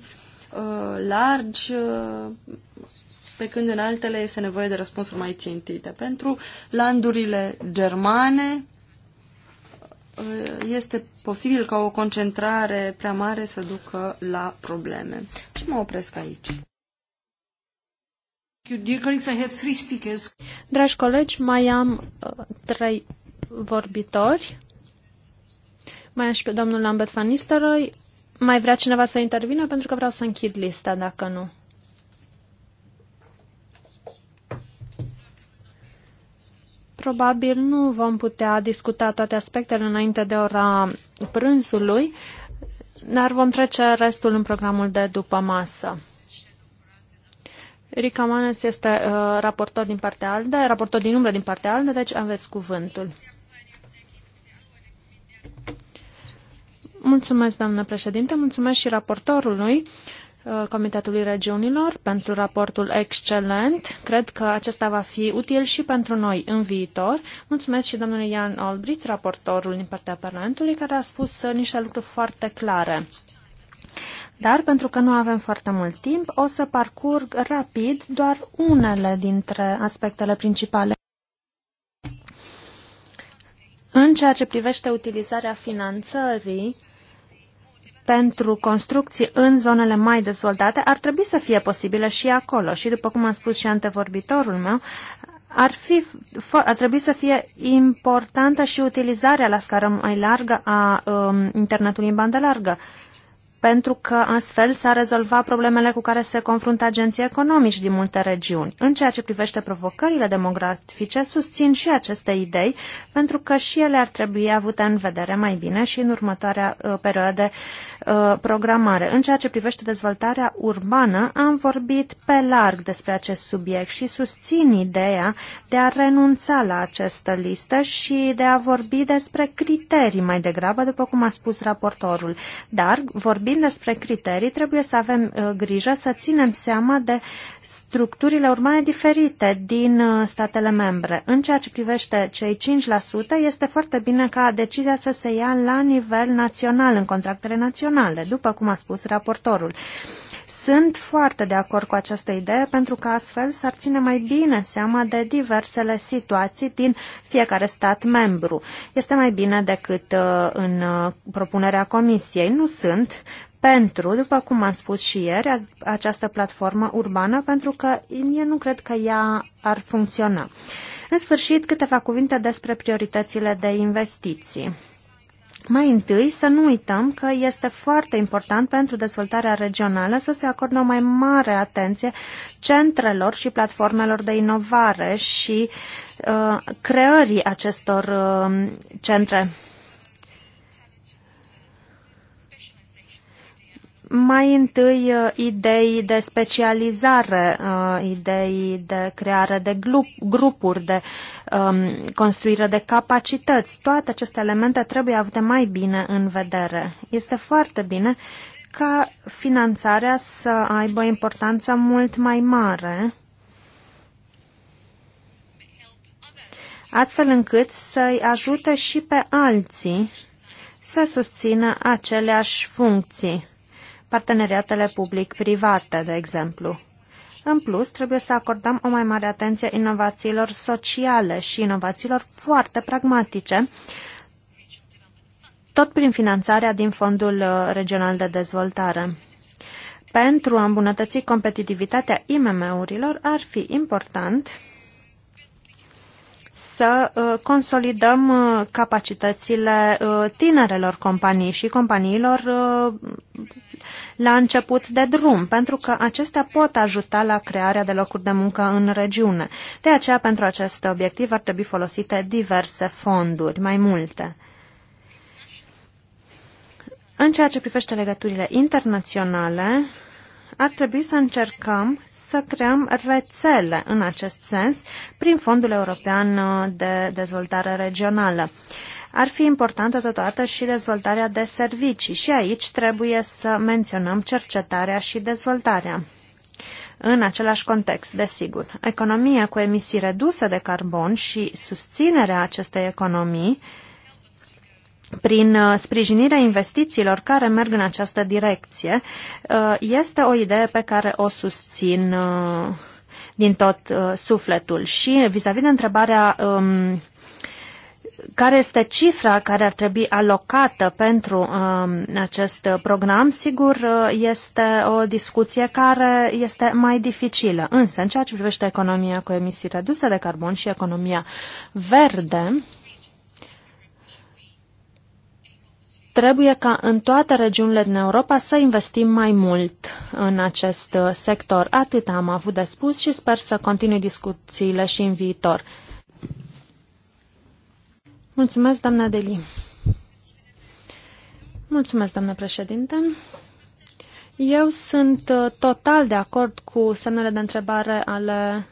uh, largi pe când în altele este nevoie de răspunsuri mai țintite. Pentru landurile germane uh, este posibil ca o concentrare prea mare să ducă la probleme. Și mă opresc aici. Dragi colegi, mai am uh, trei vorbitori. Mai am și pe domnul Lambert Van Nistelrooy. Mai vrea cineva să intervină pentru că vreau să închid lista, dacă nu. Probabil nu vom putea discuta toate aspectele înainte de ora prânzului, dar vom trece restul în programul de după masă. Rica Manes este uh, raportor din partea ALDE, raportor din umbră din partea ALDE, deci aveți cuvântul. Mulțumesc, doamnă președinte, mulțumesc și raportorului. Uh, Uh, Comitetului Regiunilor pentru raportul excelent. Cred că acesta va fi util și pentru noi în viitor. Mulțumesc și domnului Ian Albrecht, raportorul din partea Parlamentului, care a spus niște lucruri foarte clare. Dar pentru că nu avem foarte mult timp, o să parcurg rapid doar unele dintre aspectele principale. În ceea ce privește utilizarea finanțării, pentru construcții în zonele mai dezvoltate ar trebui să fie posibile și acolo. Și după cum a spus și antevorbitorul meu, ar, fi, ar trebui să fie importantă și utilizarea la scară mai largă a um, internetului în bandă largă pentru că astfel s-ar rezolva problemele cu care se confruntă agenții economici din multe regiuni. În ceea ce privește provocările demografice, susțin și aceste idei, pentru că și ele ar trebui avute în vedere mai bine și în următoarea uh, perioadă de uh, programare. În ceea ce privește dezvoltarea urbană, am vorbit pe larg despre acest subiect și susțin ideea de a renunța la această listă și de a vorbi despre criterii mai degrabă, după cum a spus raportorul. Dar vorbim vorbim despre criterii, trebuie să avem uh, grijă să ținem seama de structurile urmane diferite din uh, statele membre. În ceea ce privește cei 5%, este foarte bine ca decizia să se ia la nivel național, în contractele naționale, după cum a spus raportorul. Sunt foarte de acord cu această idee pentru că astfel s-ar ține mai bine seama de diversele situații din fiecare stat membru. Este mai bine decât uh, în uh, propunerea Comisiei. Nu sunt pentru, după cum am spus și ieri, această platformă urbană, pentru că eu nu cred că ea ar funcționa. În sfârșit, câteva cuvinte despre prioritățile de investiții. Mai întâi, să nu uităm că este foarte important pentru dezvoltarea regională să se acordă o mai mare atenție centrelor și platformelor de inovare și uh, creării acestor uh, centre Mai întâi, uh, idei de specializare, uh, idei de creare de grupuri, de um, construire de capacități. Toate aceste elemente trebuie avute mai bine în vedere. Este foarte bine ca finanțarea să aibă importanță mult mai mare, astfel încât să-i ajute și pe alții să susțină aceleași funcții parteneriatele public-private, de exemplu. În plus, trebuie să acordăm o mai mare atenție inovațiilor sociale și inovațiilor foarte pragmatice, tot prin finanțarea din Fondul uh, Regional de Dezvoltare. Pentru a îmbunătăți competitivitatea IMM-urilor ar fi important să uh, consolidăm uh, capacitățile uh, tinerelor companii și companiilor la început de drum, pentru că acestea pot ajuta la crearea de locuri de muncă în regiune. De aceea, pentru acest obiectiv ar trebui folosite diverse fonduri, mai multe. În ceea ce privește legăturile internaționale, ar trebui să încercăm să creăm rețele în acest sens prin Fondul European de Dezvoltare Regională. Ar fi importantă totodată și dezvoltarea de servicii și aici trebuie să menționăm cercetarea și dezvoltarea. În același context, desigur, economia cu emisii reduse de carbon și susținerea acestei economii uh, prin uh, sprijinirea investițiilor care merg în această direcție, uh, este o idee pe care o susțin uh, din tot sufletul. Și vis-a-vis -vis de întrebarea um, care este cifra care ar trebui alocată pentru um, acest program, sigur, este o discuție care este mai dificilă. Însă, în ceea ce privește economia cu emisii reduse de carbon și economia verde, Trebuie ca în toate regiunile din Europa să investim mai mult în acest sector. Atât am avut de spus și sper să continui discuțiile și în viitor. Mulțumesc, doamna Deli. Mulțumesc, doamna președinte. Eu sunt uh, total de acord cu semnele de întrebare ale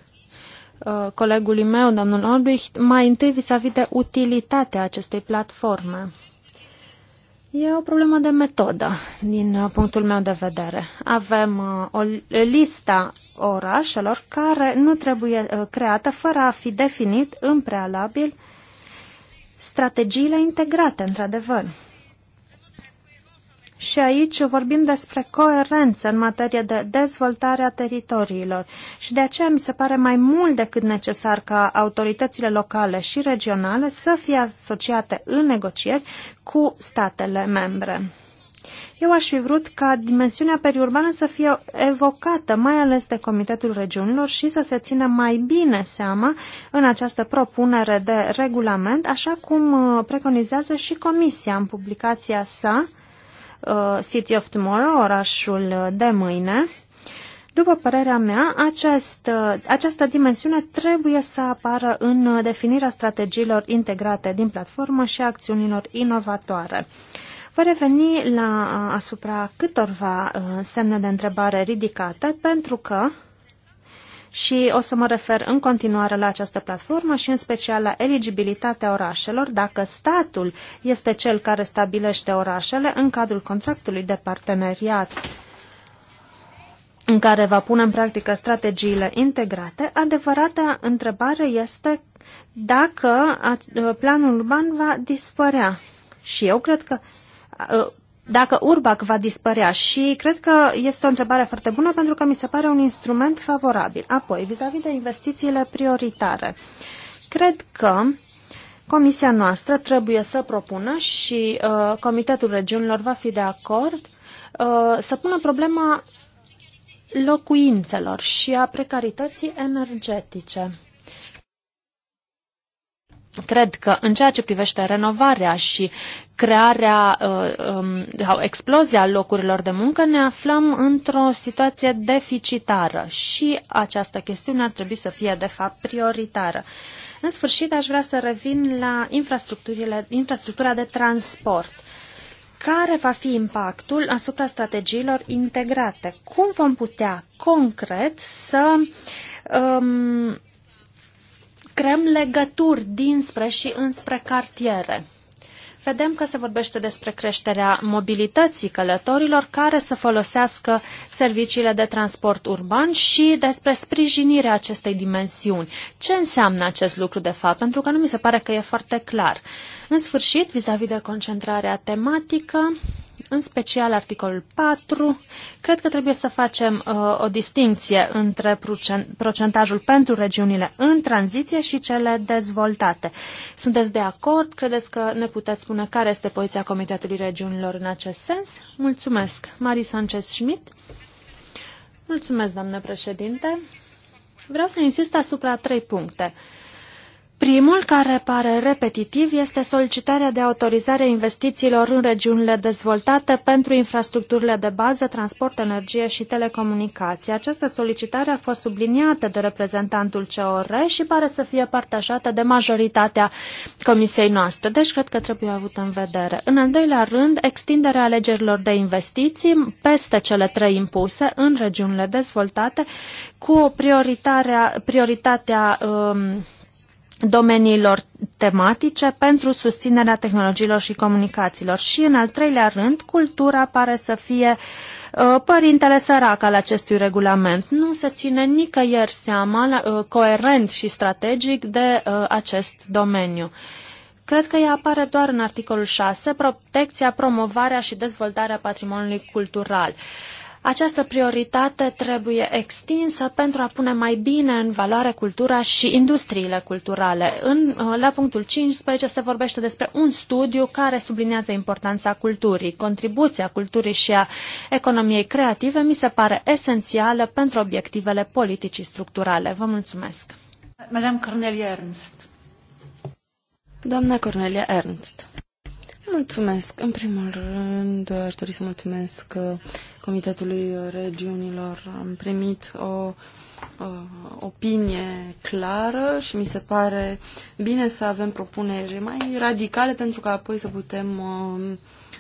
uh, colegului meu, domnul Olbricht, mai întâi vis-a-vis -vis de utilitatea acestei platforme. E o problemă de metodă, din punctul meu de vedere. Avem uh, o lista orașelor care nu trebuie uh, creată fără a fi definit în prealabil strategiile integrate, într-adevăr. Și aici vorbim despre coerență în materie de dezvoltare a teritoriilor. Și de aceea mi se pare mai mult decât necesar ca autoritățile locale și regionale să fie asociate în negocieri cu statele membre. Eu aș fi vrut ca dimensiunea periurbană să fie evocată, mai ales de Comitetul Regiunilor, și să se țină mai bine seama în această propunere de regulament, așa cum uh, preconizează și Comisia în publicația sa Uh, City of Tomorrow, orașul de mâine. După părerea mea, această, uh, această dimensiune trebuie să apară în definirea strategiilor integrate din platformă și acțiunilor inovatoare. Vă reveni la uh, asupra câtorva semne de întrebare ridicate, pentru că și o să mă refer în continuare la această platformă și în special la eligibilitatea orașelor, dacă statul este cel care stabilește orașele în cadrul contractului de parteneriat în care va pune în practică strategiile integrate, adevărata întrebare este dacă planul urban va dispărea. Și eu cred că dacă URBAC va dispărea și cred că este o întrebare foarte bună pentru că mi se pare un instrument favorabil. Apoi, vis-a-vis -vis de investițiile prioritare, cred că comisia noastră trebuie să propună și uh, Comitetul Regiunilor va fi de acord uh, să pună problema locuințelor și a precarității energetice. Cred că în ceea ce privește renovarea și crearea uh, um, sau explozia locurilor de muncă, ne aflăm într-o situație deficitară și această chestiune ar trebui să fie, de fapt, prioritară. În sfârșit, aș vrea să revin la infrastructurile, infrastructura de transport. Care va fi impactul asupra strategiilor integrate? Cum vom putea concret să um, creăm legături dinspre și înspre cartiere. Vedem că se vorbește despre creșterea mobilității călătorilor care să folosească serviciile de transport urban și despre sprijinirea acestei dimensiuni. Ce înseamnă acest lucru de fapt? Pentru că nu mi se pare că e foarte clar. În sfârșit, vis-a-vis -vis de concentrarea tematică, în special articolul 4. Cred că trebuie să facem uh, o distinție între procentajul pentru regiunile în tranziție și cele dezvoltate. Sunteți de acord? Credeți că ne puteți spune care este poziția Comitetului Regiunilor în acest sens? Mulțumesc. Mari Sanchez Schmidt. Mulțumesc, doamnă președinte. Vreau să insist asupra trei puncte. Uh, Primul, care pare repetitiv, este solicitarea de autorizare a investițiilor în regiunile dezvoltate pentru infrastructurile de bază, transport, energie și telecomunicații. Această solicitare a fost subliniată de reprezentantul COR și pare să fie partajată de majoritatea comisiei noastre, deci cred că trebuie avut în vedere. În al doilea rând, extinderea alegerilor de investiții peste cele trei impuse în regiunile dezvoltate cu prioritatea, prioritatea um, domeniilor tematice pentru susținerea tehnologiilor și comunicațiilor. Și în al treilea rând, cultura pare să fie uh, părintele sărac al acestui regulament. Nu se ține nicăieri seama uh, coerent și strategic de uh, acest domeniu. Cred că ea apare doar în articolul 6, protecția, promovarea și dezvoltarea patrimoniului cultural. Uh, această prioritate trebuie extinsă pentru a pune mai bine în valoare cultura și industriile culturale. În, uh, la punctul 15 se vorbește despre un studiu care sublinează importanța culturii. Contribuția culturii și a economiei creative mi se pare esențială pentru obiectivele politicii structurale. Vă mulțumesc! Madame Cornelia Ernst. Doamna Cornelia Ernst. Mulțumesc. În primul rând, aș dori să mulțumesc uh, Comitetului Regiunilor. Am primit o opinie clară și mi se pare bine să avem propuneri mai radicale pentru că apoi să putem um,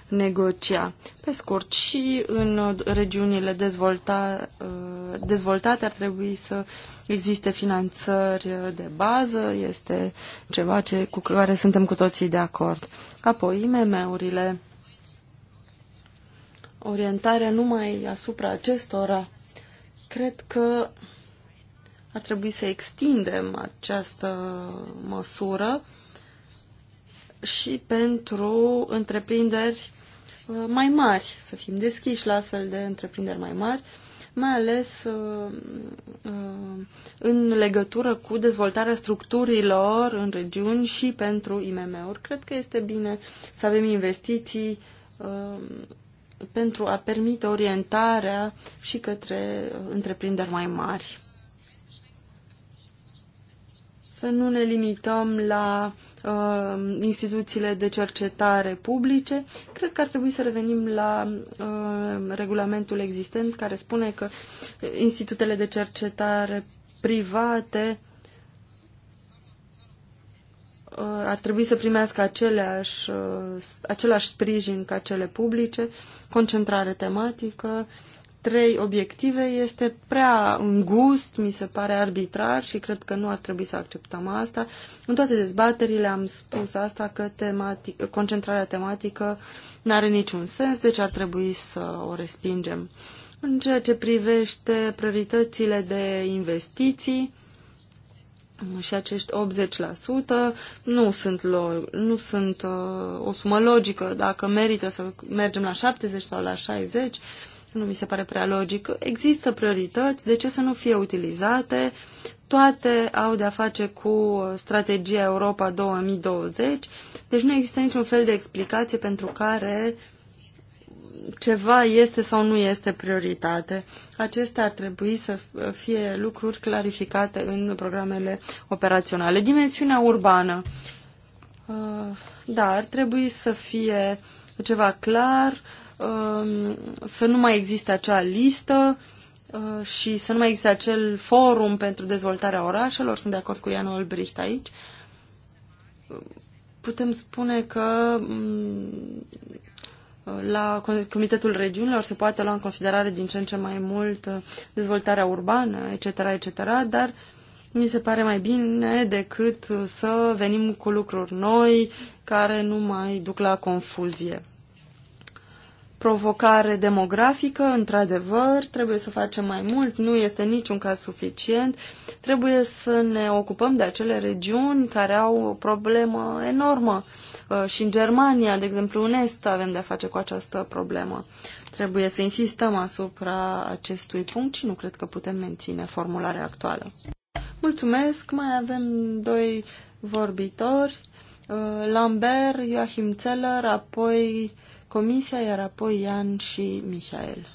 negocia. Pe scurt, și în regiunile dezvolta, uh, dezvoltate ar trebui să existe finanțări de bază, este ceva ce, cu care suntem cu toții de acord. Apoi, IMM-urile orientarea numai asupra acestora. Cred că ar trebui să extindem această măsură și pentru întreprinderi uh, mai mari, să fim deschiși la astfel de întreprinderi mai mari, mai ales uh, uh, în legătură cu dezvoltarea structurilor în regiuni și pentru IMM-uri. Cred că este bine să avem investiții pentru a permite orientarea și către întreprinderi mai mari. Să nu ne limităm la uh, instituțiile de cercetare publice. Cred că ar trebui să revenim la uh, regulamentul existent care spune că institutele de cercetare private Uh, ar trebui să primească aceleași, uh, același sprijin ca cele publice, concentrare tematică, trei obiective este prea îngust, mi se pare arbitrar și cred că nu ar trebui să acceptăm asta. În toate dezbaterile am spus asta că tematic, concentrarea tematică nu are niciun sens, deci ar trebui să o respingem. În ceea ce privește prioritățile de investiții, și acești 80% nu sunt, lo- nu sunt uh, o sumă logică. Dacă merită să mergem la 70 sau la 60, nu mi se pare prea logic. Există priorități, de ce să nu fie utilizate? Toate au de-a face cu uh, strategia Europa 2020, deci nu există niciun fel de explicație pentru care uh, ceva este sau nu este prioritate. Acestea ar trebui să fie lucruri clarificate în programele operaționale. Dimensiunea urbană. Uh, da, ar trebui să fie ceva clar, um, să nu mai existe acea listă uh, și să nu mai existe acel forum pentru dezvoltarea orașelor. Sunt de acord cu Ian Olbricht aici. Putem spune că um, la Comitetul Regiunilor se poate lua în considerare din ce în ce mai mult uh, dezvoltarea urbană, etc., etc., dar mi se pare mai bine decât uh, să venim cu lucruri noi care nu mai duc la confuzie. Provocare demografică, într-adevăr, trebuie să facem mai mult, nu este niciun caz suficient. Trebuie să ne ocupăm de acele regiuni care au o problemă enormă Uh, și în Germania, de exemplu în Est, avem de-a face cu această problemă. Trebuie să insistăm asupra acestui punct și nu cred că putem menține formularea actuală. Mulțumesc, mai avem doi vorbitori, uh, Lambert, Joachim Zeller, apoi Comisia, iar apoi Ian și Michael.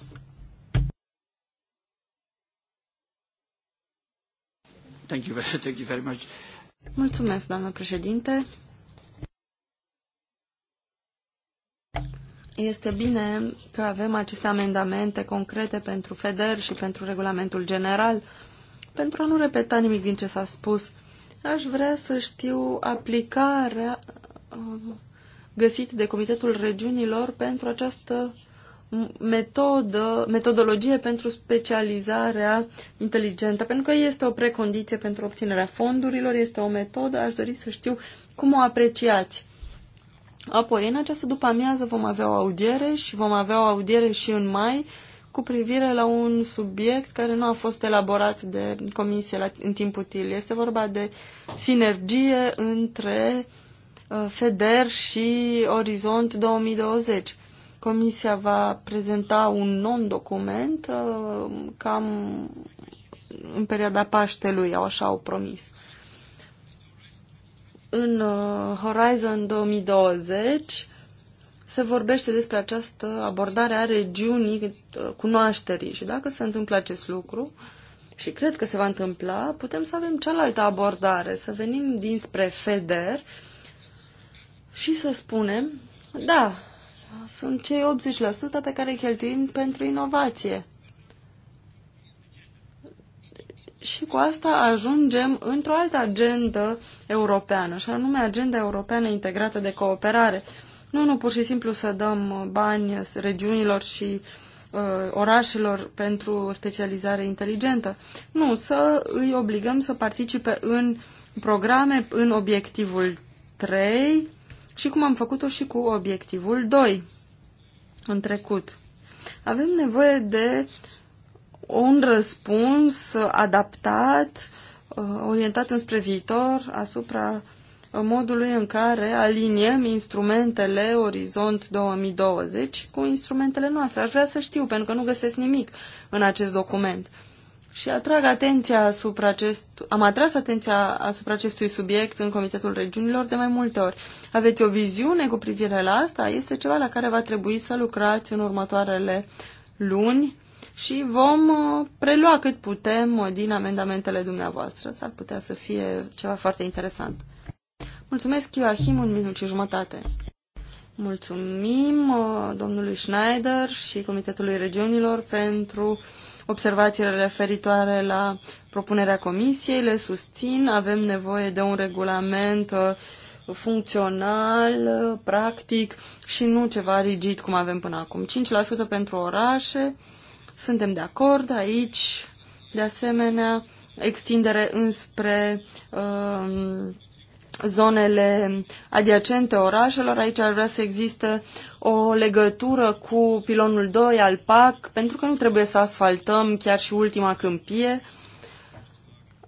Thank you, thank you very much. Mulțumesc, doamnă președinte. Este bine că avem aceste amendamente concrete pentru FEDER și pentru regulamentul general. Pentru a nu repeta nimic din ce s-a spus, aș vrea să știu aplicarea um, găsită de Comitetul Regiunilor pentru această metodă, metodologie pentru specializarea inteligentă, pentru că este o precondiție pentru obținerea fondurilor, este o metodă, aș dori să știu cum o apreciați. Apoi, în această după-amiază vom avea o audiere și vom avea o audiere și în mai cu privire la un subiect care nu a fost elaborat de comisie la, în timp util. Este vorba de sinergie între uh, FEDER și Orizont 2020. Comisia va prezenta un non-document uh, cam în perioada Paștelui, așa au promis. În uh, Horizon 2020 se vorbește despre această abordare a regiunii uh, cunoașterii și dacă se întâmplă acest lucru, și cred că se va întâmpla, putem să avem cealaltă abordare, să venim dinspre FEDER și să spunem, da, sunt cei 80% pe care îi cheltuim pentru inovație. și cu asta ajungem într-o altă agendă europeană, și anume agenda europeană integrată de cooperare. Nu, nu, pur și simplu să dăm bani regiunilor și uh, orașelor pentru specializare inteligentă. Nu, să îi obligăm să participe în programe, în obiectivul 3 și cum am făcut-o și cu obiectivul 2 în trecut. Avem nevoie de uh, un răspuns adaptat, uh, orientat înspre viitor, asupra modului în care aliniem instrumentele Orizont 2020 cu instrumentele noastre. Aș vrea să știu, pentru că nu găsesc nimic în acest document. Și atrag atenția asupra acest... am atras atenția asupra acestui subiect în Comitetul Regiunilor de mai multe ori. Aveți o viziune cu privire la asta? Este ceva la care va trebui să lucrați în următoarele luni și vom uh, prelua cât putem uh, din amendamentele dumneavoastră. S-ar putea să fie ceva foarte interesant. Mulțumesc, Ioachim, un minut și jumătate. Mulțumim uh, domnului Schneider și Comitetului Regiunilor pentru observațiile referitoare la propunerea comisiei. Le susțin, avem nevoie de un regulament funcțional, practic și nu ceva rigid cum avem până acum. 5% pentru orașe, suntem de acord aici, de asemenea, extindere înspre uh, zonele adiacente orașelor. Aici ar vrea să existe o legătură cu pilonul 2 al PAC, pentru că nu trebuie să asfaltăm chiar și ultima câmpie.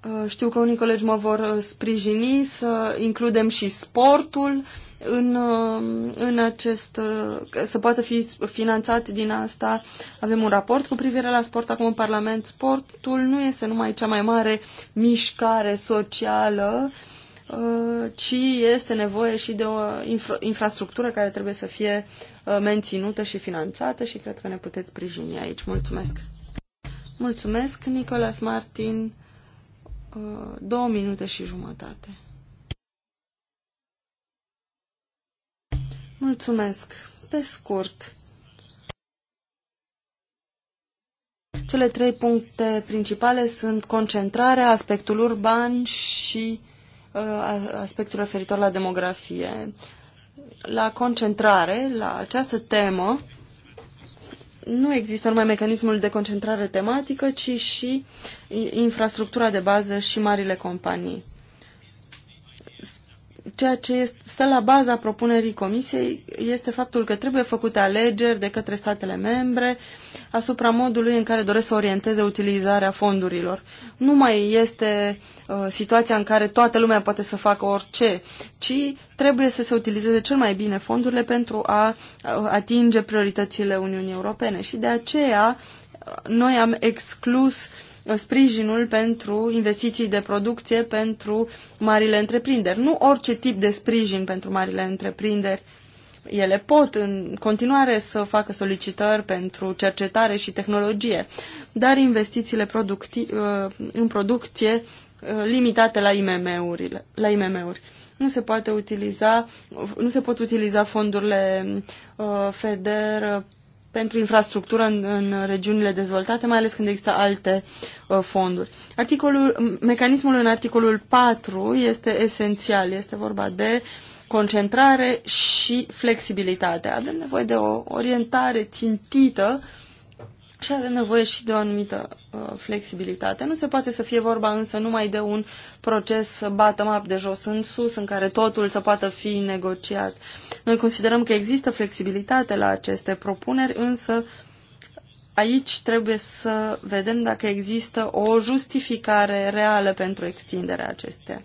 Uh, știu că unii colegi mă vor uh, sprijini să includem și sportul în, uh, în acest, uh, să poată fi finanțat din asta. Avem un raport cu privire la sport acum în Parlament. Sportul nu este numai cea mai mare mișcare socială, uh, ci este nevoie și de o infra infrastructură care trebuie să fie menținută și finanțată și cred că ne puteți sprijini aici. Mulțumesc! Mulțumesc, Nicolas Martin. Două minute și jumătate. Mulțumesc. Pe scurt. Cele trei puncte principale sunt concentrarea, aspectul urban și uh, aspectul referitor la demografie. La concentrare, la această temă, nu există numai mecanismul de concentrare tematică, ci și infrastructura de bază și marile companii ceea ce stă la baza propunerii Comisiei este faptul că trebuie făcute alegeri de către statele membre asupra modului în care doresc să orienteze utilizarea fondurilor. Nu mai este uh, situația în care toată lumea poate să facă orice, ci trebuie să se utilizeze cel mai bine fondurile pentru a uh, atinge prioritățile Uniunii Europene și de aceea uh, noi am exclus uh, Uh, sprijinul pentru investiții de producție pentru marile întreprinderi. Nu orice tip de sprijin pentru marile întreprinderi. Ele pot în continuare să facă solicitări pentru cercetare și tehnologie, dar investițiile producti, uh, în producție uh, limitate la IMM-uri. La IMM-uri nu se poate utiliza, nu se pot utiliza fondurile FEDER pentru infrastructură în, în regiunile dezvoltate, mai ales când există alte uh, fonduri. Articolul, mecanismul în articolul 4 este esențial, este vorba de concentrare și flexibilitate. Avem nevoie de o orientare țintită uh, și are nevoie și de o anumită uh, flexibilitate. Nu se poate să fie vorba însă numai de un proces bottom-up de jos în sus, în care totul să poată fi negociat. Noi considerăm că există flexibilitate la aceste propuneri, însă aici trebuie să vedem dacă există o justificare reală pentru extinderea acestea.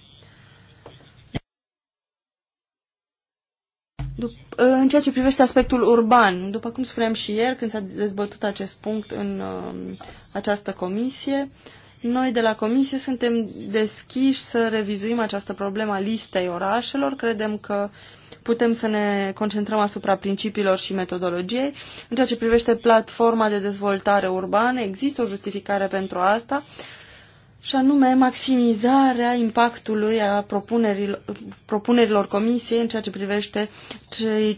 Uh, în ceea ce privește aspectul urban, după cum spuneam și ieri când s-a dezbătut acest punct în um, această comisie, noi de la comisie suntem deschiși să revizuim această problemă a listei orașelor. Credem că putem să ne concentrăm asupra principiilor și metodologiei. În ceea ce privește platforma de dezvoltare urbană, există o justificare pentru asta și anume maximizarea impactului a propunerilor, propunerilor comisiei în ceea ce privește cei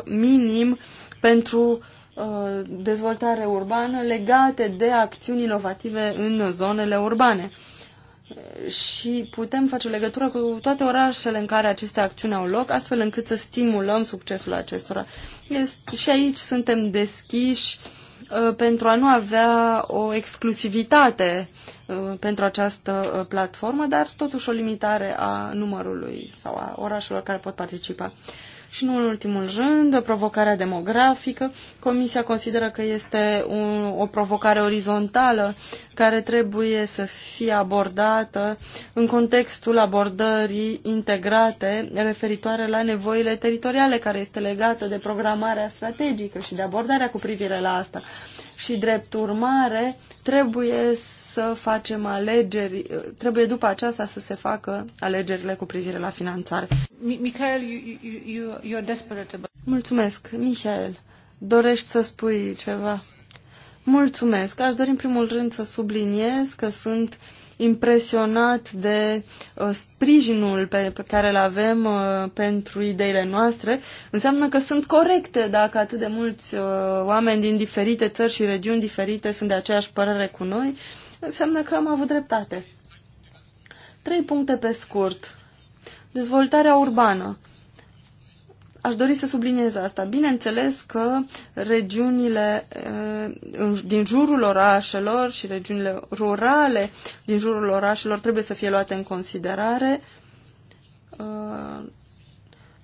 5% minim pentru uh, dezvoltare urbană legate de acțiuni inovative în zonele urbane. Și putem face legătură cu toate orașele în care aceste acțiuni au loc, astfel încât să stimulăm succesul acestora. Este, și aici suntem deschiși uh, Uh, pentru a nu avea o exclusivitate uh, pentru această uh, platformă, dar totuși o limitare a numărului sau a orașelor care pot participa. Și nu în ultimul rând, provocarea demografică. Comisia consideră că este un, o provocare orizontală care trebuie să fie abordată în contextul abordării integrate referitoare la nevoile teritoriale, care este legată de programarea strategică și de abordarea cu privire la asta. Și drept urmare, trebuie să să facem alegeri, trebuie după aceasta să se facă alegerile cu privire la finanțare. Michael, you, you, desperate about... Mulțumesc, Michael. Dorești să spui ceva? Mulțumesc. Aș dori în primul rând să subliniez că sunt impresionat de uh, sprijinul pe, pe care îl avem uh, pentru ideile noastre, înseamnă că sunt corecte dacă atât de mulți uh, oameni din diferite țări și regiuni diferite sunt de aceeași părere cu noi. Uh, înseamnă că am avut dreptate. Trei puncte pe scurt. Dezvoltarea urbană. Aș dori să subliniez asta. Bineînțeles că regiunile eh, din jurul orașelor și regiunile rurale din jurul orașelor trebuie să fie luate în considerare eh,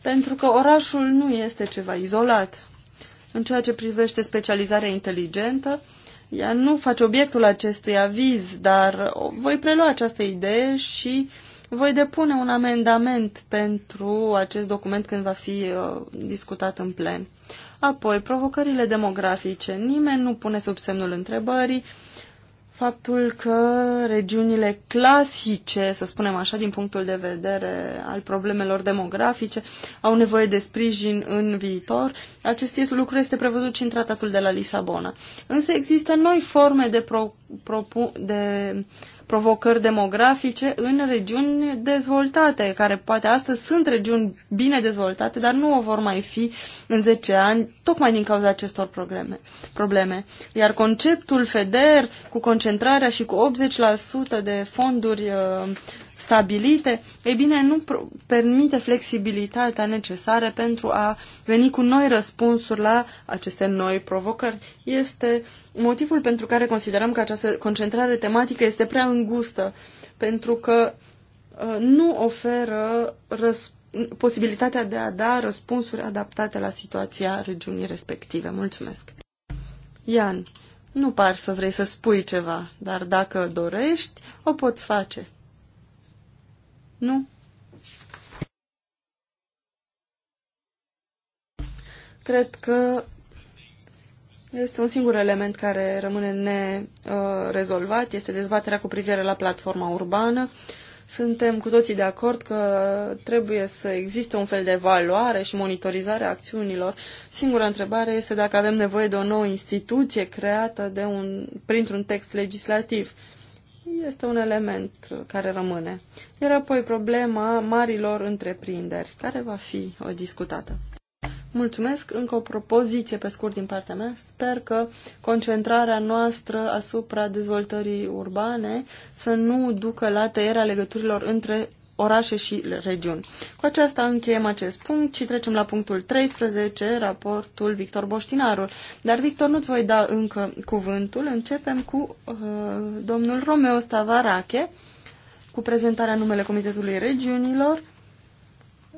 pentru că orașul nu este ceva izolat. În ceea ce privește specializarea inteligentă, ea nu face obiectul acestui aviz, dar voi prelua această idee și voi depune un amendament pentru acest document când va fi uh, discutat în plen. Apoi, provocările demografice. Nimeni nu pune sub semnul întrebării faptul că regiunile clasice, să spunem așa, din punctul de vedere al problemelor demografice, au nevoie de sprijin în viitor. Acest lucru este prevăzut și în tratatul de la Lisabona. Însă există noi forme de, pro, propu, de provocări demografice în regiuni dezvoltate, care poate astăzi sunt regiuni bine dezvoltate, dar nu o vor mai fi în 10 ani, tocmai din cauza acestor probleme. probleme. Iar conceptul FEDER, cu concentrarea și cu 80% de fonduri uh, stabilite, ei bine, nu permite flexibilitatea necesară pentru a veni cu noi răspunsuri la aceste noi provocări. Este motivul pentru care considerăm că această concentrare tematică este prea îngustă, pentru că uh, nu oferă posibilitatea de a da răspunsuri adaptate la situația regiunii respective. Mulțumesc! Ian, nu par să vrei să spui ceva, dar dacă dorești, o poți face. Nu? Cred că este un singur element care rămâne nerezolvat, este dezbaterea cu privire la platforma urbană. Suntem cu toții de acord că trebuie să existe un fel de evaluare și monitorizare a acțiunilor. Singura întrebare este dacă avem nevoie de o nouă instituție creată de un, printr-un text legislativ. Uh, este un element care rămâne. Iar apoi problema marilor întreprinderi, care va fi o uh, discutată. Mulțumesc, încă o propoziție pe scurt din partea mea. Sper că concentrarea noastră asupra dezvoltării urbane să nu ducă la tăierea legăturilor între orașe și regiuni. Cu aceasta încheiem acest punct și trecem la punctul 13, raportul Victor Boștinarul. Dar, Victor, nu-ți voi da încă cuvântul. Începem cu uh, domnul Romeo Stavarache, cu prezentarea numele Comitetului Regiunilor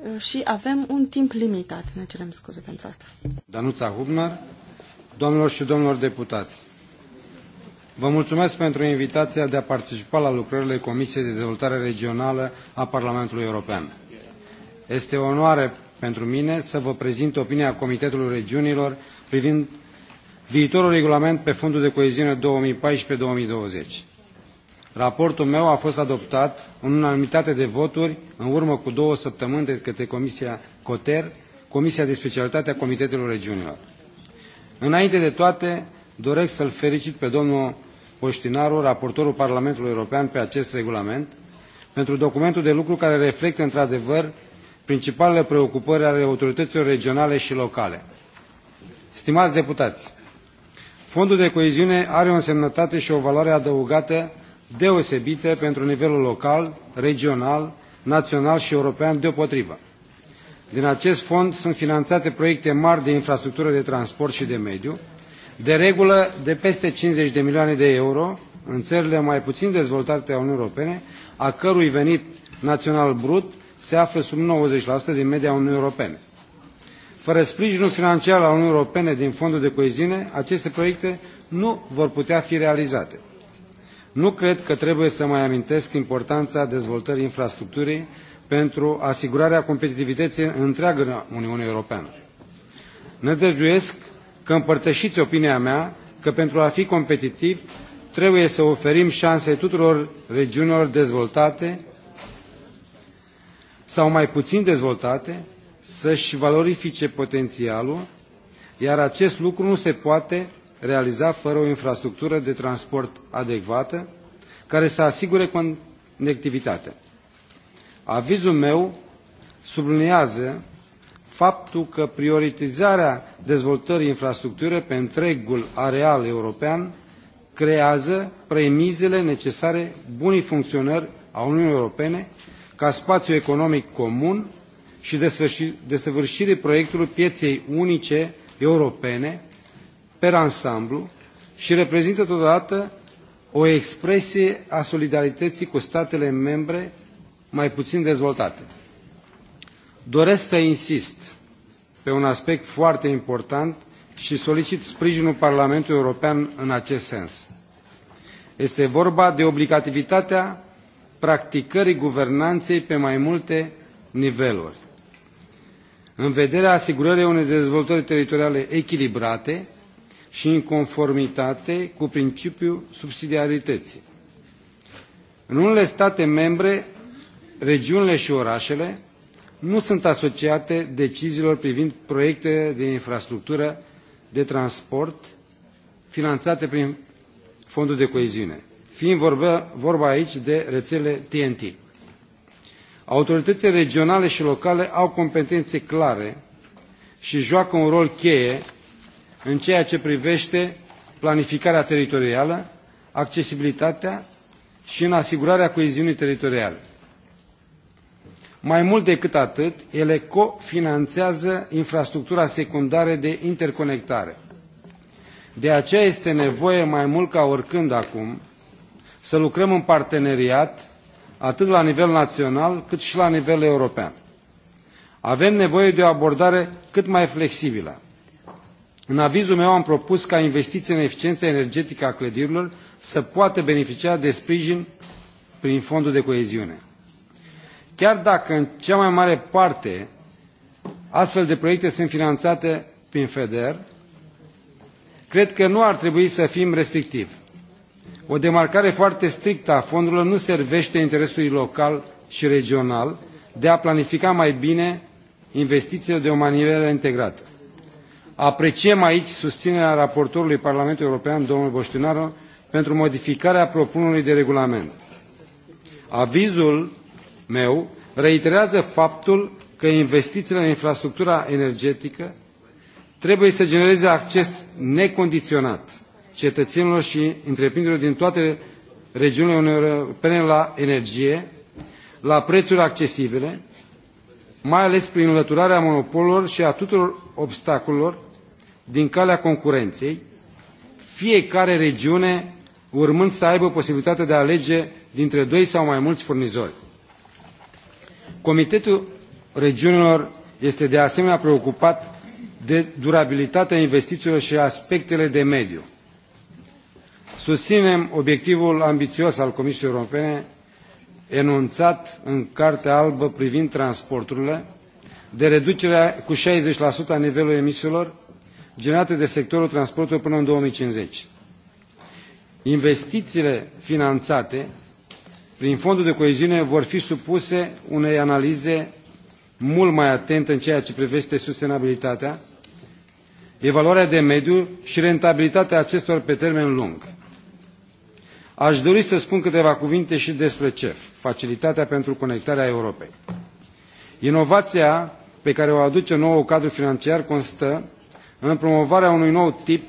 uh, și avem un timp limitat. Ne cerem scuze pentru asta. Danuța Hubner, domnilor și domnilor deputați, Vă mulțumesc pentru invitația de a participa la lucrările Comisiei de Dezvoltare Regională a Parlamentului European. Este o onoare pentru mine să vă prezint opinia Comitetului Regiunilor privind viitorul regulament pe Fondul de Coeziune 2014-2020. Raportul meu a fost adoptat în unanimitate de voturi în urmă cu două săptămâni de către Comisia COTER, Comisia de Specialitate a Comitetului Regiunilor. Înainte de toate, doresc să-l felicit pe domnul Boștinaru, raportorul Parlamentului European pe acest regulament, pentru documentul de lucru care reflectă într-adevăr principalele preocupări ale autorităților regionale și locale. Stimați deputați, Fondul de coeziune are o însemnătate și o valoare adăugată deosebite pentru nivelul local, regional, național și european deopotrivă. Din acest fond sunt finanțate proiecte mari de infrastructură de transport și de mediu, de regulă de peste 50 de milioane de euro în țările mai puțin dezvoltate ale Uniunii Europene, a cărui venit național brut se află sub 90% din media Uniunii Europene. Fără sprijinul financiar al Uniunii Europene din fondul de coeziune, aceste proiecte nu vor putea fi realizate. Nu cred că trebuie să mai amintesc importanța dezvoltării infrastructurii pentru asigurarea competitivității întreagă Uniunii Europeană. Nădăjduiesc că împărtășiți opinia mea că pentru a fi competitiv trebuie să oferim șanse tuturor regiunilor dezvoltate sau mai puțin dezvoltate să-și valorifice potențialul, iar acest lucru nu se poate realiza fără o infrastructură de transport adecvată care să asigure conectivitatea. Avizul meu subliniază faptul că prioritizarea dezvoltării infrastructurii pe întregul areal european creează premizele necesare bunii funcționări a Uniunii Europene ca spațiu economic comun și desăvârșirii proiectului pieței unice europene per ansamblu și reprezintă totodată o expresie a solidarității cu statele membre mai puțin dezvoltate. Doresc să insist pe un aspect foarte important și solicit sprijinul Parlamentului European în acest sens. Este vorba de obligativitatea practicării guvernanței pe mai multe niveluri. În vederea asigurării unei dezvoltări teritoriale echilibrate și în conformitate cu principiul subsidiarității. În unele state membre, regiunile și orașele nu sunt asociate deciziilor privind proiecte de infrastructură de transport finanțate prin fondul de coeziune, fiind vorba, vorba aici de rețele TNT. Autoritățile regionale și locale au competențe clare și joacă un rol cheie în ceea ce privește planificarea teritorială, accesibilitatea și în asigurarea coeziunii teritoriale. Mai mult decât atât, ele cofinanțează infrastructura secundară de interconectare. De aceea este nevoie mai mult ca oricând acum să lucrăm în parteneriat atât la nivel național cât și la nivel european. Avem nevoie de o abordare cât mai flexibilă. În avizul meu am propus ca investiții în eficiența energetică a clădirilor să poată beneficia de sprijin prin fondul de coeziune. Chiar dacă în cea mai mare parte astfel de proiecte sunt finanțate prin FEDER, cred că nu ar trebui să fim restrictivi. O demarcare foarte strictă a fondurilor nu servește interesului local și regional de a planifica mai bine investițiile de o manieră integrată. Apreciem aici susținerea raportorului Parlamentului European, domnul Boștinaru, pentru modificarea propunerii de regulament. Avizul meu reiterează faptul că investițiile în infrastructura energetică trebuie să genereze acces necondiționat cetățenilor și întreprinderilor din toate regiunile Uniunii Europene la energie, la prețuri accesibile, mai ales prin înlăturarea monopolurilor și a tuturor obstacolelor din calea concurenței, fiecare regiune urmând să aibă posibilitatea de a alege dintre doi sau mai mulți furnizori. Comitetul Regiunilor este de asemenea preocupat de durabilitatea investițiilor și aspectele de mediu. Susținem obiectivul ambițios al Comisiei Europene enunțat în Cartea Albă privind transporturile de reducerea cu 60% a nivelului emisiilor generate de sectorul transportului până în 2050. Investițiile finanțate prin fondul de coeziune vor fi supuse unei analize mult mai atentă în ceea ce privește sustenabilitatea, evaluarea de mediu și rentabilitatea acestor pe termen lung. Aș dori să spun câteva cuvinte și despre CEF, Facilitatea pentru Conectarea Europei. Inovația pe care o aduce nouă cadru financiar constă în promovarea unui nou tip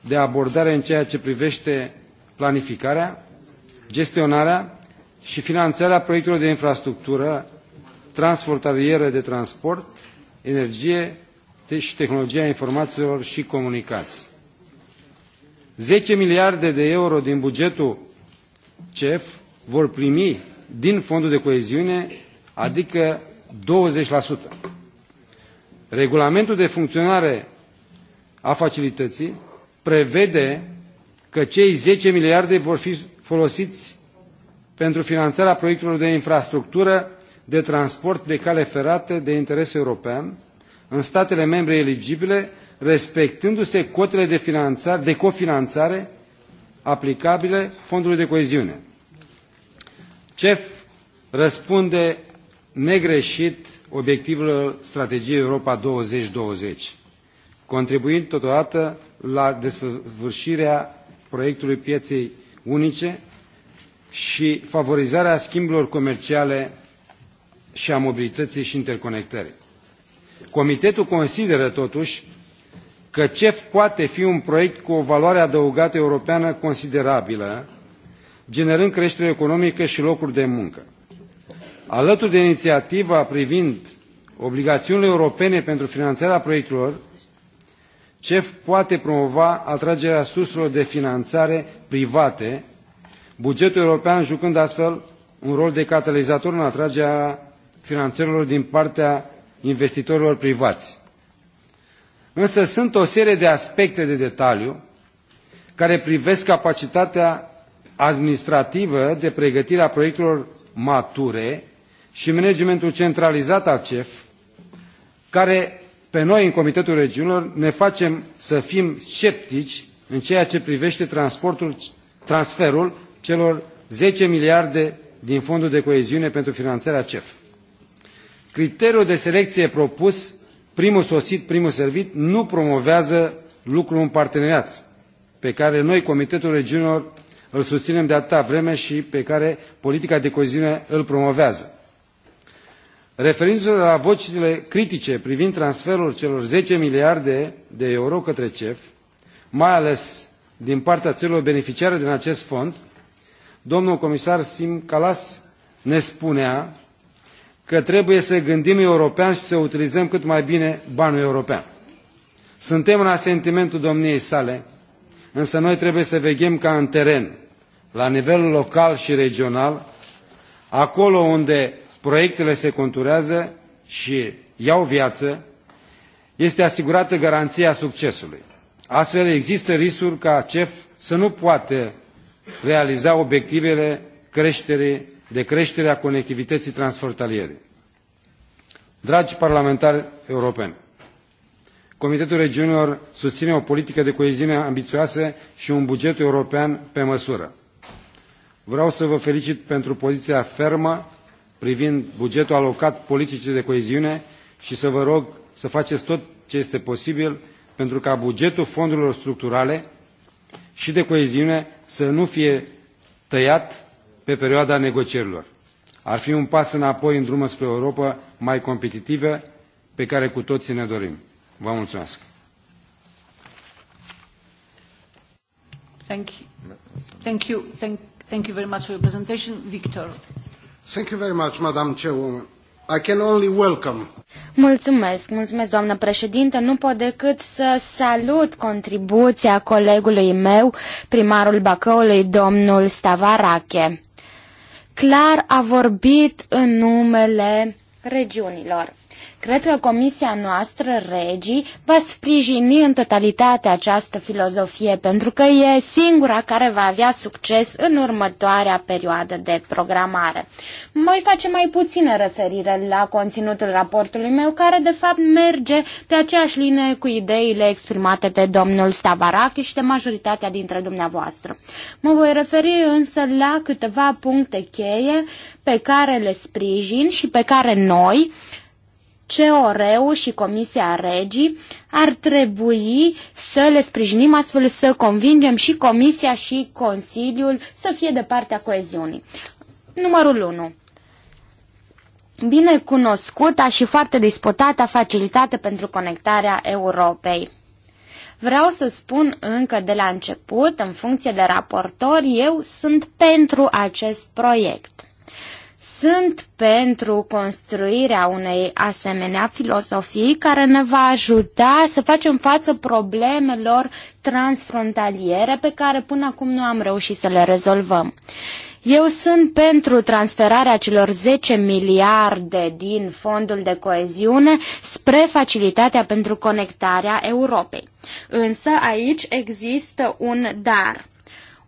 de abordare în ceea ce privește planificarea, gestionarea și finanțarea proiectelor de infrastructură transfrontalieră de transport, energie și tehnologia informațiilor și comunicații. 10 miliarde de euro din bugetul CEF vor primi din fondul de coeziune, adică 20%. Regulamentul de funcționare a facilității prevede că cei 10 miliarde vor fi folosiți pentru finanțarea proiectelor de infrastructură, de transport, de cale ferată, de interes european, în statele membre eligibile, respectându-se cotele de, finanțare, de cofinanțare aplicabile fondului de coeziune. CEF răspunde negreșit obiectivelor strategiei Europa 2020, contribuind totodată la desfășurarea proiectului pieței unice și favorizarea schimburilor comerciale și a mobilității și interconectării. Comitetul consideră totuși că CEF poate fi un proiect cu o valoare adăugată europeană considerabilă, generând creștere economică și locuri de muncă. Alături de inițiativa privind obligațiunile europene pentru finanțarea proiectelor, CEF poate promova atragerea surselor de finanțare private, bugetul european jucând astfel un rol de catalizator în atragerea finanțărilor din partea investitorilor privați. Însă sunt o serie de aspecte de detaliu care privesc capacitatea administrativă de pregătire a proiectelor mature și managementul centralizat al CEF, care pe noi în Comitetul Regiunilor ne facem să fim sceptici în ceea ce privește transportul, transferul celor 10 miliarde din fondul de coeziune pentru finanțarea CEF. Criteriul de selecție propus, primul sosit, primul servit, nu promovează lucrul în parteneriat, pe care noi, Comitetul Regiunilor, îl susținem de atâta vreme și pe care politica de coeziune îl promovează. Referindu-se la vocile critice privind transferul celor 10 miliarde de euro către CEF, mai ales din partea țărilor beneficiare din acest fond, domnul comisar Sim Calas ne spunea că trebuie să gândim european și să utilizăm cât mai bine banul european. Suntem în asentimentul domniei sale, însă noi trebuie să veghem ca în teren, la nivel local și regional, acolo unde proiectele se conturează și iau viață, este asigurată garanția succesului. Astfel există riscul ca CEF să nu poată realiza obiectivele creșterii, de creștere a conectivității transfrontaliere. Dragi parlamentari europeni, Comitetul Regiunilor susține o politică de coeziune ambițioasă și un buget european pe măsură. Vreau să vă felicit pentru poziția fermă privind bugetul alocat politicii de coeziune și să vă rog să faceți tot ce este posibil pentru ca bugetul fondurilor structurale și de coeziune să nu fie tăiat pe perioada negocierilor. Ar fi un pas înapoi în drumul spre Europa mai competitivă pe care cu toții ne dorim. Vă mulțumesc! Thank you. Thank you. Thank, thank you very much for your presentation. Victor. Thank you very much, Madam Chairwoman. I can only welcome. Mulțumesc, mulțumesc, doamnă președinte. Nu pot decât să salut contribuția colegului meu, primarul Bacăului, domnul Stavarache. Clar a vorbit în numele regiunilor Cred că comisia noastră, regii, va sprijini în totalitate această filozofie, pentru că e singura care va avea succes în următoarea perioadă de programare. Mai face mai puțină referire la conținutul raportului meu, care de fapt merge pe aceeași linie cu ideile exprimate de domnul Stavarachi și de majoritatea dintre dumneavoastră. Mă voi referi însă la câteva puncte cheie pe care le sprijin și pe care noi, COREU și Comisia Regii ar trebui să le sprijinim astfel să convingem și Comisia și Consiliul să fie de partea coeziunii. Numărul 1 binecunoscuta și foarte disputata facilitate pentru conectarea Europei. Vreau să spun încă de la început, în funcție de raportor, eu sunt pentru acest proiect. Sunt pentru construirea unei asemenea filosofii care ne va ajuta să facem față problemelor transfrontaliere pe care până acum nu am reușit să le rezolvăm. Eu sunt pentru transferarea celor 10 miliarde din fondul de coeziune spre facilitatea pentru conectarea Europei. Însă aici există un dar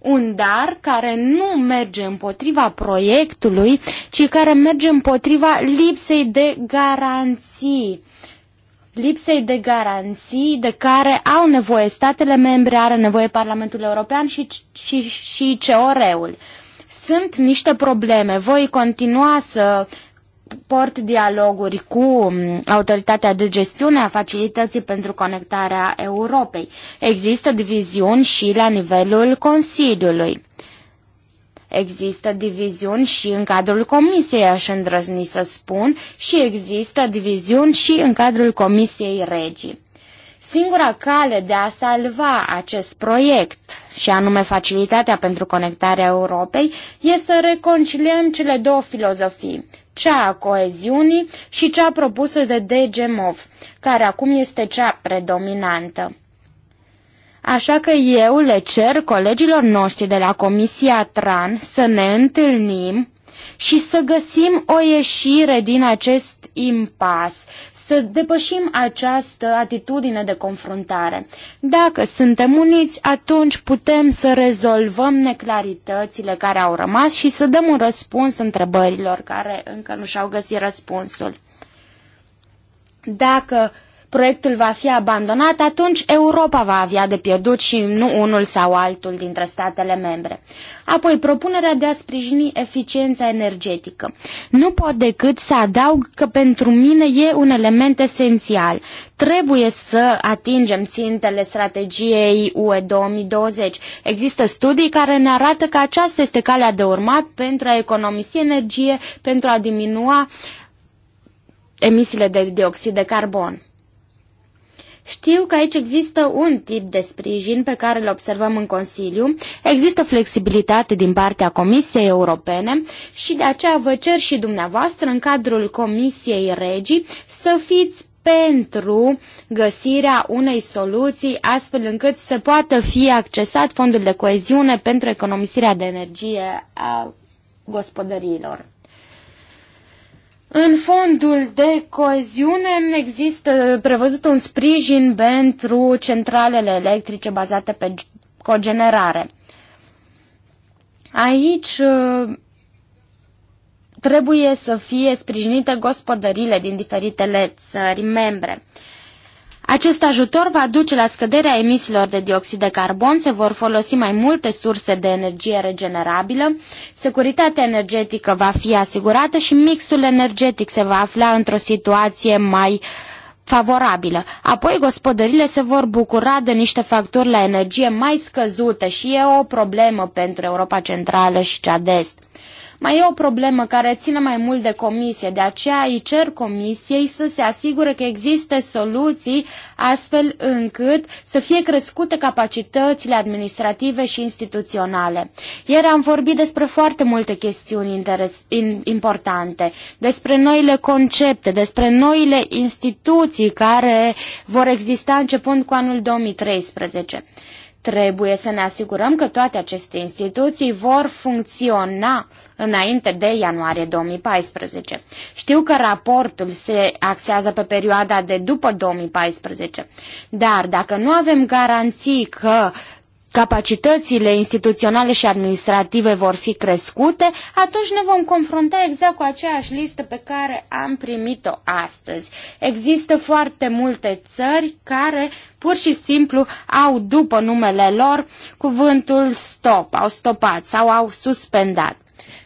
un dar care nu merge împotriva proiectului, ci care merge împotriva lipsei de garanții lipsei de garanții de care au nevoie statele membre, are nevoie Parlamentul European și, și, și COR-ul. Sunt niște probleme. Voi continua să port dialoguri cu mm, autoritatea de gestiune a facilității pentru conectarea Europei. Există diviziuni și la nivelul Consiliului. Există diviziuni și în cadrul Comisiei, aș îndrăzni să spun, și există diviziuni și în cadrul Comisiei Regii. Singura cale de a salva acest proiect, și anume facilitatea pentru conectarea Europei, e să reconciliem cele două filozofii, cea a coeziunii și cea propusă de DGMOV, care acum este cea predominantă. Așa că eu le cer colegilor noștri de la Comisia TRAN să ne întâlnim și să găsim o ieșire din acest impas, să depășim această atitudine de confruntare. Dacă suntem uniți, atunci putem să rezolvăm neclaritățile care au rămas și să dăm un răspuns întrebărilor care încă nu și-au găsit răspunsul. Dacă proiectul va fi abandonat, atunci Europa va avea de pierdut și nu unul sau altul dintre statele membre. Apoi, propunerea de a sprijini eficiența energetică. Nu pot decât să adaug că pentru mine e un element esențial. Trebuie să atingem țintele strategiei UE 2020. Există studii care ne arată că aceasta este calea de urmat pentru a economisi energie, pentru a diminua emisiile de dioxid de carbon. Știu că aici există un tip de sprijin pe care îl observăm în Consiliu. Există flexibilitate din partea Comisiei Europene și de aceea vă cer și dumneavoastră în cadrul Comisiei Regii să fiți pentru găsirea unei soluții astfel încât să poată fi accesat fondul de coeziune pentru economisirea de energie a gospodăriilor. În fondul de coeziune există prevăzut un sprijin pentru centralele electrice bazate pe cogenerare. Aici uh, trebuie să fie sprijinite gospodările din diferitele țări membre. Acest ajutor va duce la scăderea emisiilor de dioxid de carbon, se vor folosi mai multe surse de energie regenerabilă, securitatea energetică va fi asigurată și mixul energetic se va afla într-o situație mai favorabilă. Apoi gospodările se vor bucura de niște facturi la energie mai scăzute și e o problemă pentru Europa Centrală și cea de Est. Mai e o problemă care ține mai mult de comisie, de aceea îi cer comisiei să se asigure că există soluții astfel încât să fie crescute capacitățile administrative și instituționale. Ieri am vorbit despre foarte multe chestiuni interes, in, importante, despre noile concepte, despre noile instituții care vor exista începând cu anul 2013. Trebuie să ne asigurăm că toate aceste instituții vor funcționa înainte de ianuarie 2014. Știu că raportul se axează pe perioada de după 2014, dar dacă nu avem garanții că capacitățile instituționale și administrative vor fi crescute, atunci ne vom confrunta exact cu aceeași listă pe care am primit-o astăzi. Există foarte multe țări care pur și simplu au după numele lor cuvântul stop, au stopat sau au suspendat.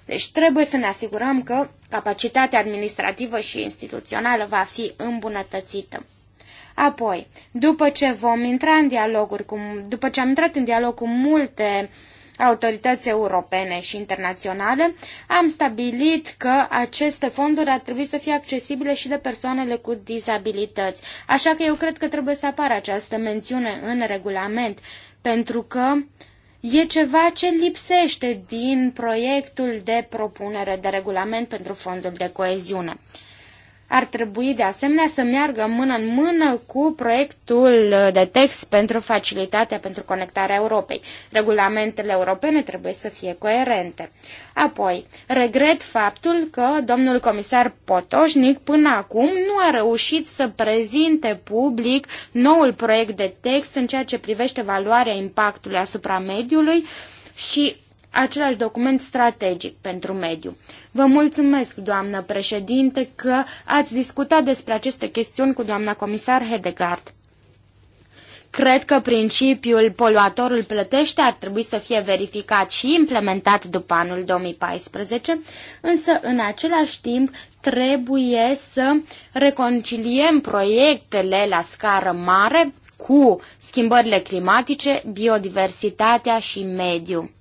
Deci trebuie să ne asigurăm că capacitatea administrativă și instituțională va fi îmbunătățită. Apoi, după ce vom intra în dialoguri cu, după ce am intrat în dialog cu multe autorități europene și internaționale, am stabilit că aceste fonduri ar trebui să fie accesibile și de persoanele cu dizabilități. Așa că eu cred că trebuie să apară această mențiune în regulament, pentru că e ceva ce lipsește din proiectul de propunere de regulament pentru fondul de coeziune ar trebui de asemenea să meargă mână în mână cu proiectul uh, de text pentru facilitatea pentru conectarea Europei. Regulamentele europene trebuie să fie coerente. Apoi, regret faptul că domnul comisar Potoșnic până acum nu a reușit să prezinte public noul proiect de text în ceea ce privește valoarea impactului asupra mediului și același document strategic pentru mediu. Vă mulțumesc, doamnă președinte, că ați discutat despre aceste chestiuni cu doamna comisar Hedegaard. Cred că principiul poluatorul plătește ar trebui să fie verificat și implementat după anul 2014, însă în același timp trebuie să reconciliem proiectele la scară mare cu schimbările climatice, biodiversitatea și mediul.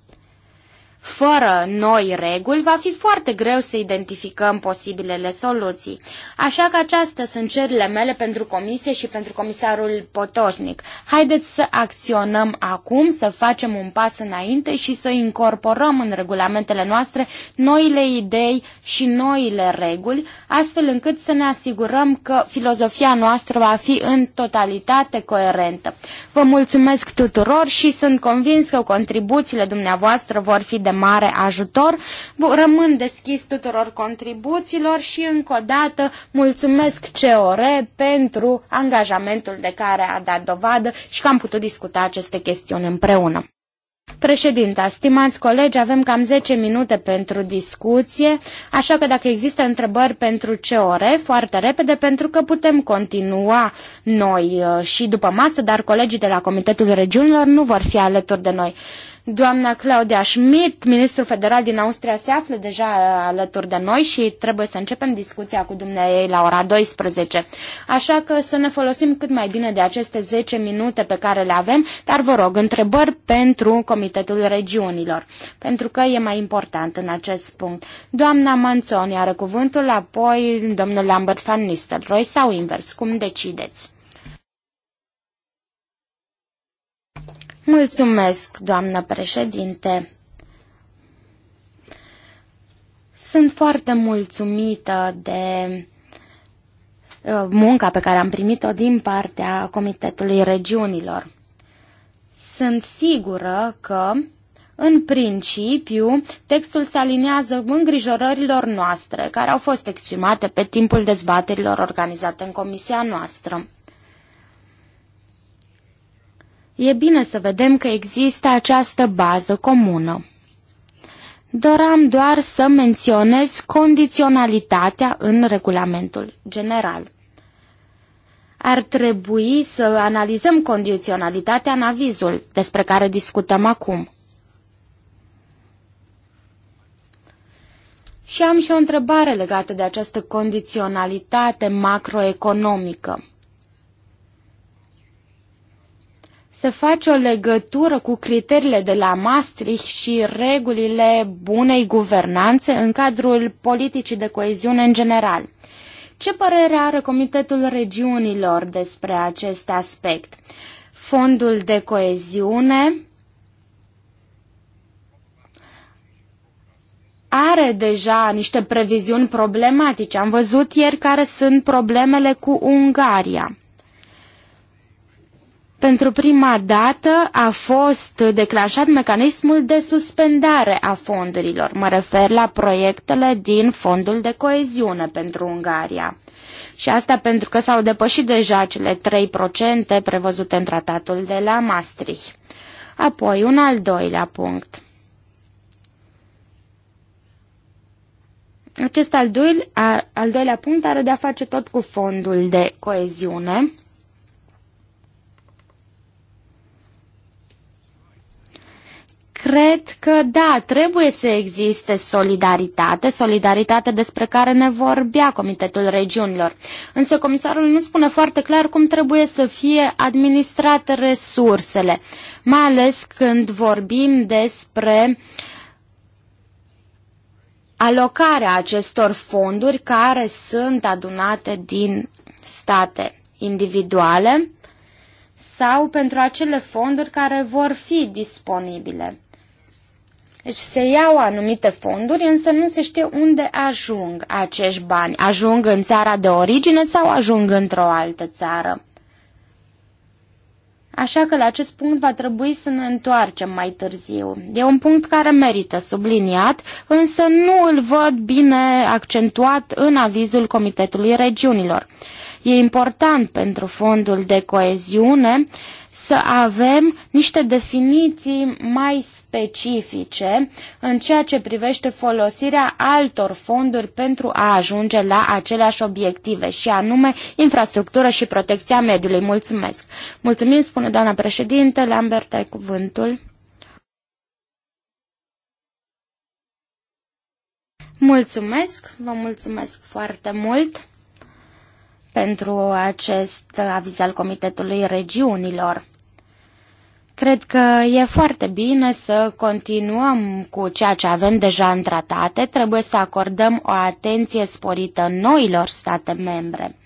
Fără noi reguli, va fi foarte greu să identificăm posibilele soluții. Așa că aceasta sunt cerile mele pentru comisie și pentru comisarul Potoșnic. Haideți să acționăm acum, să facem un pas înainte și să incorporăm în regulamentele noastre noile idei și noile reguli, astfel încât să ne asigurăm că filozofia noastră va fi în totalitate coerentă. Vă mulțumesc tuturor și sunt convins că contribuțiile dumneavoastră vor fi de mare ajutor. Rămân deschis tuturor contribuțiilor și încă o dată mulțumesc COR pentru angajamentul de care a dat dovadă și că am putut discuta aceste chestiuni împreună. Președinta, stimați colegi, avem cam 10 minute pentru discuție, așa că dacă există întrebări pentru ce ore, foarte repede, pentru că putem continua noi uh, și după masă, dar colegii de la Comitetul Regiunilor nu vor fi alături de noi. Doamna Claudia Schmidt, ministrul federal din Austria, se află deja alături de noi și trebuie să începem discuția cu ei la ora 12. Așa că să ne folosim cât mai bine de aceste 10 minute pe care le avem, dar vă rog, întrebări pentru Comitetul Regiunilor, pentru că e mai important în acest punct. Doamna Manțoni are cuvântul, apoi domnul Lambert van Nistelrooy sau invers, cum decideți? Mulțumesc, doamnă președinte. Sunt foarte mulțumită de uh, munca pe care am primit-o din partea Comitetului Regiunilor. Sunt sigură că, în principiu, textul se aliniază îngrijorărilor noastre, care au fost exprimate pe timpul dezbaterilor organizate în comisia noastră. E bine să vedem că există această bază comună. Doram doar să menționez condiționalitatea în regulamentul general. Ar trebui să analizăm condiționalitatea în avizul despre care discutăm acum. Și am și o întrebare legată de această condiționalitate macroeconomică. să faci o legătură cu criteriile de la Maastricht și regulile bunei guvernanțe în cadrul politicii de coeziune în general. Ce părere are Comitetul Regiunilor despre acest aspect? Fondul de coeziune are deja niște previziuni problematice. Am văzut ieri care sunt problemele cu Ungaria pentru prima dată a fost declanșat mecanismul de suspendare a fondurilor. Mă refer la proiectele din fondul de coeziune pentru Ungaria. Și asta pentru că s-au depășit deja cele 3% prevăzute în tratatul de la Maastricht. Apoi, un al doilea punct. Acest al doilea, al doilea punct are de-a face tot cu fondul de coeziune. Cred că da, trebuie să existe solidaritate, solidaritate despre care ne vorbea Comitetul Regiunilor. Însă comisarul nu spune foarte clar cum trebuie să fie administrate resursele, mai ales când vorbim despre alocarea acestor fonduri care sunt adunate din state individuale sau pentru acele fonduri care vor fi disponibile. Deci se iau anumite fonduri, însă nu se știe unde ajung acești bani. Ajung în țara de origine sau ajung într-o altă țară. Așa că la acest punct va trebui să ne întoarcem mai târziu. E un punct care merită subliniat, însă nu îl văd bine accentuat în avizul Comitetului Regiunilor. E important pentru fondul de coeziune să avem niște definiții mai specifice în ceea ce privește folosirea altor fonduri pentru a ajunge la aceleași obiective și anume infrastructură și protecția mediului. Mulțumesc! Mulțumim, spune doamna președinte, Lambert, ai cuvântul. Mulțumesc, vă mulțumesc foarte mult! pentru acest aviz al Comitetului Regiunilor. Cred că e foarte bine să continuăm cu ceea ce avem deja în tratate, trebuie să acordăm o atenție sporită noilor state membre.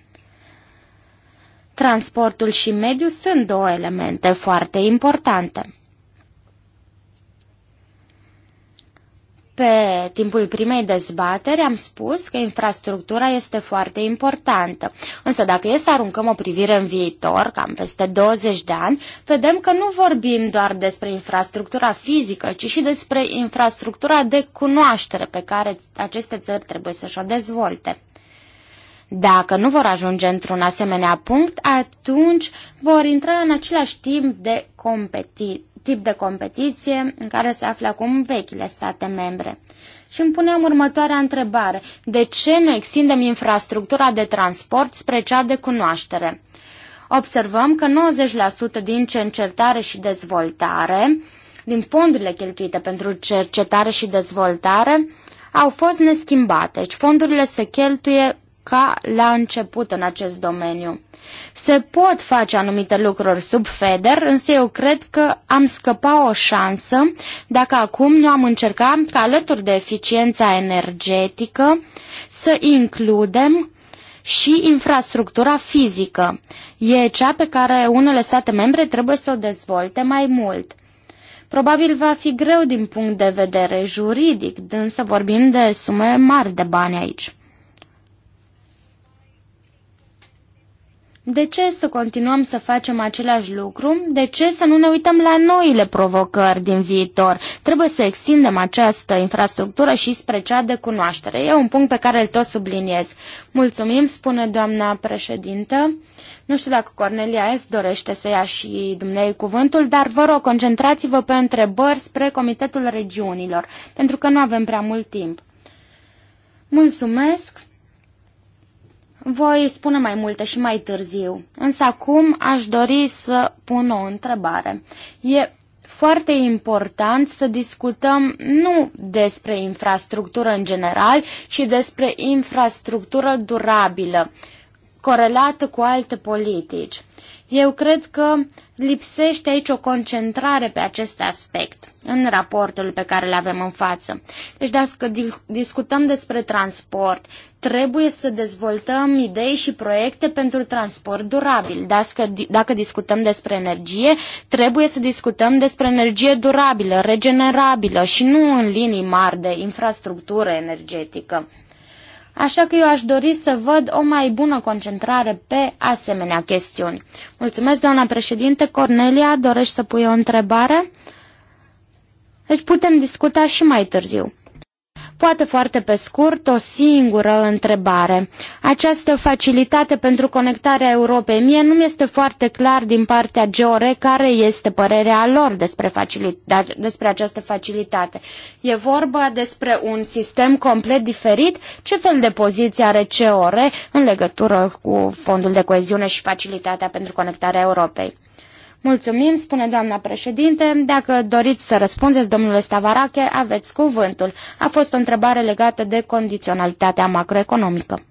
Transportul și mediul sunt două elemente foarte importante. Pe timpul primei dezbateri am spus că infrastructura este foarte importantă, însă dacă e să aruncăm o privire în viitor, cam peste 20 de ani, vedem că nu vorbim doar despre infrastructura fizică, ci și despre infrastructura de cunoaștere pe care aceste țări trebuie să-și o dezvolte. Dacă nu vor ajunge într-un asemenea punct, atunci vor intra în același timp de competiție tip de competiție în care se află acum vechile state membre. Și îmi puneam următoarea întrebare. De ce ne extindem infrastructura de transport spre cea de cunoaștere? Observăm că 90% din cercetare și dezvoltare, din fondurile cheltuite pentru cercetare și dezvoltare, au fost neschimbate, deci fondurile se cheltuie ca la început în acest domeniu. Se pot face anumite lucruri sub FEDER, însă eu cred că am scăpa o șansă dacă acum nu am încercat ca alături de eficiența energetică să includem și infrastructura fizică. E cea pe care unele state membre trebuie să o dezvolte mai mult. Probabil va fi greu din punct de vedere juridic, însă vorbim de sume mari de bani aici. De ce să continuăm să facem același lucru? De ce să nu ne uităm la noile provocări din viitor? Trebuie să extindem această infrastructură și spre cea de cunoaștere. E un punct pe care îl tot subliniez. Mulțumim, spune doamna președintă. Nu știu dacă Cornelia S. dorește să ia și dumnei cuvântul, dar vă rog, concentrați-vă pe întrebări spre Comitetul Regiunilor, pentru că nu avem prea mult timp. Mulțumesc! Voi spune mai multe și mai târziu, însă acum aș dori să pun o întrebare. E foarte important să discutăm nu despre infrastructură în general, ci despre infrastructură durabilă, corelată cu alte politici. Eu cred că lipsește aici o concentrare pe acest aspect în raportul pe care îl avem în față. Deci dacă discutăm despre transport, trebuie să dezvoltăm idei și proiecte pentru transport durabil. Dacă, dacă discutăm despre energie, trebuie să discutăm despre energie durabilă, regenerabilă și nu în linii mari de infrastructură energetică. Așa că eu aș dori să văd o mai bună concentrare pe asemenea chestiuni. Mulțumesc, doamna președinte. Cornelia, dorești să pui o întrebare? Deci putem discuta și mai târziu. Poate foarte pe scurt o singură întrebare. Această facilitate pentru conectarea Europei, mie nu este foarte clar din partea geore care este părerea lor despre, da, despre această facilitate. E vorba despre un sistem complet diferit? Ce fel de poziție are CORE în legătură cu fondul de coeziune și facilitatea pentru conectarea Europei? Mulțumim, spune doamna președinte. Dacă doriți să răspundeți, domnule Stavarache, aveți cuvântul. A fost o întrebare legată de condiționalitatea macroeconomică.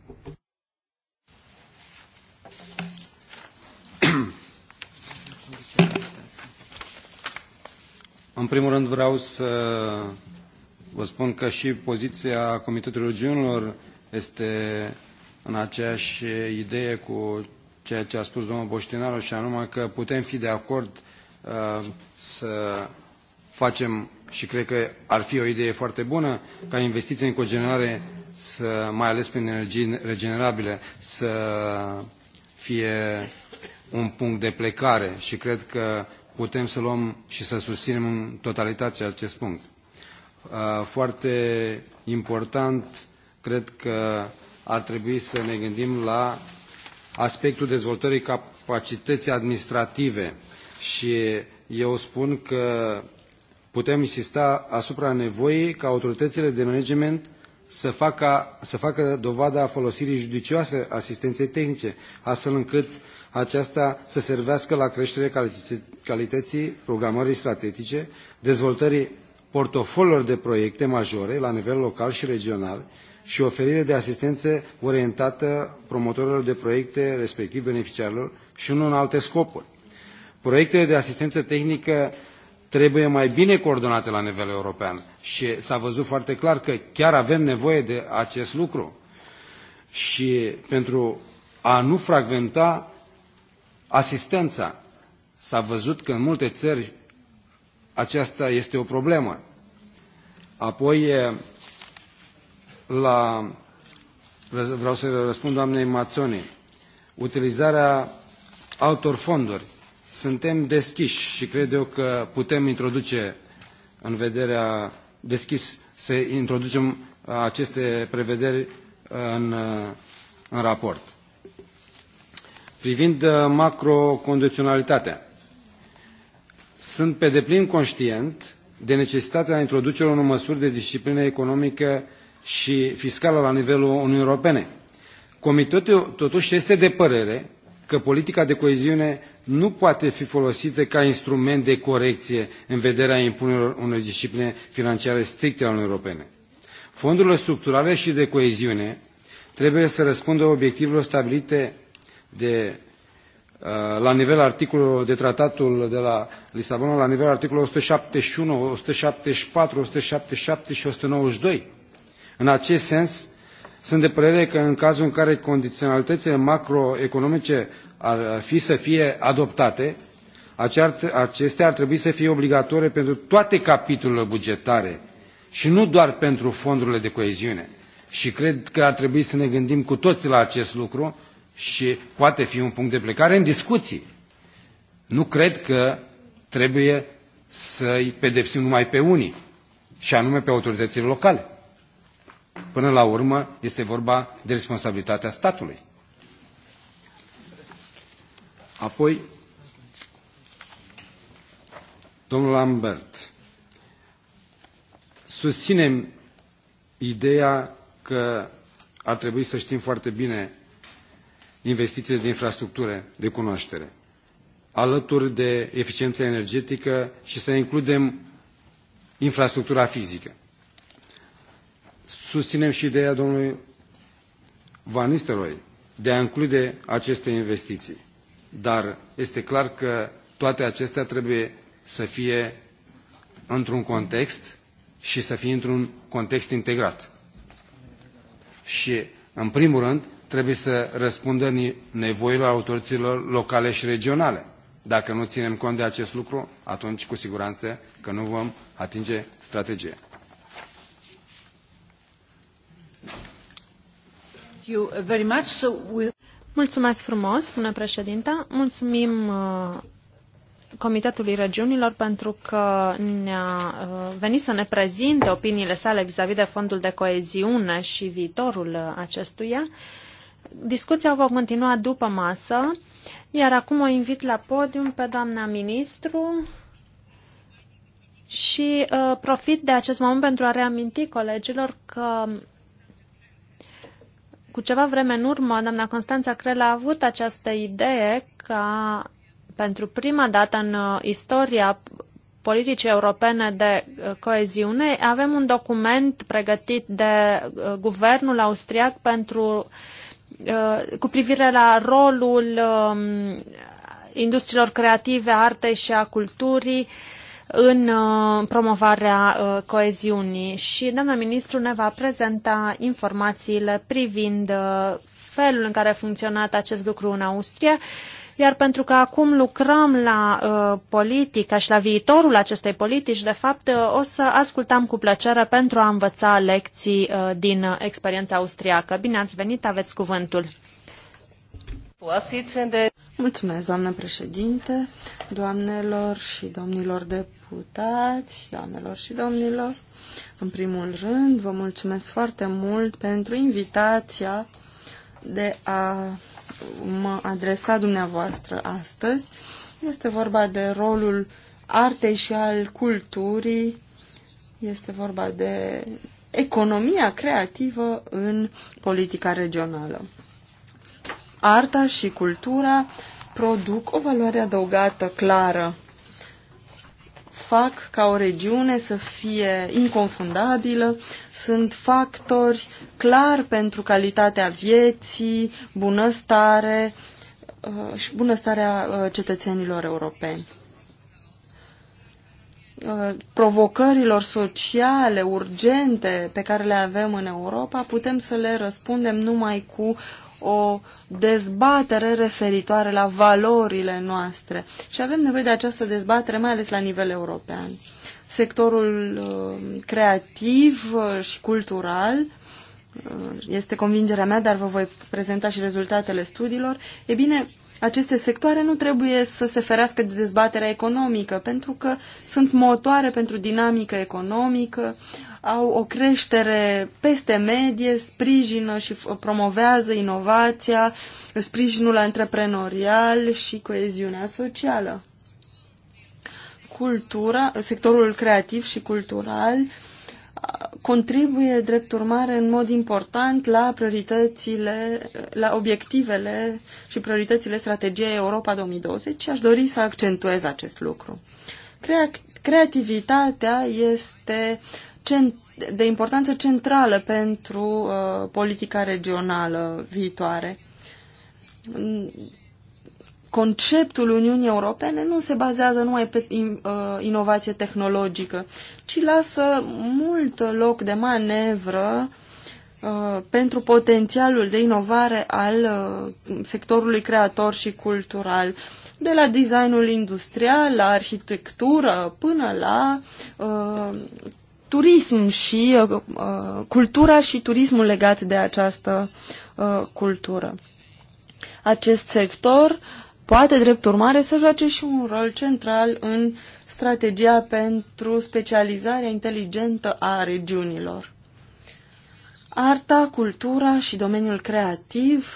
În primul rând vreau să vă spun că și poziția Comitetului Regiunilor este în aceeași idee cu ceea ce a spus domnul Boștinaru și anume că putem fi de acord uh, să facem și cred că ar fi o idee foarte bună ca investiții în cogenerare, să, mai ales prin energii regenerabile, să fie un punct de plecare și cred că putem să luăm și să susținem în totalitate acest punct. Uh, foarte important, cred că ar trebui să ne gândim la aspectul dezvoltării capacității administrative și eu spun că putem insista asupra nevoii ca autoritățile de management să facă, să facă dovada folosirii judicioase asistenței tehnice, astfel încât aceasta să servească la creșterea calității programării strategice, dezvoltării portofoliilor de proiecte majore la nivel local și regional și oferire de asistență orientată promotorilor de proiecte, respectiv beneficiarilor, și nu în alte scopuri. Proiectele de asistență tehnică trebuie mai bine coordonate la nivel european și s-a văzut foarte clar că chiar avem nevoie de acest lucru. Și pentru a nu fragmenta asistența, s-a văzut că în multe țări aceasta este o problemă. Apoi, la, vreau să răspund doamnei Mazzoni, utilizarea altor fonduri. Suntem deschiși și cred eu că putem introduce în vederea deschis să introducem aceste prevederi în, în raport. Privind uh, macrocondiționalitatea, sunt pe deplin conștient de necesitatea introducerii unor măsuri de disciplină economică și fiscală la nivelul Uniunii Europene. Comitetul totuși este de părere că politica de coeziune nu poate fi folosită ca instrument de corecție în vederea impunerii unei discipline financiare stricte la Uniunii Europene. Fondurile structurale și de coeziune trebuie să răspundă obiectivelor stabilite de, uh, la nivel articolului de tratatul de la Lisabona, la nivelul articolului 171, 174, 177 și 192 în acest sens, sunt de părere că în cazul în care condiționalitățile macroeconomice ar fi să fie adoptate, acestea ar trebui să fie obligatorii pentru toate capitolele bugetare și nu doar pentru fondurile de coeziune. Și cred că ar trebui să ne gândim cu toții la acest lucru și poate fi un punct de plecare în discuții. Nu cred că trebuie să-i pedepsim numai pe unii, și anume pe autoritățile locale. Până la urmă, este vorba de responsabilitatea statului. Apoi, domnul Lambert, susținem ideea că ar trebui să știm foarte bine investițiile de infrastructură, de cunoaștere, alături de eficiența energetică și să includem infrastructura fizică. Susținem și ideea domnului Van Nistelrooy de a include aceste investiții. Dar este clar că toate acestea trebuie să fie într-un context și să fie într-un context integrat. Și, în primul rând, trebuie să răspundă nevoilor autorităților locale și regionale. Dacă nu ținem cont de acest lucru, atunci cu siguranță că nu vom atinge strategia. Mulțumesc frumos, spune președinta. Mulțumim uh, Comitetului Regiunilor pentru că ne-a uh, venit să ne prezinte opiniile sale vis a -vis de fondul de coeziune și viitorul uh, acestuia. Discuția va continua după masă, iar acum o invit la podium pe doamna ministru și uh, profit de acest moment pentru a reaminti colegilor că cu ceva vreme în urmă, doamna Constanța Crela a avut această idee ca pentru prima dată în uh, istoria politicii europene de uh, coeziune, avem un document pregătit de uh, guvernul austriac pentru, cu privire la rolul um, industriilor creative, artei și a culturii în uh, promovarea uh, coeziunii și doamna ministru ne va prezenta informațiile privind uh, felul în care a funcționat acest lucru în Austria, iar pentru că acum lucrăm la uh, politica și la viitorul acestei politici, de fapt, uh, o să ascultăm cu plăcere pentru a învăța lecții uh, din experiența austriacă. Bine ați venit, aveți cuvântul. Mulțumesc, doamnă președinte, doamnelor și domnilor de deputați, doamnelor și domnilor. În primul rând, vă mulțumesc foarte mult pentru invitația de a mă adresa dumneavoastră astăzi. Este vorba de rolul artei și al culturii, este vorba de economia creativă în politica regională. Arta și cultura produc o valoare adăugată clară fac ca o regiune să fie inconfundabilă, sunt factori clar pentru calitatea vieții, bunăstare uh, și bunăstarea uh, cetățenilor europeni. Uh, provocărilor sociale urgente pe care le avem în Europa putem să le răspundem numai cu o dezbatere referitoare la valorile noastre. Și avem nevoie de această dezbatere, mai ales la nivel european. Sectorul uh, creativ uh, și cultural uh, este convingerea mea, dar vă voi prezenta și rezultatele studiilor. E bine, aceste sectoare nu trebuie să se ferească de dezbaterea economică, pentru că sunt motoare pentru dinamică economică, au o creștere peste medie, sprijină și promovează inovația, sprijinul antreprenorial și coeziunea socială. Cultura, sectorul creativ și cultural contribuie drept urmare în mod important la prioritățile, la obiectivele și prioritățile strategiei Europa 2020 și aș dori să accentuez acest lucru. Creativitatea este de importanță centrală pentru uh, politica regională viitoare. Conceptul Uniunii Europene nu se bazează numai pe in, uh, inovație tehnologică, ci lasă mult loc de manevră uh, pentru potențialul de inovare al uh, sectorului creator și cultural, de la designul industrial, la arhitectură, până la uh, turism și uh, uh, cultura și turismul legat de această uh, cultură. Acest sector poate, drept urmare, să joace și un rol central în strategia pentru specializarea inteligentă a regiunilor. Arta, cultura și domeniul creativ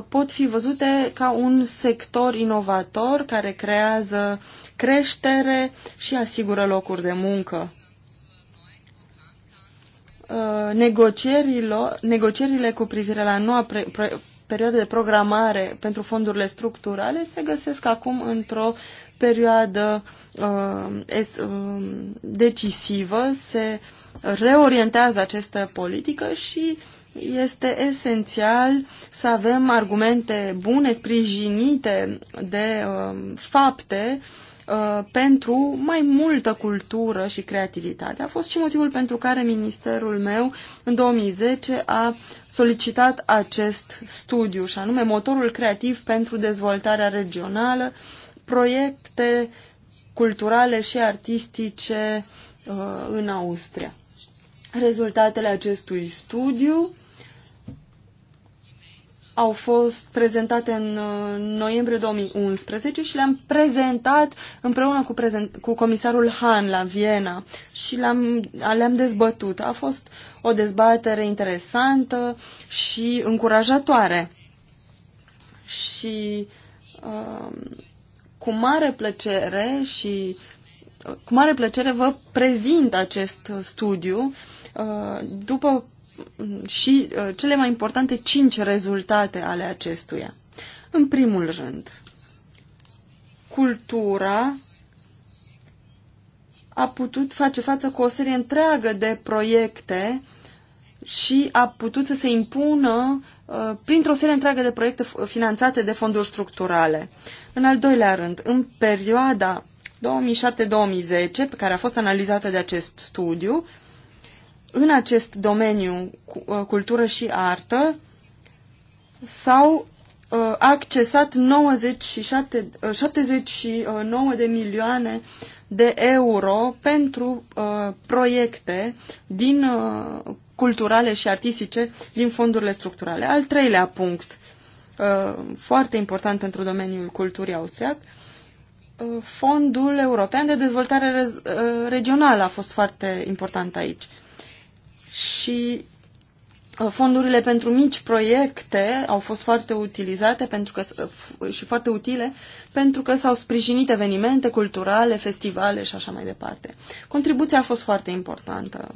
pot fi văzute ca un sector inovator care creează creștere și asigură locuri de muncă. Uh, negocierile cu privire la noua pre, pre, perioadă de programare pentru fondurile structurale se găsesc acum într-o perioadă uh, es, uh, decisivă, se reorientează această politică și uh, este esențial să avem argumente bune, sprijinite de uh, fapte uh, pentru mai multă cultură și creativitate. A fost și motivul pentru care ministerul meu în 2010 a solicitat acest studiu, și anume motorul creativ pentru dezvoltarea regională, proiecte culturale și artistice uh, în Austria. Rezultatele acestui studiu au fost prezentate în uh, noiembrie 2011 și le-am prezentat împreună cu, prezent, cu comisarul Han la Viena și le-am, le-am dezbătut. A fost o dezbatere interesantă și încurajatoare. Și uh, cu mare plăcere și uh, cu mare plăcere vă prezint acest studiu. Uh, după și uh, cele mai importante cinci rezultate ale acestuia. În primul rând, cultura a putut face față cu o serie întreagă de proiecte și a putut să se impună uh, printr-o serie întreagă de proiecte finanțate de fonduri structurale. În al doilea rând, în perioada 2007-2010, pe care a fost analizată de acest studiu, în acest domeniu uh, cultură și artă s-au uh, accesat 97, 79 uh, de milioane de euro pentru proiecte din culturale și artistice din fondurile structurale. Al treilea punct, foarte important pentru domeniul culturii austriac, Fondul European de Dezvoltare Regională a fost foarte important aici și uh, fondurile pentru mici proiecte au fost foarte utilizate pentru că, uh, și foarte utile pentru că s-au sprijinit evenimente culturale, festivale și așa mai departe. Contribuția a fost foarte importantă.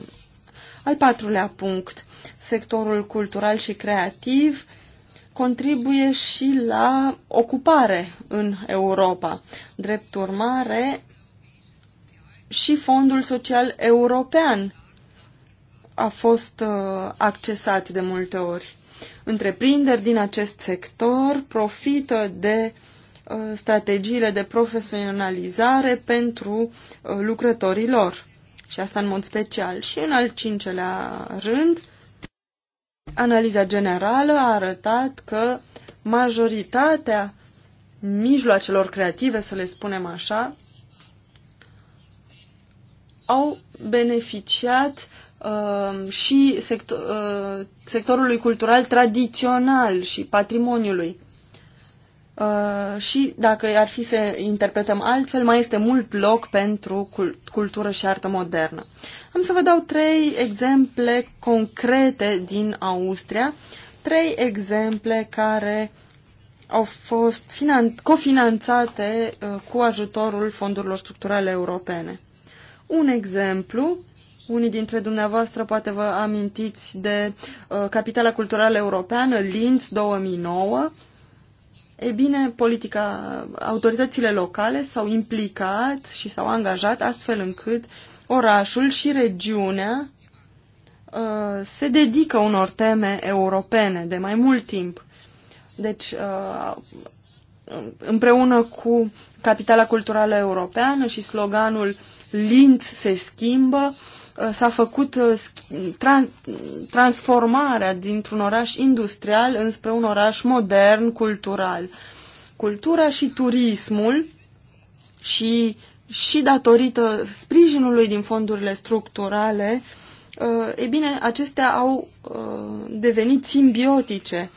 Al patrulea punct, sectorul cultural și creativ contribuie și la ocupare în Europa. Drept urmare, și Fondul Social European a fost uh, accesat de multe ori. Întreprinderi din acest sector profită de uh, strategiile de profesionalizare pentru uh, lucrătorii lor și asta în mod special. Și în al cincelea rând, analiza generală a arătat că majoritatea mijloacelor creative, să le spunem așa, au beneficiat Um, și sector, uh, sectorului cultural tradițional și patrimoniului. Uh, și dacă ar fi să interpretăm altfel, mai este mult loc pentru cultură și artă modernă. Am să vă dau trei exemple concrete din Austria, trei exemple care au fost cofinanțate uh, cu ajutorul fondurilor structurale europene. Un exemplu unii dintre dumneavoastră poate vă amintiți de uh, Capitala Culturală Europeană, Linz 2009. E bine, politica, autoritățile locale s-au implicat și s-au angajat astfel încât orașul și regiunea uh, se dedică unor teme europene de mai mult timp. Deci, uh, împreună cu Capitala Culturală Europeană și sloganul Lint se schimbă, uh, Uh, s-a făcut uh, transformarea dintr-un oraș industrial înspre un oraș modern, cultural. Cultura și turismul și, și datorită sprijinului din fondurile structurale, uh, e bine, acestea au devenit simbiotice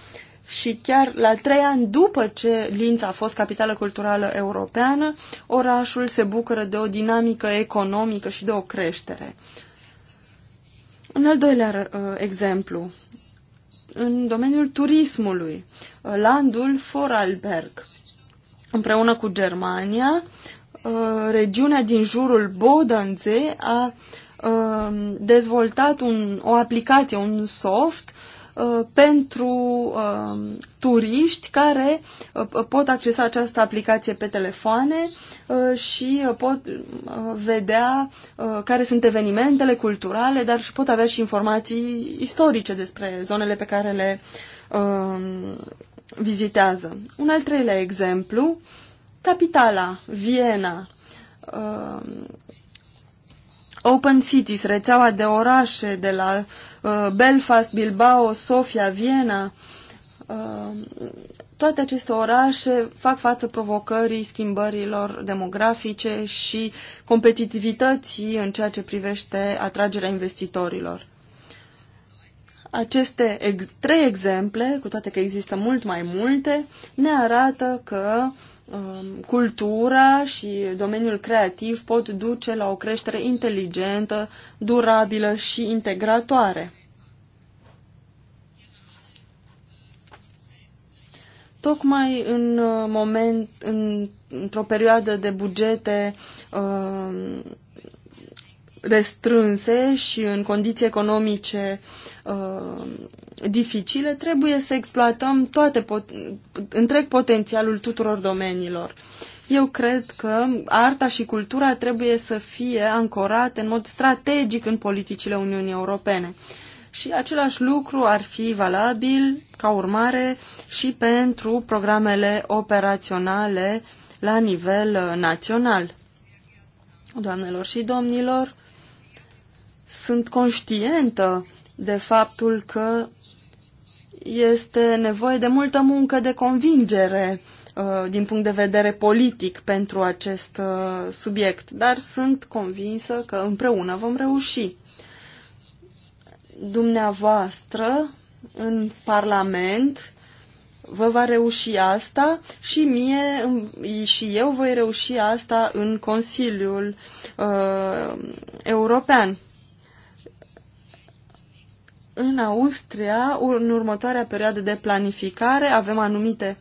și chiar la trei ani după ce Linz a fost capitală culturală europeană, orașul se bucură de o dinamică economică și de o creștere. În al doilea ă, exemplu, în domeniul turismului, ă, landul Foralberg, împreună cu Germania, ă, regiunea din jurul Bodanței a dezvoltat un, o aplicație, un soft Uh, pentru uh, turiști care uh, pot accesa această aplicație pe telefoane și pot vedea care sunt evenimentele culturale, dar și pot avea și informații istorice despre zonele pe care le vizitează. Un al treilea exemplu, capitala, Viena, Open Cities, rețeaua de orașe de la Uh, Belfast, Bilbao, Sofia, Viena, uh, toate aceste orașe fac față provocării schimbărilor demografice și competitivității în ceea ce privește atragerea investitorilor. Aceste ex trei exemple, cu toate că există mult mai multe, ne arată că uh, Um, cultura și domeniul creativ pot duce la o creștere inteligentă, durabilă și integratoare. Tocmai în uh, moment, în, într-o perioadă de bugete uh, restrânse și în condiții economice uh, dificile, trebuie să exploatăm toate pot întreg potențialul tuturor domeniilor. Eu cred că arta și cultura trebuie să fie ancorate în mod strategic în politicile Uniunii Europene. Și același lucru ar fi valabil, ca urmare, și pentru programele operaționale la nivel uh, național. Doamnelor și domnilor, sunt conștientă de faptul că este nevoie de multă muncă de convingere uh, din punct de vedere politic pentru acest uh, subiect, dar sunt convinsă că împreună vom reuși. Dumneavoastră, în Parlament, vă va reuși asta și mie și eu voi reuși asta în Consiliul uh, European. În Austria, în următoarea perioadă de planificare, avem anumite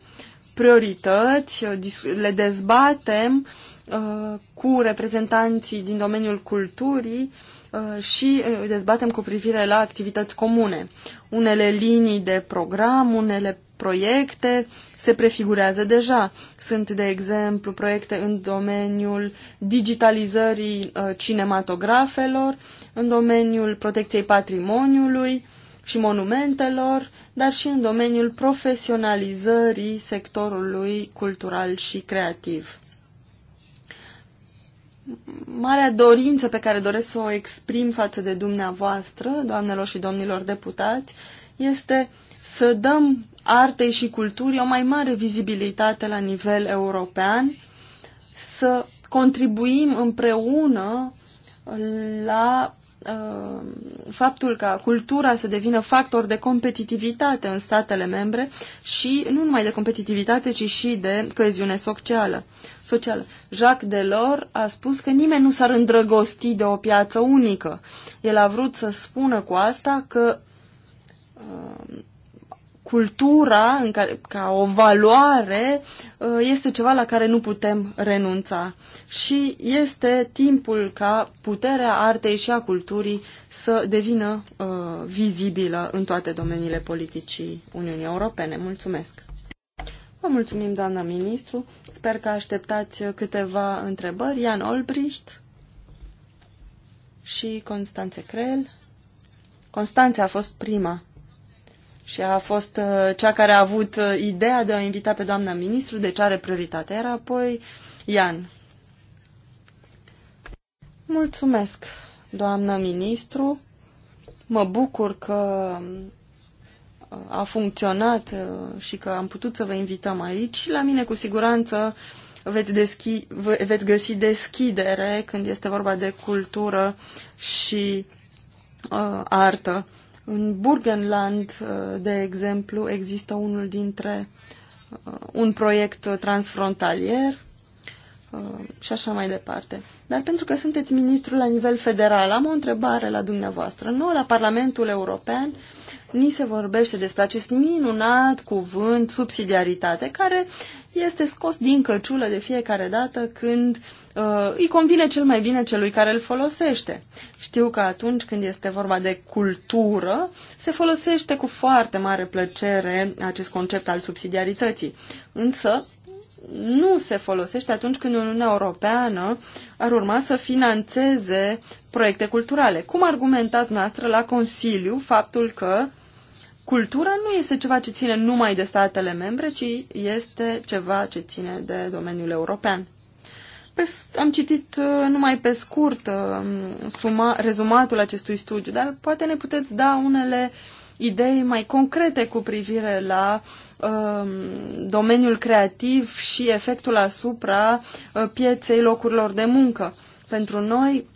priorități, uh, le dezbatem uh, cu reprezentanții din domeniul culturii uh, și dezbatem cu privire la activități comune. Unele linii de program, unele proiecte se prefigurează deja. Sunt, de exemplu, proiecte în domeniul digitalizării uh, cinematografelor, în domeniul protecției patrimoniului și monumentelor, dar și în domeniul profesionalizării sectorului cultural și creativ marea dorință pe care doresc să o exprim față de dumneavoastră, doamnelor și domnilor deputați, este să dăm artei și culturii o mai mare vizibilitate la nivel european, să contribuim împreună la uh, faptul ca cultura să devină factor de competitivitate în statele membre și nu numai de competitivitate, ci și de coeziune socială. socială. Jacques Delors a spus că nimeni nu s-ar îndrăgosti de o piață unică. El a vrut să spună cu asta că uh, cultura în care, ca o valoare uh, este ceva la care nu putem renunța. Și este timpul ca puterea artei și a culturii să devină uh, vizibilă în toate domeniile politicii Uniunii Europene. Mulțumesc! Vă mulțumim, doamna ministru. Sper că așteptați câteva întrebări. Ian Olbricht și Constanțe Creel. Constanța a fost prima și a fost uh, cea care a avut uh, ideea de a invita pe doamna ministru, deci are prioritate. era apoi Ian. Mulțumesc, doamna ministru. Mă bucur că uh, a funcționat și că am putut să vă invităm aici. La mine, cu siguranță, veți, deschi, veți găsi deschidere când este vorba de cultură și uh, artă. În Burgenland, uh, de exemplu, există unul dintre uh, un proiect transfrontalier uh, și așa mai departe. Dar pentru că sunteți ministru la nivel federal, am o întrebare la dumneavoastră. Nu la Parlamentul European ni se vorbește despre acest minunat cuvânt subsidiaritate, care este scos din căciulă de fiecare dată când uh, îi convine cel mai bine celui care îl folosește. Știu că atunci când este vorba de cultură, se folosește cu foarte mare plăcere acest concept al subsidiarității. Însă, nu se folosește atunci când Uniunea Europeană ar urma să financeze proiecte culturale. Cum argumentați noastră la Consiliu faptul că uh, cultura nu este ceva ce ține numai de statele membre, ci este ceva ce ține de domeniul european. Pe, am citit uh, numai pe scurt uh, suma, rezumatul acestui studiu, dar poate ne puteți da unele idei mai concrete cu privire la um, domeniul creativ și efectul asupra uh, pieței locurilor de muncă. Pentru noi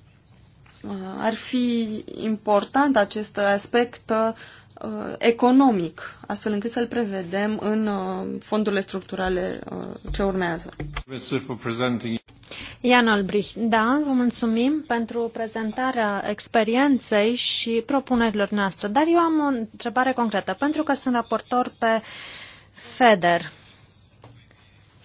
uh, ar fi important acest aspect uh, Uh, economic, astfel încât să-l prevedem în uh, fondurile structurale uh, ce urmează. Ian Albrich, da, vă mulțumim pentru prezentarea experienței și propunerilor noastre, dar eu am o întrebare concretă, pentru că sunt raportor pe FEDER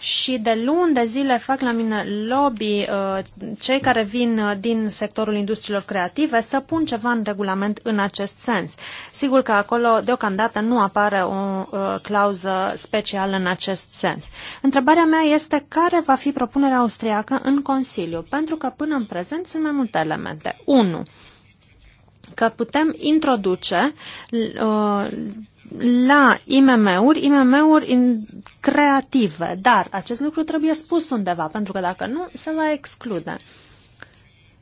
și de luni de zile fac la mine lobby uh, cei care vin uh, din sectorul industriilor creative să pun ceva în regulament în acest sens. Sigur că acolo deocamdată nu apare o uh, clauză specială în acest sens. Întrebarea mea este care va fi propunerea austriacă în Consiliu, pentru că până în prezent sunt mai multe elemente. 1 că putem introduce uh, la IMM-uri, IMM-uri creative, dar acest lucru trebuie spus undeva, pentru că dacă nu, se va exclude.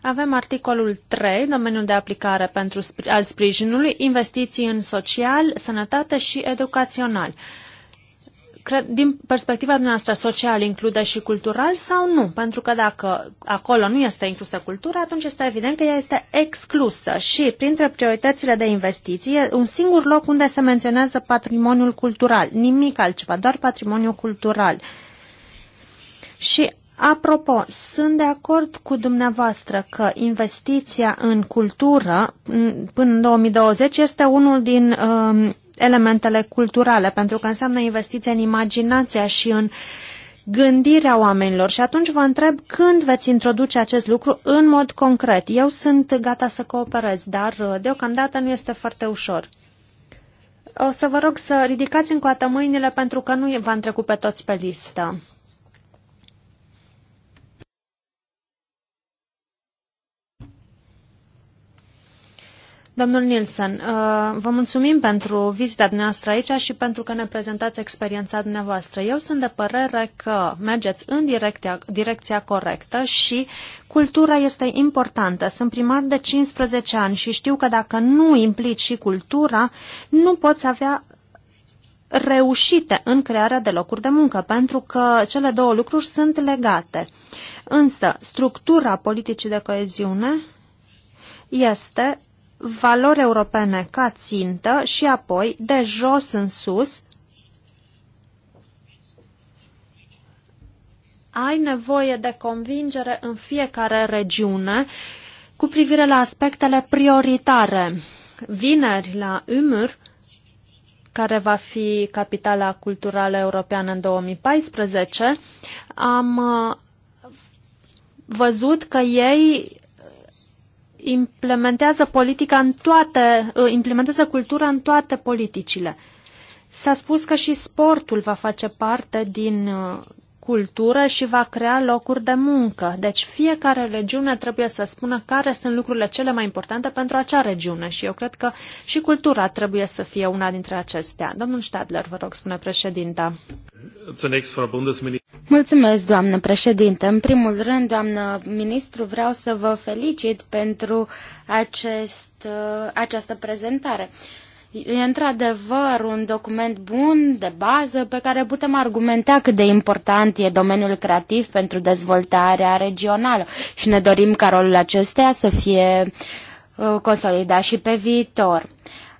Avem articolul 3, domeniul de aplicare pentru, al sprijinului, investiții în social, sănătate și educațional. Uh, cred, din perspectiva noastră social include și cultural sau nu? Pentru că dacă acolo nu este inclusă cultura, atunci este evident că ea este exclusă și printre prioritățile de investiții un singur loc unde se menționează patrimoniul cultural, nimic altceva, doar patrimoniul cultural. Și Apropo, sunt de acord cu dumneavoastră că investiția în cultură până în 2020 este unul din um, elementele culturale, pentru că înseamnă investiție în imaginația și în gândirea oamenilor. Și atunci vă întreb când veți introduce acest lucru în mod concret. Eu sunt gata să cooperez, dar uh, deocamdată nu este foarte ușor. O să vă rog să ridicați încă o dată mâinile pentru că nu v-am trecut pe toți pe listă. Domnul Nielsen, uh, vă mulțumim pentru vizita dumneavoastră aici și pentru că ne prezentați experiența dumneavoastră. Eu sunt de părere că mergeți în direcția, direcția corectă și cultura este importantă. Sunt primar de 15 ani și știu că dacă nu implici și cultura, nu poți avea reușite în crearea de locuri de muncă, pentru că cele două lucruri sunt legate. Însă, structura politicii de coeziune este valori europene ca țintă și apoi, de jos în sus, ai nevoie de convingere în fiecare regiune cu privire la aspectele prioritare. Vineri, la Umur, care va fi capitala culturală europeană în 2014, am uh, văzut că ei implementează politica în toate, uh, implementează cultura în toate politicile. S-a spus că și sportul va face parte din uh, cultură și va crea locuri de muncă. Deci fiecare regiune trebuie să spună care sunt lucrurile cele mai importante pentru acea regiune și eu cred că și cultura trebuie să fie una dintre acestea. Domnul Stadler, vă rog, spune președinta. Mulțumesc, doamnă președinte. În primul rând, doamnă ministru, vreau să vă felicit pentru acest, uh, această prezentare. E într-adevăr un document bun de bază pe care putem argumenta cât de important e domeniul creativ pentru dezvoltarea regională și ne dorim ca rolul acesteia să fie uh, consolidat și pe viitor.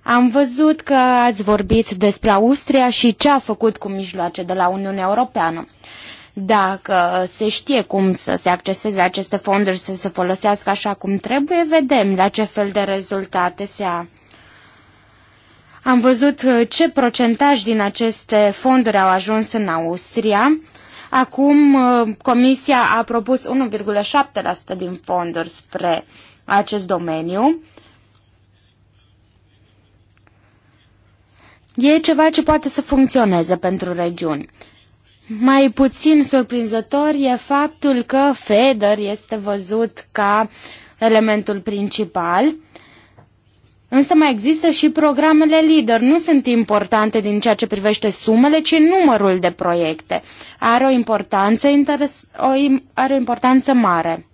Am văzut că ați vorbit despre Austria și ce a făcut cu mijloace de la Uniunea Europeană dacă se știe cum să se acceseze aceste fonduri, să se folosească așa cum trebuie, vedem la ce fel de rezultate se, a, am văzut uh, ce procentaj din aceste fonduri au ajuns în Austria. Acum uh, Comisia a propus 1,7% din fonduri spre acest domeniu. E ceva ce poate să funcționeze pentru regiuni. Mai puțin surprinzător e faptul că FEDER este văzut ca elementul principal. Însă mai există și programele lider. Nu sunt importante din ceea ce privește sumele, ci numărul de proiecte. Are o importanță, interes, o, are o importanță mare.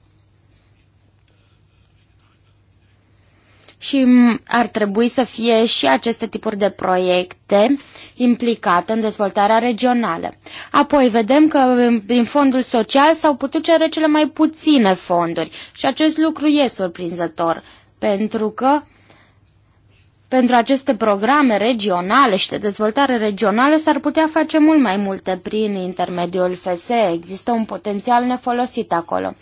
și ar trebui să fie și aceste tipuri de proiecte implicate în dezvoltarea regională. Apoi vedem că din fondul social s-au putut cere cele mai puține fonduri și acest lucru e surprinzător pentru că pentru aceste programe regionale și de dezvoltare regională s-ar putea face mult mai multe prin intermediul FSE. Există un potențial nefolosit acolo.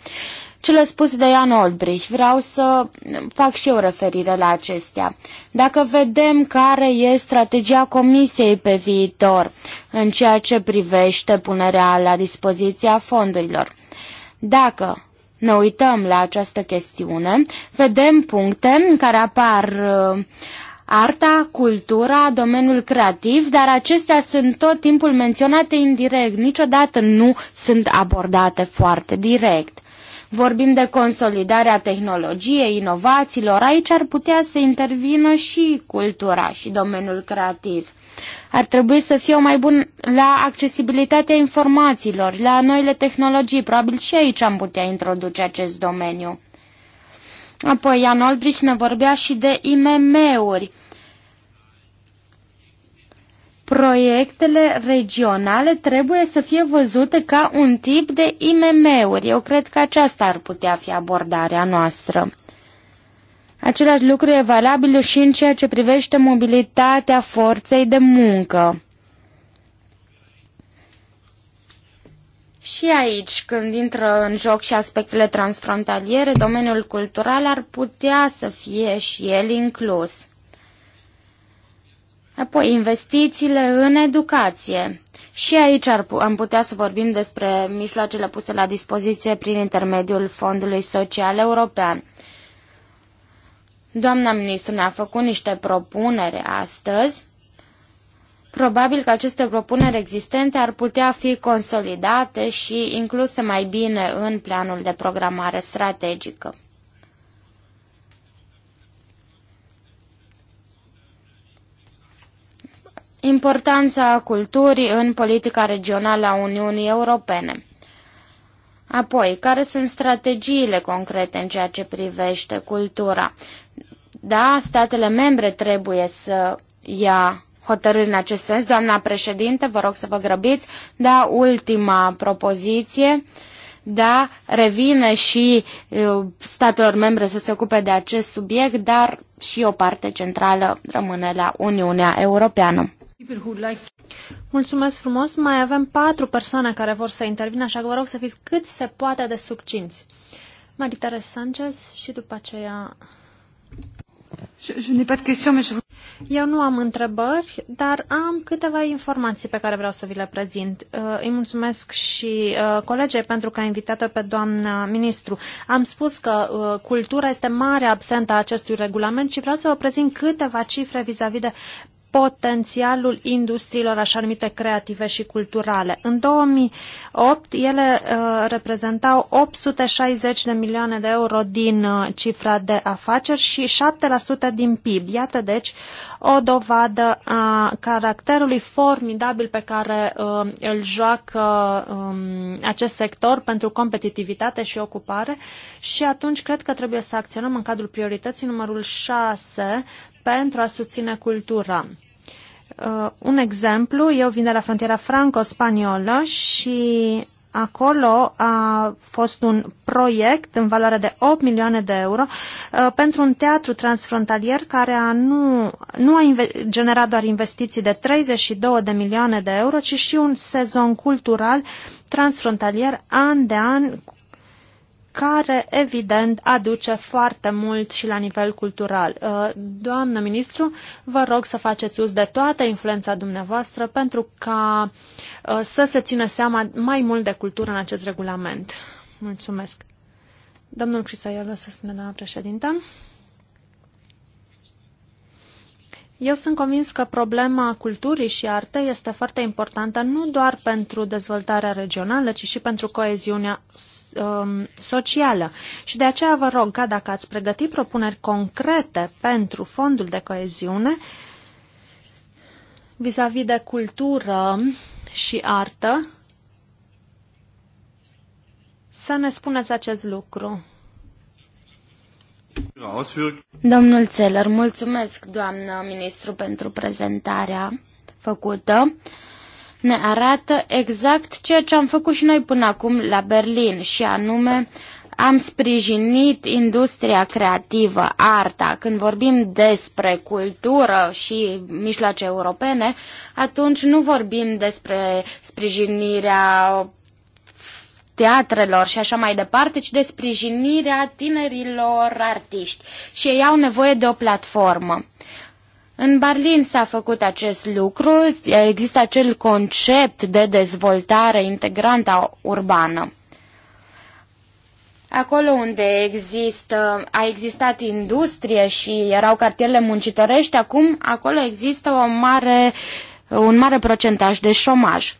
Ce l-a spus de Ian Olbrich, vreau să fac și eu referire la acestea. Dacă vedem care e strategia Comisiei pe viitor în ceea ce privește punerea la dispoziția fondurilor, dacă ne uităm la această chestiune, vedem puncte care apar uh, arta, cultura, domeniul creativ, dar acestea sunt tot timpul menționate indirect, niciodată nu sunt abordate foarte direct. Vorbim de consolidarea tehnologiei, inovațiilor, aici ar putea să intervină și cultura și domeniul creativ. Ar trebui să fie mai bun la accesibilitatea informațiilor, la noile tehnologii, probabil și aici am putea introduce acest domeniu. Apoi Jan Olbrich ne vorbea și de IMM-uri. Proiectele regionale trebuie să fie văzute ca un tip de IMM-uri. Eu cred că aceasta ar putea fi abordarea noastră. Același lucru e valabil și în ceea ce privește mobilitatea forței de muncă. Și aici, când intră în joc și aspectele transfrontaliere, domeniul cultural ar putea să fie și el inclus. Apoi, investițiile în educație. Și aici ar, am putea să vorbim despre mijloacele puse la dispoziție prin intermediul Fondului Social European. Doamna ministru ne-a făcut niște propunere astăzi Probabil că aceste propuneri existente ar putea fi consolidate și incluse mai bine în planul de programare strategică. Importanța culturii în politica regională a Uniunii Europene. Apoi, care sunt strategiile concrete în ceea ce privește cultura? Da, statele membre trebuie să ia hotărâri în acest sens. Doamna președinte, vă rog să vă grăbiți. Da, ultima propoziție. Da, revine și statelor membre să se ocupe de acest subiect, dar și o parte centrală rămâne la Uniunea Europeană. Mulțumesc frumos. Mai avem patru persoane care vor să intervină, așa că vă rog să fiți cât se poate de succinți. Maritare Sanchez și după aceea... Je, je n'ai pas de question, mais je... Eu nu am întrebări, dar am câteva informații pe care vreau să vi le prezint. Uh, îi mulțumesc și uh, colegei pentru că a invitat-o pe doamna ministru. Am spus că uh, cultura este mare absentă a acestui regulament și vreau să vă prezint câteva cifre vis-a-vis -vis de potențialul industriilor așa numite creative și culturale. În 2008 ele uh, reprezentau 860 de milioane de euro din uh, cifra de afaceri și 7% din PIB. Iată deci o dovadă a caracterului formidabil pe care uh, îl joacă um, acest sector pentru competitivitate și ocupare și atunci cred că trebuie să acționăm în cadrul priorității numărul 6 pentru a susține cultura. Uh, un exemplu, eu vin de la frontiera franco-spaniolă și acolo a fost un proiect în valoare de 8 milioane de euro uh, pentru un teatru transfrontalier care a nu, nu a generat doar investiții de 32 de milioane de euro, ci și un sezon cultural transfrontalier an de an care, evident, aduce foarte mult și la nivel cultural. Uh, doamnă ministru, vă rog să faceți uz de toată influența dumneavoastră pentru ca uh, să se țină seama mai mult de cultură în acest regulament. Mulțumesc. Domnul Crisaiolo, să spune doamna președintă. Eu sunt convins că problema culturii și artei este foarte importantă nu doar pentru dezvoltarea regională, ci și pentru coeziunea um, socială. Și de aceea vă rog ca dacă ați pregătit propuneri concrete pentru fondul de coeziune vis-a-vis -vis de cultură și artă, să ne spuneți acest lucru. Domnul Țeler, mulțumesc, doamnă ministru, pentru prezentarea făcută. Ne arată exact ceea ce am făcut și noi până acum la Berlin, și anume am sprijinit industria creativă, arta. Când vorbim despre cultură și mijloace europene, atunci nu vorbim despre sprijinirea teatrelor și așa mai departe, ci de sprijinirea tinerilor artiști. Și ei au nevoie de o platformă. În Berlin s-a făcut acest lucru, există acel concept de dezvoltare integrantă urbană. Acolo unde există, a existat industrie și erau cartierele muncitorești, acum acolo există o mare, un mare procentaj de șomaj.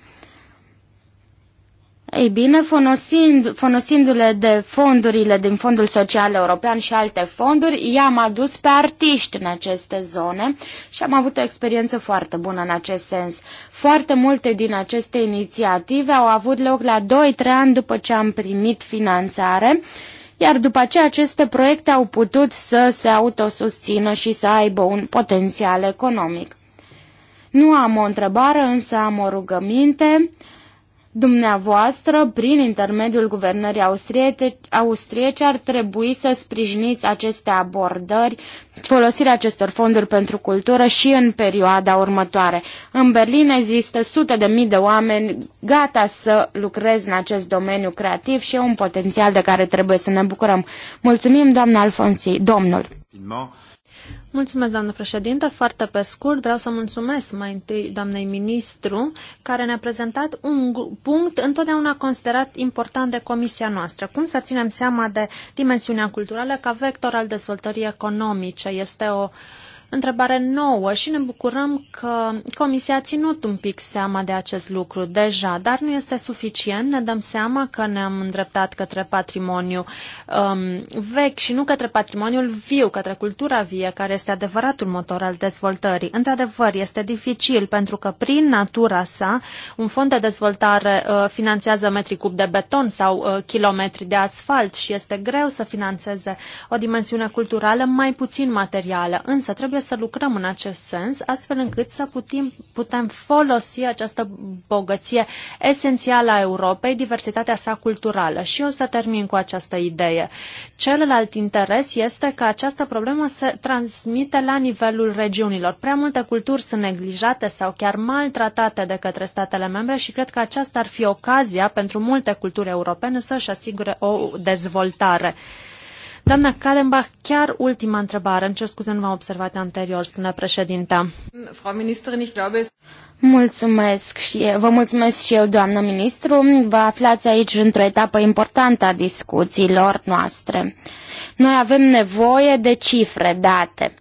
Ei bine, folosind, folosindu-le de fondurile din Fondul Social European și alte fonduri, i-am adus pe artiști în aceste zone și am avut o experiență foarte bună în acest sens. Foarte multe din aceste inițiative au avut loc la 2-3 ani după ce am primit finanțare, iar după aceea aceste proiecte au putut să se autosusțină și să aibă un potențial economic. Nu am o întrebare, însă am o rugăminte. Dumneavoastră, prin intermediul guvernării austriece, austriece, ar trebui să sprijiniți aceste abordări, folosirea acestor fonduri pentru cultură și în perioada următoare. În Berlin există sute de mii de oameni gata să lucreze în acest domeniu creativ și e un potențial de care trebuie să ne bucurăm. Mulțumim, doamna Alfonsi, domnul. Mulțumesc, doamnă președintă. Foarte pe scurt, vreau să mulțumesc mai întâi doamnei ministru, care ne-a prezentat un punct întotdeauna considerat important de comisia noastră. Cum să ținem seama de dimensiunea culturală ca vector al dezvoltării economice? Este o uh, întrebare nouă și ne bucurăm că Comisia a ținut un pic seama de acest lucru deja, dar nu este suficient. Ne dăm seama că ne-am îndreptat către patrimoniu um, vechi și nu către patrimoniul viu, către cultura vie, care este adevăratul motor al dezvoltării. Într-adevăr, este dificil pentru că prin natura sa, un fond de dezvoltare uh, finanțează metri cub de beton sau uh, kilometri de asfalt și este greu să financeze o dimensiune culturală mai puțin materială, însă trebuie să lucrăm în acest sens, astfel încât să putem, putem folosi această bogăție esențială a Europei, diversitatea sa culturală. Și o să termin cu această idee. Celălalt interes este că această problemă se transmite la nivelul regiunilor. Prea multe culturi sunt neglijate sau chiar maltratate de către statele membre și cred că aceasta ar fi ocazia pentru multe culturi europene să-și asigure o dezvoltare. Doamna Kadenbach, chiar ultima întrebare. Îmi cer scuze, nu v-am observat anterior, spune președinta. Mulțumesc și eu, vă mulțumesc și eu, doamnă ministru. Vă aflați aici într-o etapă importantă a discuțiilor noastre. Noi avem nevoie de cifre, date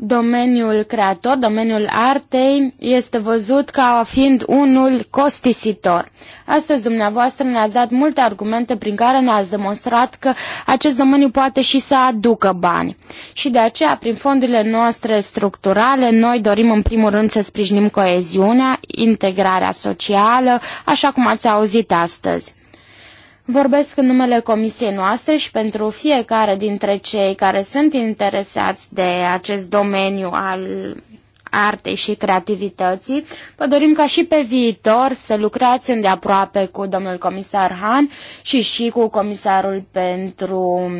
domeniul creator, domeniul artei, este văzut ca fiind unul costisitor. Astăzi dumneavoastră ne-ați dat multe argumente prin care ne-ați demonstrat că acest domeniu poate și să aducă bani. Și de aceea, prin fondurile noastre structurale, noi dorim în primul rând să sprijinim coeziunea, integrarea socială, așa cum ați auzit astăzi. Vorbesc în numele comisiei noastre și pentru fiecare dintre cei care sunt interesați de acest domeniu al artei și creativității. Vă dorim ca și pe viitor să lucrați îndeaproape cu domnul comisar Han și și cu comisarul pentru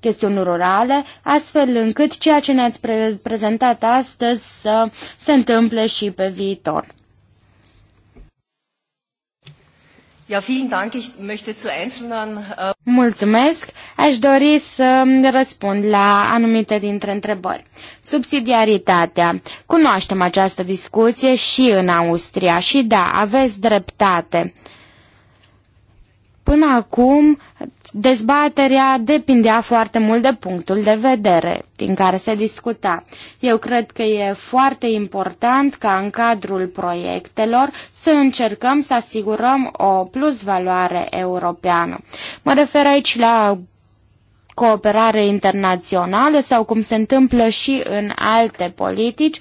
chestiuni rurale, astfel încât ceea ce ne-ați prezentat astăzi să se întâmple și pe viitor. Äh, Mulțumesc. Aș dori să răspund la anumite dintre întrebări. Subsidiaritatea. Cunoaștem această discuție și în Austria și da, aveți dreptate. Până acum, dezbaterea depindea foarte mult de punctul de vedere din care se discuta. Eu cred că e foarte important ca în cadrul proiectelor să încercăm să asigurăm o plusvaloare europeană. Mă refer aici la cooperare internațională sau cum se întâmplă și în alte politici,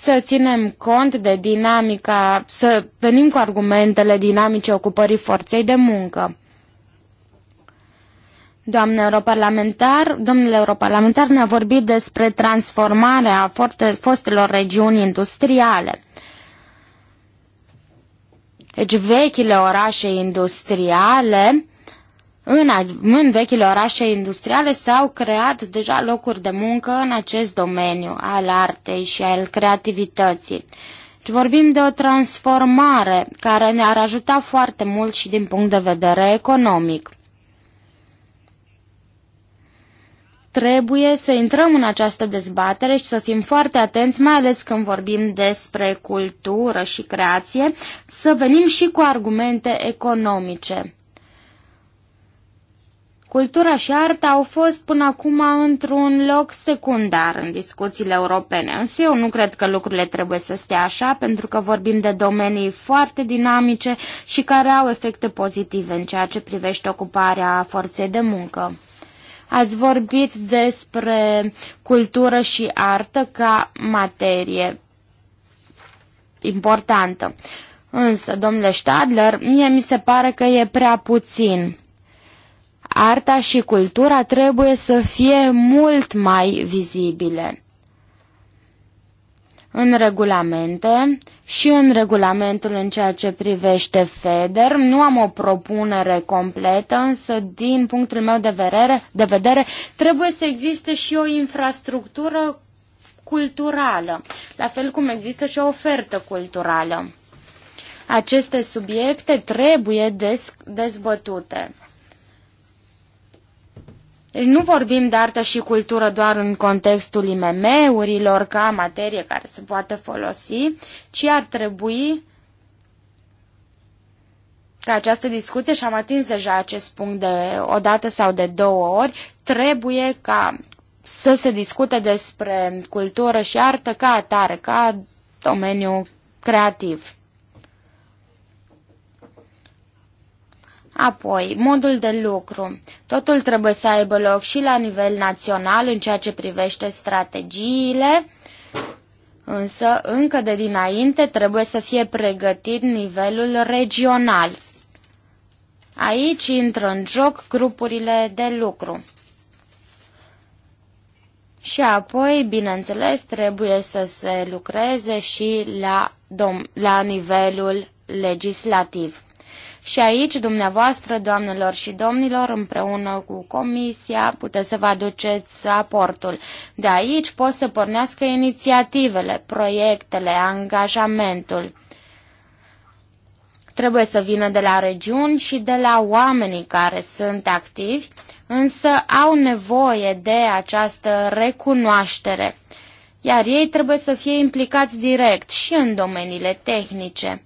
să ținem cont de dinamica, să venim cu argumentele dinamice ocupării forței de muncă. Doamne europarlamentar, domnule europarlamentar ne-a vorbit despre transformarea fostelor regiuni industriale. Deci vechile orașe industriale în, în vechile orașe industriale s-au creat deja locuri de muncă în acest domeniu al artei și al creativității. Și deci vorbim de o transformare care ne-ar ajuta foarte mult și din punct de vedere economic. Trebuie să intrăm în această dezbatere și să fim foarte atenți, mai ales când vorbim despre cultură și creație, să venim și cu argumente economice. Cultura și arta au fost până acum într-un loc secundar în discuțiile europene, însă eu nu cred că lucrurile trebuie să stea așa, pentru că vorbim de domenii foarte dinamice și care au efecte pozitive în ceea ce privește ocuparea forței de muncă. Ați vorbit despre cultură și artă ca materie importantă. Însă, domnule Stadler, mie mi se pare că e prea puțin arta și cultura trebuie să fie mult mai vizibile în regulamente și în regulamentul în ceea ce privește FEDER. Nu am o propunere completă, însă din punctul meu de vedere, de vedere trebuie să existe și o infrastructură culturală, la fel cum există și o ofertă culturală. Aceste subiecte trebuie dezbătute. Deci nu vorbim de artă și cultură doar în contextul IMM-urilor ca materie care se poate folosi, ci ar trebui ca această discuție, și am atins deja acest punct de o dată sau de două ori, trebuie ca să se discute despre cultură și artă ca atare, ca domeniu creativ. Apoi, modul de lucru. Totul trebuie să aibă loc și la nivel național în ceea ce privește strategiile, însă încă de dinainte trebuie să fie pregătit nivelul regional. Aici intră în joc grupurile de lucru. Și apoi, bineînțeles, trebuie să se lucreze și la, dom- la nivelul legislativ. Și aici, dumneavoastră, doamnelor și domnilor, împreună cu comisia, puteți să vă aduceți aportul. De aici pot să pornească inițiativele, proiectele, angajamentul. Trebuie să vină de la regiuni și de la oamenii care sunt activi, însă au nevoie de această recunoaștere, iar ei trebuie să fie implicați direct și în domeniile tehnice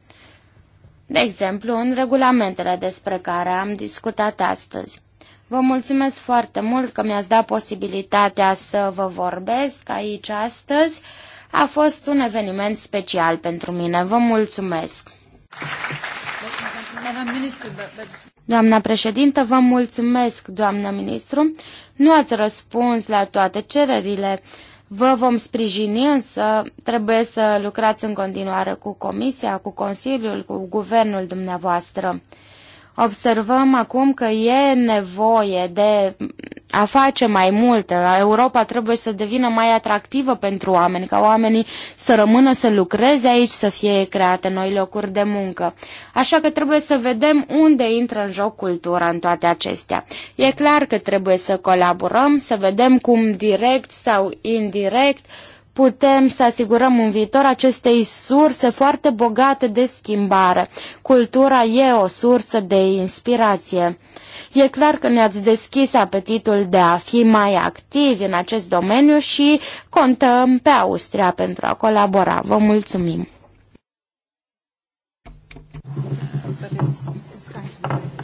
de exemplu, în regulamentele despre care am discutat astăzi. Vă mulțumesc foarte mult că mi-ați dat posibilitatea să vă vorbesc aici astăzi. A fost un eveniment special pentru mine. Vă mulțumesc! Doamna președintă, vă mulțumesc, doamnă ministru. Nu ați răspuns la toate cererile Vă vom sprijini, însă trebuie să lucrați în continuare cu Comisia, cu Consiliul, cu Guvernul dumneavoastră. Observăm acum că e nevoie de a face mai mult. Europa trebuie să devină mai atractivă pentru oameni, ca oamenii să rămână să lucreze aici, să fie create noi locuri de muncă. Așa că trebuie să vedem unde intră în joc cultura în toate acestea. E clar că trebuie să colaborăm, să vedem cum direct sau indirect uh, putem să asigurăm în viitor acestei surse foarte bogate de schimbare. Cultura e o sursă de inspirație. E clar că ne-ați deschis apetitul de a fi mai activi în acest domeniu și contăm pe Austria pentru a colabora. Vă mulțumim! But it's, it's